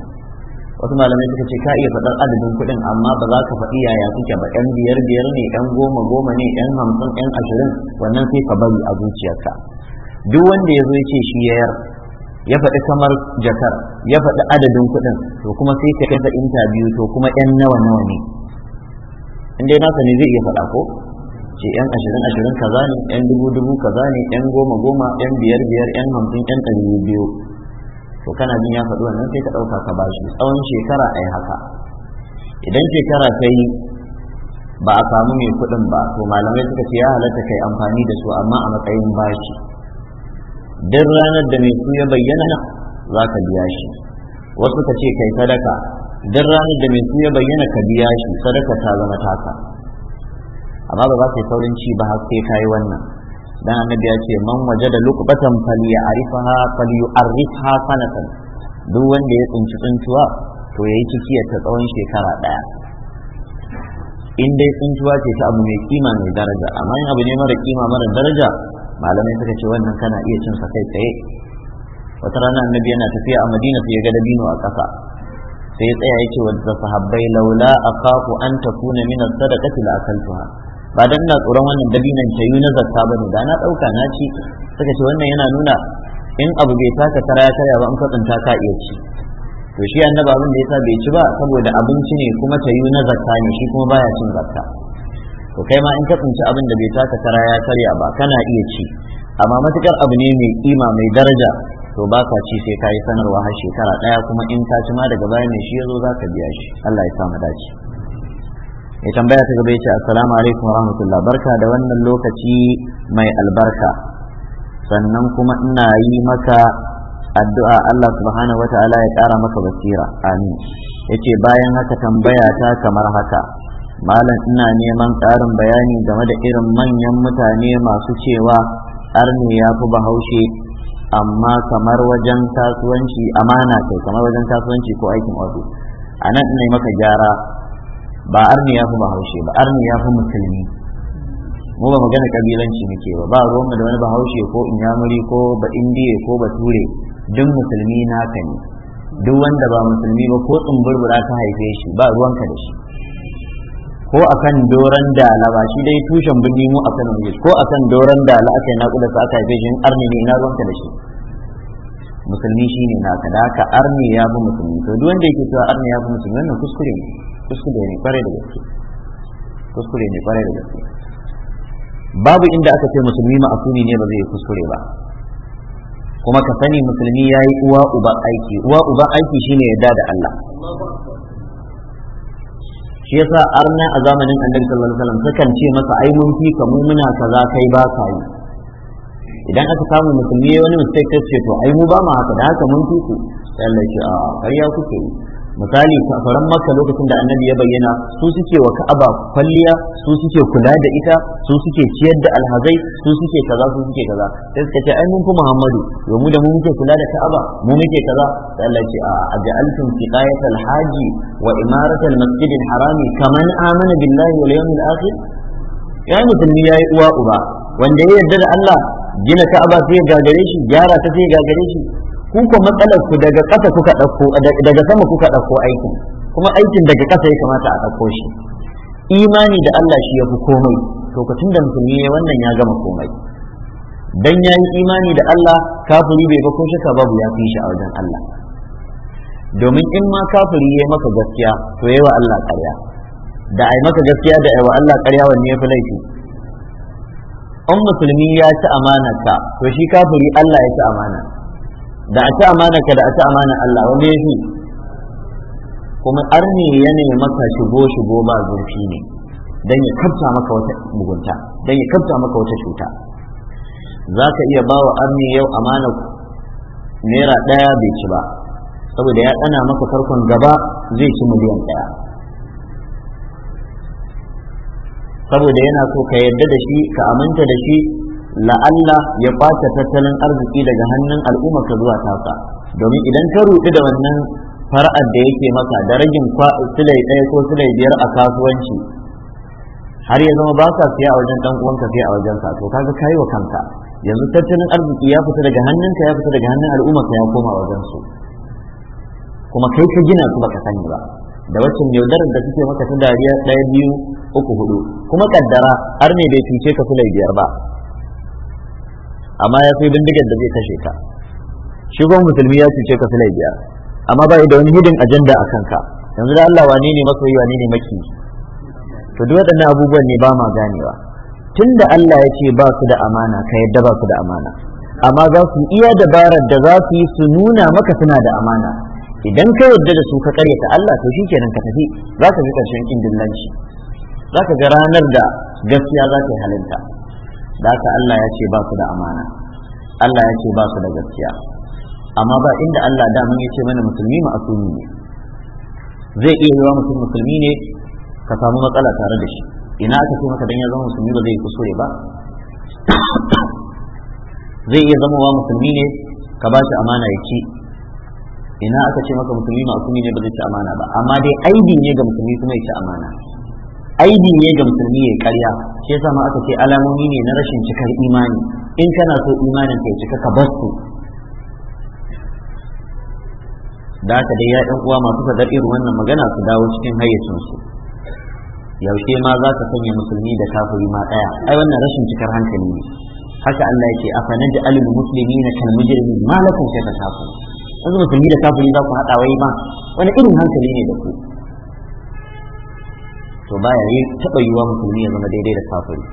[SPEAKER 1] wasu malamai suka ce ka iya faɗar adadin kuɗin amma ba za ka faɗi yaya suke ba ɗan biyar biyar ne ɗan goma goma ne ɗan hamsin ɗan ashirin wannan sai ka bari a zuciyarka duk wanda ya zo ya ce shi ya yayar ya faɗi kamar jakar ya faɗi adadin kuɗin to kuma sai ka kafa intabiyu to kuma yan nawa nawa ne in dai nasa ne zai iya faɗa ko ce yan ashirin ashirin kaza ne yan dubu dubu kaza ne yan goma goma yan biyar biyar yan hamsin yan ɗari biyu to kana jin ya faɗi wannan sai ka ɗauka ka bashi tsawon shekara a haka idan shekara ta yi ba a samu mai kuɗin ba to malamai suka ce ya halatta kai amfani da su amma a matsayin bashi duk ranar da mai su ya bayyana za ka biya shi wasu ka ce kai sadaka duk ranar da mai su ya bayyana ka biya shi sadaka ta zama taka amma ba za ka yi saurin ci ba haske sai ka yi wannan dan annabi ya ce man wajada luqbatan falyarifaha falyu'arrifha sanatan duk wanda ya tsinci tsintuwa to yayi cikiyar ta tsawon shekara daya in dai tsintuwa ce ta abu mai kima mai daraja amma in abu ne mara kima mara daraja malamai suka ce wannan kana iya cin sa kai tsaye wata rana annabi yana tafiya a madina sai ya ga dabino a ƙasa sai ya tsaya yake wadda sahabbai laula a kaku an takuna min sadaqati la akaltuha ba dan ina tsoron wannan dabinan ta yi na zakka ne, da na dauka na ci suka ce wannan yana nuna in abu bai taka tara ya tara ba in ka ta ka iya ci to shi annabi abin da yasa bai ci ba saboda abinci ne kuma ta yi na zakka ne shi kuma baya cin zakka to kai ma in ka tsinci abin da bai taka kara ya karya ba kana iya ci amma matukar abu ne mai kima mai daraja to ba ka ci sai ka yi sanarwa har shekara ɗaya kuma in ka ci ma daga baya mai shi ya zo za ka biya shi Allah ya samu dace ya tambaya ta gaba ya ce assalamu alaikum wa rahmatullah barka da wannan lokaci mai albarka sannan kuma ina yi maka addu'a Allah subhanahu wa ta'ala ya kara maka basira amin yace bayan haka tambaya ta kamar haka malam ina neman ƙarin bayani game da irin manyan mutane masu cewa arne ya fi bahaushe amma kamar wajen kasuwanci amana kai kamar wajen kasuwanci ko aikin ofis a nan ina maka gyara ba arni ya fi bahaushe ba arni ya fi musulmi mu ba magana kabilanci muke ba ba ruwan da wani bahaushe ko inyamuri ko ba indiya ko bature duk musulmi naka ne duk wanda ba musulmi ba ko tsumburbura ka haife shi ba ruwanka da shi ko akan doran dalaba shi dai tushen birni mu akan mu ko akan doran dala aka yi naƙuda sa aka haife shi arni ne na ruwanka da shi musulmi shi ne naka da haka arni ya fi musulmi to duk wanda yake cewa arni ya fi musulmi wannan kuskure ne kuskure ne kware da gaske kuskure ne kware da gaske babu inda aka ce musulmi ma'asumi ne ba zai yi kuskure ba kuma ka sani musulmi ya yi uwa uba aiki uwa uba aiki shine yadda da Allah shi yasa arna a zamanin annabi sallallahu alaihi wasallam sukan ce masa ai mun fi ka mumuna kaza kai ba ka yi idan aka samu musulmi wani mistake sai ce to ai mu ba mu haka da haka mun fi ku sai Allah ya ce a kariya kuke yi misali kafaran makka lokacin da annabi ya bayyana su suke wa ka'aba kwalliya su suke kula da ita su suke ciyar da alhazai su suke kaza su suke kaza sai suka ce ai mun fi muhammadu yo da mu muke kula da ka'aba mu muke kaza sai Allah ce a ja'altum siqayat alhaji wa imarat almasjid alharami kaman amana billahi wal yawmil akhir ya musulmi yayi uwa uba wanda ya yarda da Allah gina ka'aba sai ya gagare shi gyara ta sai ya gagare shi ku ko matsalar ku daga kasa kuka dauko daga sama kuka ɗauko aikin kuma aikin daga ƙasa ya kamata a dauko shi imani da Allah shi ya fi komai to ka tunda musulmi ne wannan ya gama komai dan ya yi imani da Allah kafiri bai ba ko shaka babu ya fi shi a wajen Allah domin in ma kafiri ya maka gaskiya to yayi wa Allah ƙarya da ai maka gaskiya da ai wa Allah ƙarya wanne ya fi laifi an musulmi ya ci ka to shi kafiri Allah ya ci amana da a ci ka da a ci amanar Allah wanda ya fi kuma arni ya ne maka shigo shigo ba zurfi ne don ya kabta maka wata mugunta don ya kabta maka wata cuta za ka iya ba wa arni yau amana naira ɗaya bai ci ba saboda ya ɗana maka farkon gaba zai ci miliyan ɗaya saboda yana so ka yarda da shi ka aminta da shi la'alla ya ɓata tattalin arziki daga hannun al'umma ka zuwa taka domin idan ka ruɗu da wannan fara'ar da yake maka da ragin silai ɗaya ko silai biyar a kasuwanci har ya zama ba ka siya a wajen ɗan uwanka siya a wajen ka to kaga kai wa kanka yanzu tattalin arziki ya fita daga hannunka ya fita daga hannun al'umma ka ya koma wajen su kuma kai ka gina su baka sani ba da wacce yaudarar da suke maka ta dariya ɗaya biyu uku hudu kuma kaddara har ne bai fice ka silai biyar ba amma ya fi bindigar da zai kashe ka shi kuma musulmi ya cuce ka sulai biya amma ba da wani hidin ajanda a kanka yanzu da Allah wane ne masoyi wani ne maki to duk waɗannan abubuwan ne ba ma ganewa da Allah ya ce ba su da amana ka yadda ba su da amana amma za su iya dabarar da za su yi su nuna maka suna da amana idan ka yarda da su ka karyata Allah to shi kenan ka tafi za ka ji karshen kin dillanci za ka ga ranar da gaskiya za ta yi halinta da haka Allah ya ce ba su da amana Allah ya ce ba su da gaskiya amma ba inda Allah daman ya ce mana musulmi ma'asumi ne zai iya yiwa mutum musulmi ne ka samu matsala tare da shi ina aka ce maka dan ya zama musulmi ba zai kusure ba zai iya zama wa musulmi ne ka ba shi amana ya ci ina aka ce maka musulmi ma'asumi ne ba zai ci amana ba amma dai aibi ne ga musulmi kuma ya ci amana aibi ne ga musulmi ya karya shi yasa ma aka ce alamomi ne na rashin cikar imani in kana so imanin ka ya cika ka bar su da aka dai ya ɗan uwa masu sadar irin wannan magana su dawo cikin hayyacinsu yaushe ma za ka sanya musulmi da kafiri ma ɗaya ai wannan rashin cikar hankali ne haka Allah yake afa da alil muslimi na kal mujrimin ma kayfa tafur yanzu musulmi da kafiri za ku haɗa wai ma wani irin hankali ne da ku to baya yi taba yiwa musulmi ya zama daidai da kafiri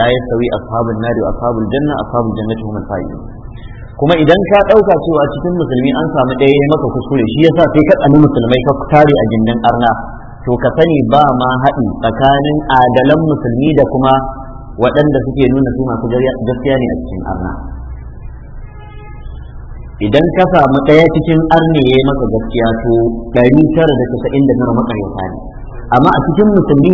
[SPEAKER 1] la ya yastawi ashabun nari wa ashabul janna ashabul jannati hum al-fa'izun kuma idan ka dauka cewa cikin musulmi an samu ɗaya ya maka kuskure shi yasa sai ka tsani musulmai ka tare a gindin arna to ka sani ba ma haɗi tsakanin adalan musulmi da kuma waɗanda suke nuna su masu gaskiya ne a cikin arna idan ka samu ɗaya cikin arne ya yi maka gaskiya to ɗari tara da casa'in da tara maƙaryata ne amma a cikin musulmi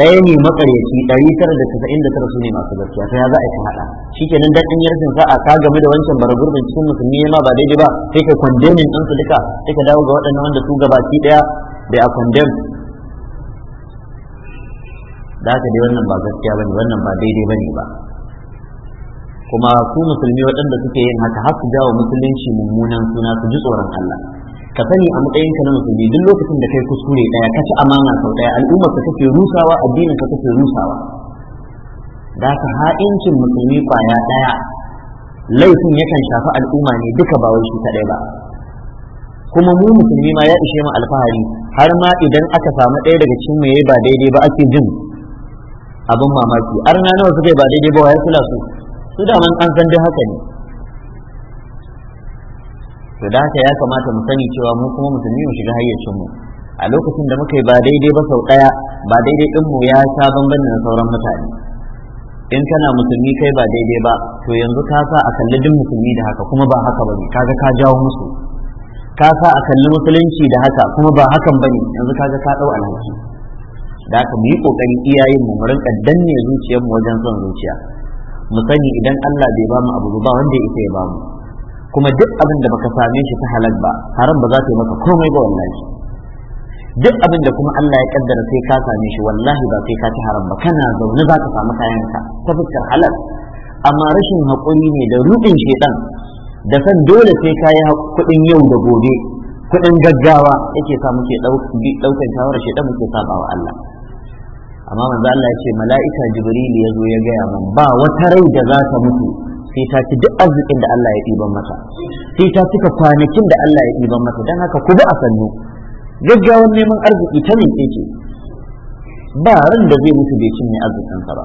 [SPEAKER 1] ɗaya ne makaryaci ɗari tara da tasa'in da tara su ne masu gaskiya sai ya za a yi haɗa shi ke nan daɗin yarsin sa'a ka game da wancan bara gurbin cikin musulmi ya ma ba daidai ba sai ka kwandemin ɗin su duka sai ka dawo ga waɗannan wanda su gabaki ɗaya da a kwandem da haka dai wannan ba gaskiya ba ne, wannan ba daidai ba ne ba kuma su musulmi waɗanda suke yin haka har su jawo musulunci mummunan suna su ji tsoron Allah ka sani a matsayin ka na musulmi duk lokacin da kai kuskure daya ka ci amana sau daya al'ummar ka kake rusawa addinin ka kake rusawa da ka ha'incin musulmi kwaya daya laifin yakan shafi al'umma ne duka ba wai shi kadai ba kuma mu musulmi ma ya ishe mu alfahari har ma idan aka samu ɗaya daga cikin mu yayi ba daidai ba ake jin abin mamaki arna nawa suka yi ba daidai ba wai sula su su da man an san dai haka ne to da haka ya kamata mu sani cewa mu kuma musulmi mu shiga hayyacin mu a lokacin da muka yi ba daidai ba sau ɗaya ba daidai ɗin mu ya sha bamban da sauran mutane in kana musulmi kai ba daidai ba to yanzu ka sa a kalli duk musulmi da haka kuma ba haka bane kaga ka jawo musu ka sa a kalli musulunci da haka kuma ba hakan bane yanzu kaga ka dau alhaki da haka mu yi kokari iyayen mu rinka danne zuciyar mu wajen son zuciya mu sani idan Allah bai ba mu abu ba wanda ya isa ya ba mu kuma duk abin da baka same shi ta halal ba haram ba za ta yi maka komai ba wallahi duk abin da kuma Allah ya kaddara sai ka same shi wallahi ba sai ka ci haram ba kana zaune za ka samu kayanka ta fuskar halal amma rashin haƙuri ne da rubin shedan da san dole sai ka yi kuɗin yau da gobe kuɗin gaggawa yake sa muke ɗaukan shawarar shedan muke wa Allah amma manzo Allah ya ce mala'ika Jibril ya zo ya gaya mun ba wata rai da za ta mutu sai ta ci duk arzikin da Allah ya ɗiban mata sai ta cika kwanakin da Allah ya ɗiban mata don haka ku bi a sannu gaggawan neman arziki ta ne ce ba ran da zai mutu bai cinye arzikinsa ba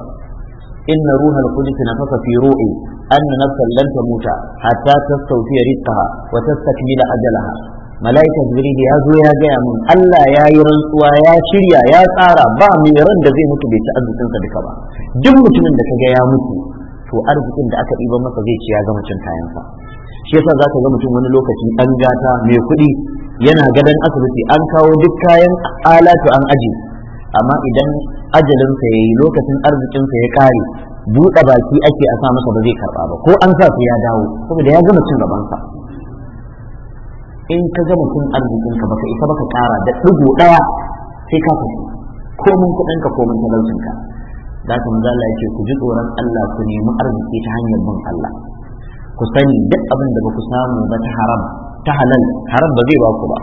[SPEAKER 1] inna ruhal qudus nafasa fi ru'i anna nafsan lan tamuta hatta tastawfiya rizqaha wa tastakmila ajalaha malaika jibril ya zo ya gaya mun Allah ya yi rantsuwa ya shirya ya tsara ba mai ran da zai mutu bai ci arzikinsa duka ba duk mutumin da kaga ya mutu to arzikin da aka ɗiba masa zai ci ya gama cin kayansa shi yasa za ka ga mutum wani lokaci ɗan gata mai kuɗi yana gadon asibiti an kawo duk kayan alatu an aji amma idan ajalinsa ya yi lokacin arzikinsa ya ƙare buɗe baki ake a sa masa ba zai karɓa ba ko an sa su ya dawo saboda ya gama cin gabansa in ka gama cin arzikinka baka isa baka ƙara da ɗigo ɗaya sai ka tafi komin kuɗinka komin talaucinka da haka manzo Allah yake ku ji tsoron Allah ku nemi arziki ta hanyar bin Allah ku sani duk abin da baku samu ba ta haram ta halal haram ba zai ba ku ba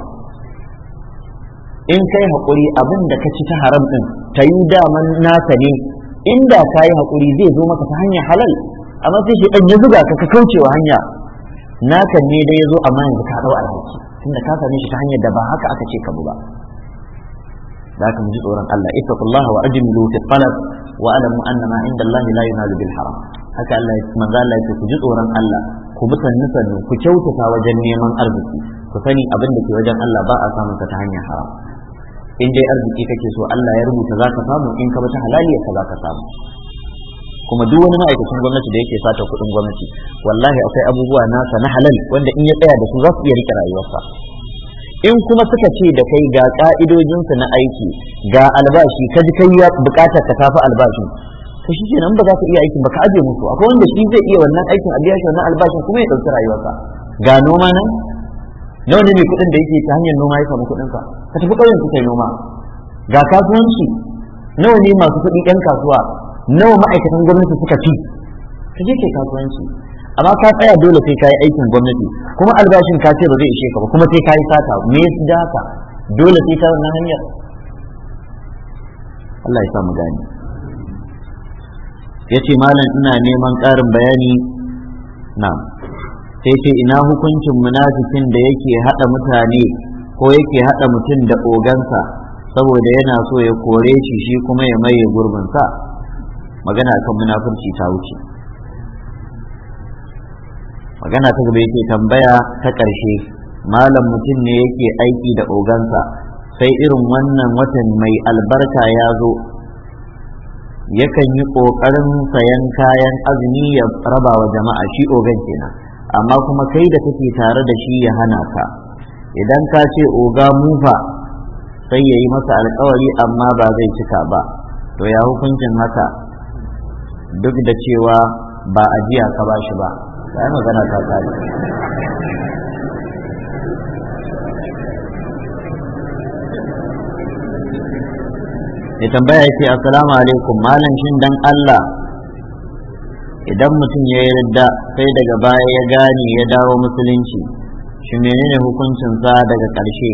[SPEAKER 1] in kai haƙuri abin da ka ci ta haram ɗin ta yi daman naka ne inda ka yi haƙuri zai zo maka ta hanyar halal amma sai shi ɗan ya zuga ka ka kaucewa hanya naka ne dai ya zo amma yanzu ka ɗau alhaki tunda ka same shi ta hanyar da ba haka aka ce ka bu ba da haka ji tsoron Allah ittaqullaha wa ajmilu fi talab wa alamu anna ma inda Allah la yunalu bil haram haka Allah manzo ku ji tsoron Allah ku bi sannu ku kyautata wajen neman arziki ku sani abin da ke wajen Allah ba a samun ta hanyar haram in dai arziki kake so Allah ya rubuta za ka samu in ka bata za ka samu kuma duk wani ma'aikacin gwamnati da yake sata kuɗin gwamnati wallahi akwai abubuwa nasa na halal wanda in ya tsaya da su zasu iya rike rayuwarsa in kuma suka ce da kai ga ƙa'idojinsu na aiki ga albashi ka ji kai ya bukatar ka tafi albashi to shi kenan ba za ka iya aikin ba ka aje musu akwai wanda shi zai iya wannan aikin a biya shi wannan albashin kuma ya ɗauki rayuwarsa ga noma nan nawa ne mai kuɗin da yake ta hanyar noma ya samu kuɗin ka ka tafi ƙauyen su kai noma ga kasuwanci nawa ne masu kuɗi ƴan kasuwa nawa ma'aikatan gwamnati suka fi ka je kai kasuwanci amma ka tsaya dole sai ka yi aikin gwamnati kuma albashin ka ce ba zai ishe ka ba kuma sai ka yi sata me su da dole sai ka wannan hanyar Allah ya samu gani ya ce malam ina neman ƙarin bayani na sai ce ina hukuncin munafikin da yake haɗa mutane ko yake haɗa mutum da ogansa saboda yana so ya kore shi shi kuma ya maye gurbinsa magana kan munafurci ta wuce magana ta gaba yake tambaya ta ƙarshe malam mutum ne yake aiki da ogansa sai irin wannan watan mai albarka ya zo yakan yi ƙoƙarin sayan kayan azumi ya raba wa jama'a shi ogan kenan amma kuma kai da kake tare da shi ya hana ka idan ka ce oga mufa sai ya yi masa alkawari amma ba zai cika ba to ya hukuncin haka duk da cewa ba a jiya ka ba shi ba ai magana ta kare ya tambaya ya ce assalamu alaikum malam shin dan Allah idan mutum ya yi ridda, sai daga baya ya gane ya dawo musulunci shi menene sa daga ƙarshe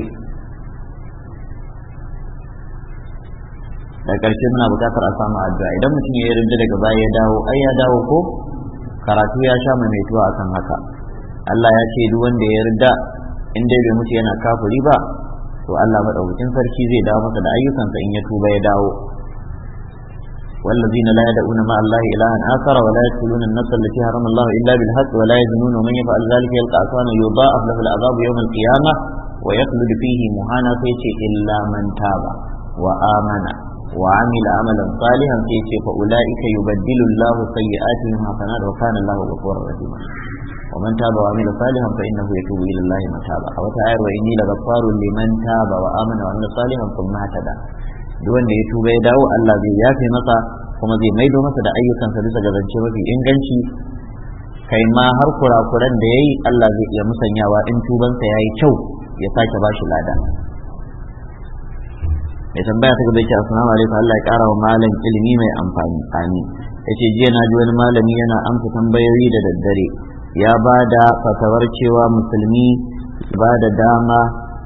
[SPEAKER 1] daga ƙarshe muna buƙatar a samu addu'a idan mutum ya yi yarda daga baya ya dawo ai ya dawo ko karatu ya sha maimaituwa akan haka Allah ya ce duk wanda ya yarda in dai bai mutu yana kafiri ba to Allah madaukakin sarki zai dawo masa da ayyukansa in ya tuba ya dawo والذين لا يدعون مع الله إلها آخر ولا يدخلون النصر التي حرم الله إلا بالحق ولا يزنون ومن يفعل ذلك يلقى أثاما يضاعف له العذاب يوم القيامة ويخلد فيه مهانا فيش إلا من تاب وآمن وعمل عملا صالحا كيف فأولئك يبدل الله سيئاتهم حسنات وكان الله غفورا رحيما ومن تاب وعمل صالحا فإنه يتوب إلى الله متابا وتعالى وإني لغفار لمن تاب وآمن وعمل صالحا ثم اهتدى duk wanda ya tura ya dawo Allah zai yafe masa kuma zai maido masa da ayyukansa bisa ga zance mafi inganci kai ma har kurakuran da yayi Allah zai iya musanyawa in tubansa yayi kyau ya sake bashi lada mai tambaya ta gaba a sunan alaikum Allah ya kara wa malam ilimi mai amfani amin ce jiya na ji wani malami yana amsa tambayoyi da daddare ya ba da fatawar cewa musulmi ba da dama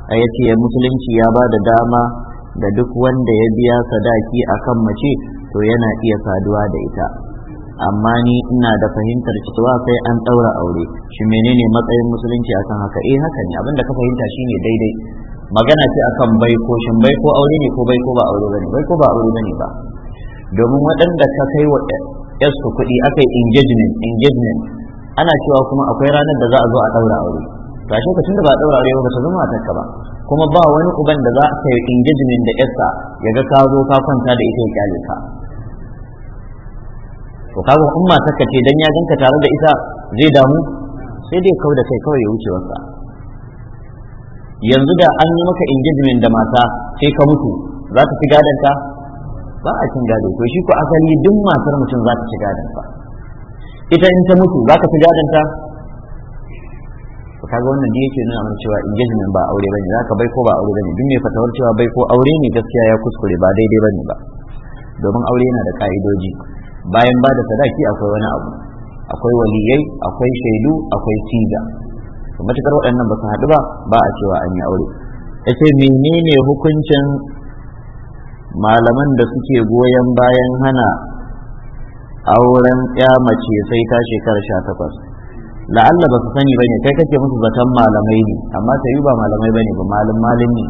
[SPEAKER 1] a yace ya musulunci ya ba da dama da duk wanda ya biya sadaki akan mace to yana iya saduwa da ita amma ni ina da fahimtar cewa sai an ɗaura aure shi menene matsayin musulunci akan haka eh haka ne abinda ka fahimta shine daidai magana ce akan ko shin ko aure ne ko baiko ba aure bane baiko ba aure bane ba domin waɗanda ka kai wa yarsu kuɗi aka yi engagement engagement ana cewa kuma akwai ranar da za a zo a ɗaura aure ga shi da ba a ɗaura aure ba ta zama matarka ba kuma ba wani uban da za a kai engagement da yarsa ya ga ka zo ka kwanta da ita ya kyale ka to kaga in matarka ce dan ya ganka tare da ita zai damu sai dai kawai da kai kawai ya wuce wasa yanzu da an yi maka engagement da mata sai ka mutu za ka ci gadon ta ba a cin gado to shi ko asali duk matar mutum za ta ci gadon ta ita in ta mutu za ka ci gadon ta kaga wannan da yake nuna mana cewa engagement ba aure bane ka bai ko ba aure bane duk mai fatawar cewa bai ko aure ne gaskiya ya kuskure ba daidai bane ba domin aure yana da ka'idoji bayan ba da sadaki akwai wani abu akwai waliyai akwai shaidu akwai siga matukar waɗannan ba su haɗu ba ba a cewa an yi aure yace menene hukuncin malaman da suke goyon bayan hana auren ya mace sai ta shekara sha takwas la'alla ba su sani ba ne kai kake musu zaton malamai ne amma ta yi ba malamai ba ne ba malin malin ne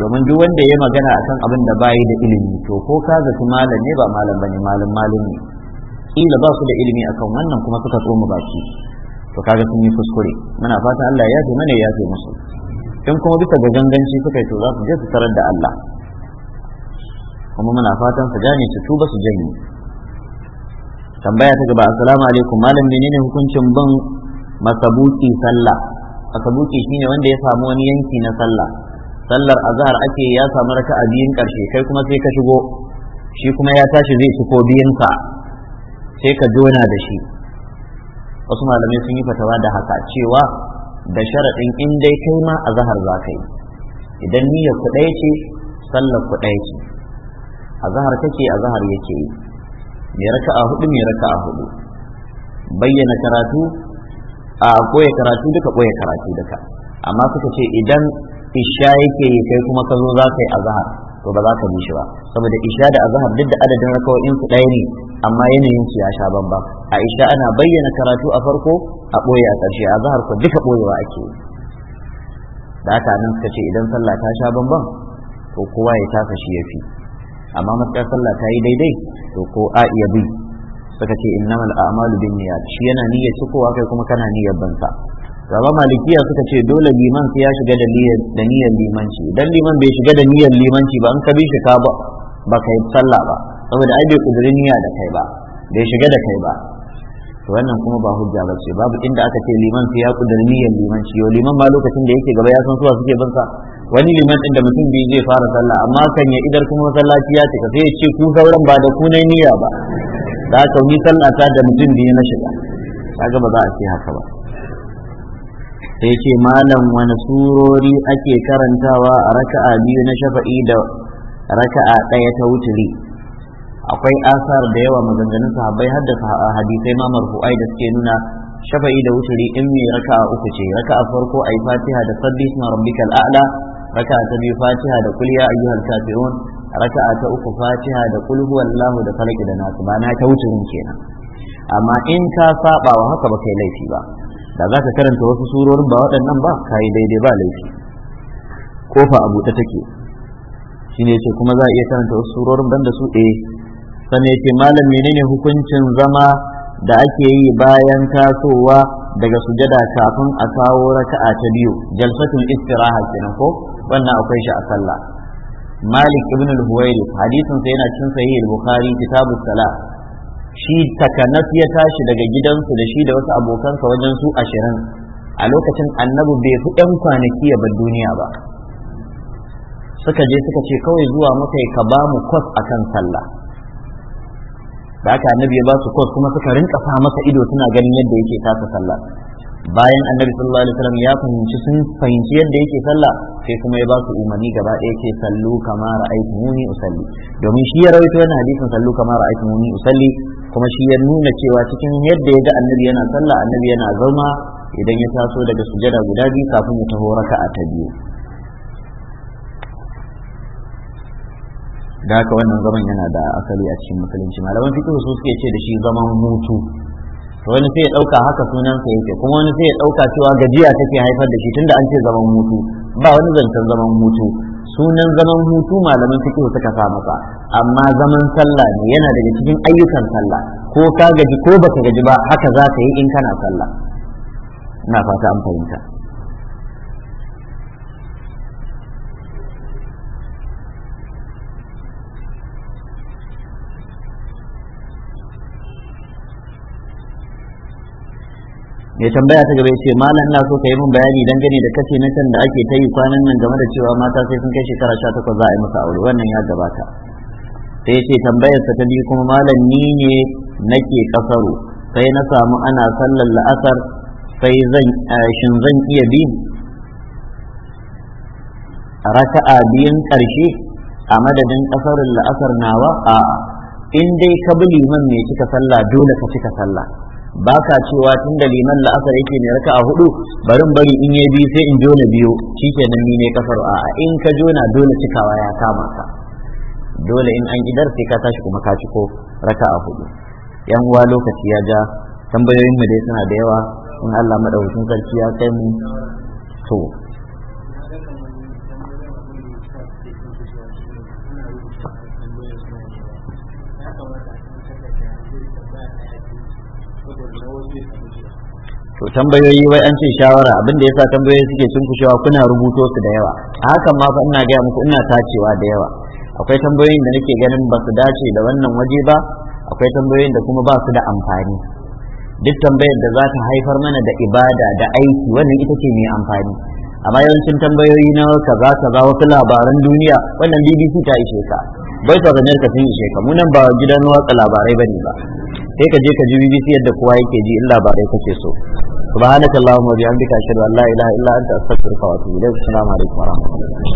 [SPEAKER 1] domin duk wanda ya magana a kan abin da bayi da ilimi to ko ka zaci malam ne ba malam ba ne malin malin ne kila ba su da ilimi akan wannan kuma suka tsoma baki to kaga sun yi kuskure muna fatan Allah ya ji mana ya ji musu in kuma bisa ga ganganci suka yi to za su je su tarar da Allah kuma muna fatan su gane su tuba su janye tambaya ta gaba assalamu alaikum malam menene hukuncin bin masabuki sallah masabuki shine wanda ya samu wani yanki na sallah sallar azhar ake ya samu a biyun karshe kai kuma sai ka shigo shi kuma ya tashi zai ci biyunsa. sai ka jona da shi wasu malamai sun yi fatawa da haka cewa da sharaɗin in dai kai ma a zahar za ka yi idan niyyar ku ɗaya ce sallar ku ɗaya ce a zahar kake a zahar yake yi mai a hudu mai a hudu bayyana karatu a koya karatu duka koya karatu duka amma suka ce idan isha yake yi kai kuma ka zo za ka yi a zahar to ba za ka bi shi ba saboda isha da azhar duk da adadin rakawoyin su ɗaya ne amma yanayin su ya sha bamban a isha ana bayyana karatu a farko a ɓoye a ƙarshe azhar ko duka ɓoyewa ake da haka nan suka ce idan sallah ta sha bamban to kowa ya tasa shi yafi amma matsayar sallah ta yi daidai to ko a iya bi suka ce innamal a'malu bin niyyat shi yana niyyar cikowa kai kuma kana niyyar bansa gaba malikiya suka ce dole liman sai ya shiga da niyyar limanci dan liman bai shiga da niyyar limanci ba an ka bi shi ka ba kai sallah ba saboda ai bai kudiri niyya da kai ba bai shiga da kai ba to wannan kuma ba hujja ba ce babu inda aka ce liman sai ya kudiri niyyar limanci yo liman ma lokacin da yake gaba ya san suwa suke banka wani liman din da mutum biyu zai fara sallah amma kan ya idar kuma masallaci ya cika sai ya ce ku sauran ba da ku niyya ba da haka ni sallah ta da mutum biyu na shiga kaga ba za a ce haka ba sai ce malam wani surori ake karantawa a raka'a biyu na shafa'i da raka'a ɗaya ta wuturi akwai asar da yawa maganganun sahabbai har da hadisai ma marfu'ai da suke nuna shafa'i da wuturi in mai raka'a uku ce raka'a farko ayi fatiha da sabbi suna rabbikal a'la raka'a ta biyu fatiha da kul ya ayyuhal kafirun raka'a ta uku fatiha da kul huwallahu da falaki da nasu ba na ta wuturin kenan amma in ka saba wa haka ba kai laifi ba da za ka karanta wasu surorin ba waɗannan ba ka yi daidai ba laifi kofa a buɗe take shi ne ce kuma za a iya karanta wasu surorin ban da su E, sannan ya ce malam menene hukuncin zama da ake yi bayan tasowa daga sujada kafin a kawo raka a ta biyu jalsatun istiraha kenan ko wannan akwai shi a sallah malik ibn al-huwairi hadisin sa yana cin sahih al-bukhari kitabus salat shi takanas ya tashi daga gidansu da shi da wasu abokansa wajen su ashirin a lokacin annabi bai fi ɗan kwanaki ya bar duniya ba suka je suka ce kawai zuwa muka yi ka ba mu kwas a kan sallah da aka annabi ya ba su kwas kuma suka rinka sa masa ido suna ganin yadda yake tasa sallah bayan annabi sallallahu alaihi wasallam ya fahimci sun fahimci yadda yake sallah sai kuma ya ba su umarni gaba ɗaya ke sallu kama muni usalli domin shi ya rawaito yana hadisin sallu kama muni usalli kuma shi ya nuna cewa cikin yadda ya ga annabi yana sallah annabi yana zama idan ya taso daga sujada guda biyu kafin ya taho raka a ta biyu da haka wannan zaman yana da asali a cikin musulunci malaman fiqh su suke ce da shi zaman hutu wani sai ya dauka haka sunan sa yake kuma wani sai ya ɗauka cewa gajiya take haifar da shi tunda an ce zaman hutu ba wani zancen zaman hutu sunan zaman hutu malaman fiqh suka sa masa amma zaman sallah ne yana daga cikin ayyukan sallah ko ka gaji ko baka gaji ba haka za ka yi in kana sallah ina fata an fahimta mai tambaya ta gaba ya ce malam ina so ka yi min bayani dangane da kace na can da ake ta yi kwanan nan game da cewa mata sai sun kai shekara sha takwas za a yi masa aure wannan ya gabata sai ce tambayarsa ta biyu kuma malam ni ne nake kasaru sai na samu ana sallar la'asar sai zan shin zan iya bi raka'a biyun karshe a madadin kasarin la'asar nawa a in dai ka bi liman mai cika sallah dole ka cika sallah ba ka cewa tun da liman la'asar yake mai raka'a hudu barin bari in ya biyu sai in jona biyu nan ni ne kasar a in ka jona dole cikawa ya kama ka dole in an idar sai ka tashi kuma ka ci ko a hudu yan uwa lokaci ya ja tambayoyin mu dai suna da yawa in Allah madaukakin sarki ya kai mu to to tambayoyi wai an ce shawara abin da yasa tambayoyi suke kushewa kuna rubuto su da yawa a hakan ma fa ina gaya muku ina tacewa da yawa akwai tambayoyin da nake ganin ba su dace da wannan waje ba akwai tambayoyin da kuma ba su da amfani duk tambayar da za ta haifar mana da ibada da aiki wannan ita ce mai amfani amma yawancin tambayoyi na kaza kaza wasu labaran duniya wannan bbc ta ishe ka bai ta zanar ka sun ishe ka munan ba gidan watsa labarai bane ba sai ka je ka ji bbc yadda kowa yake ji in labarai kake so subhanakallahumma wa bihamdika ashhadu an la ilaha illa anta astaghfiruka wa atubu ilaik assalamu alaikum wa rahmatullahi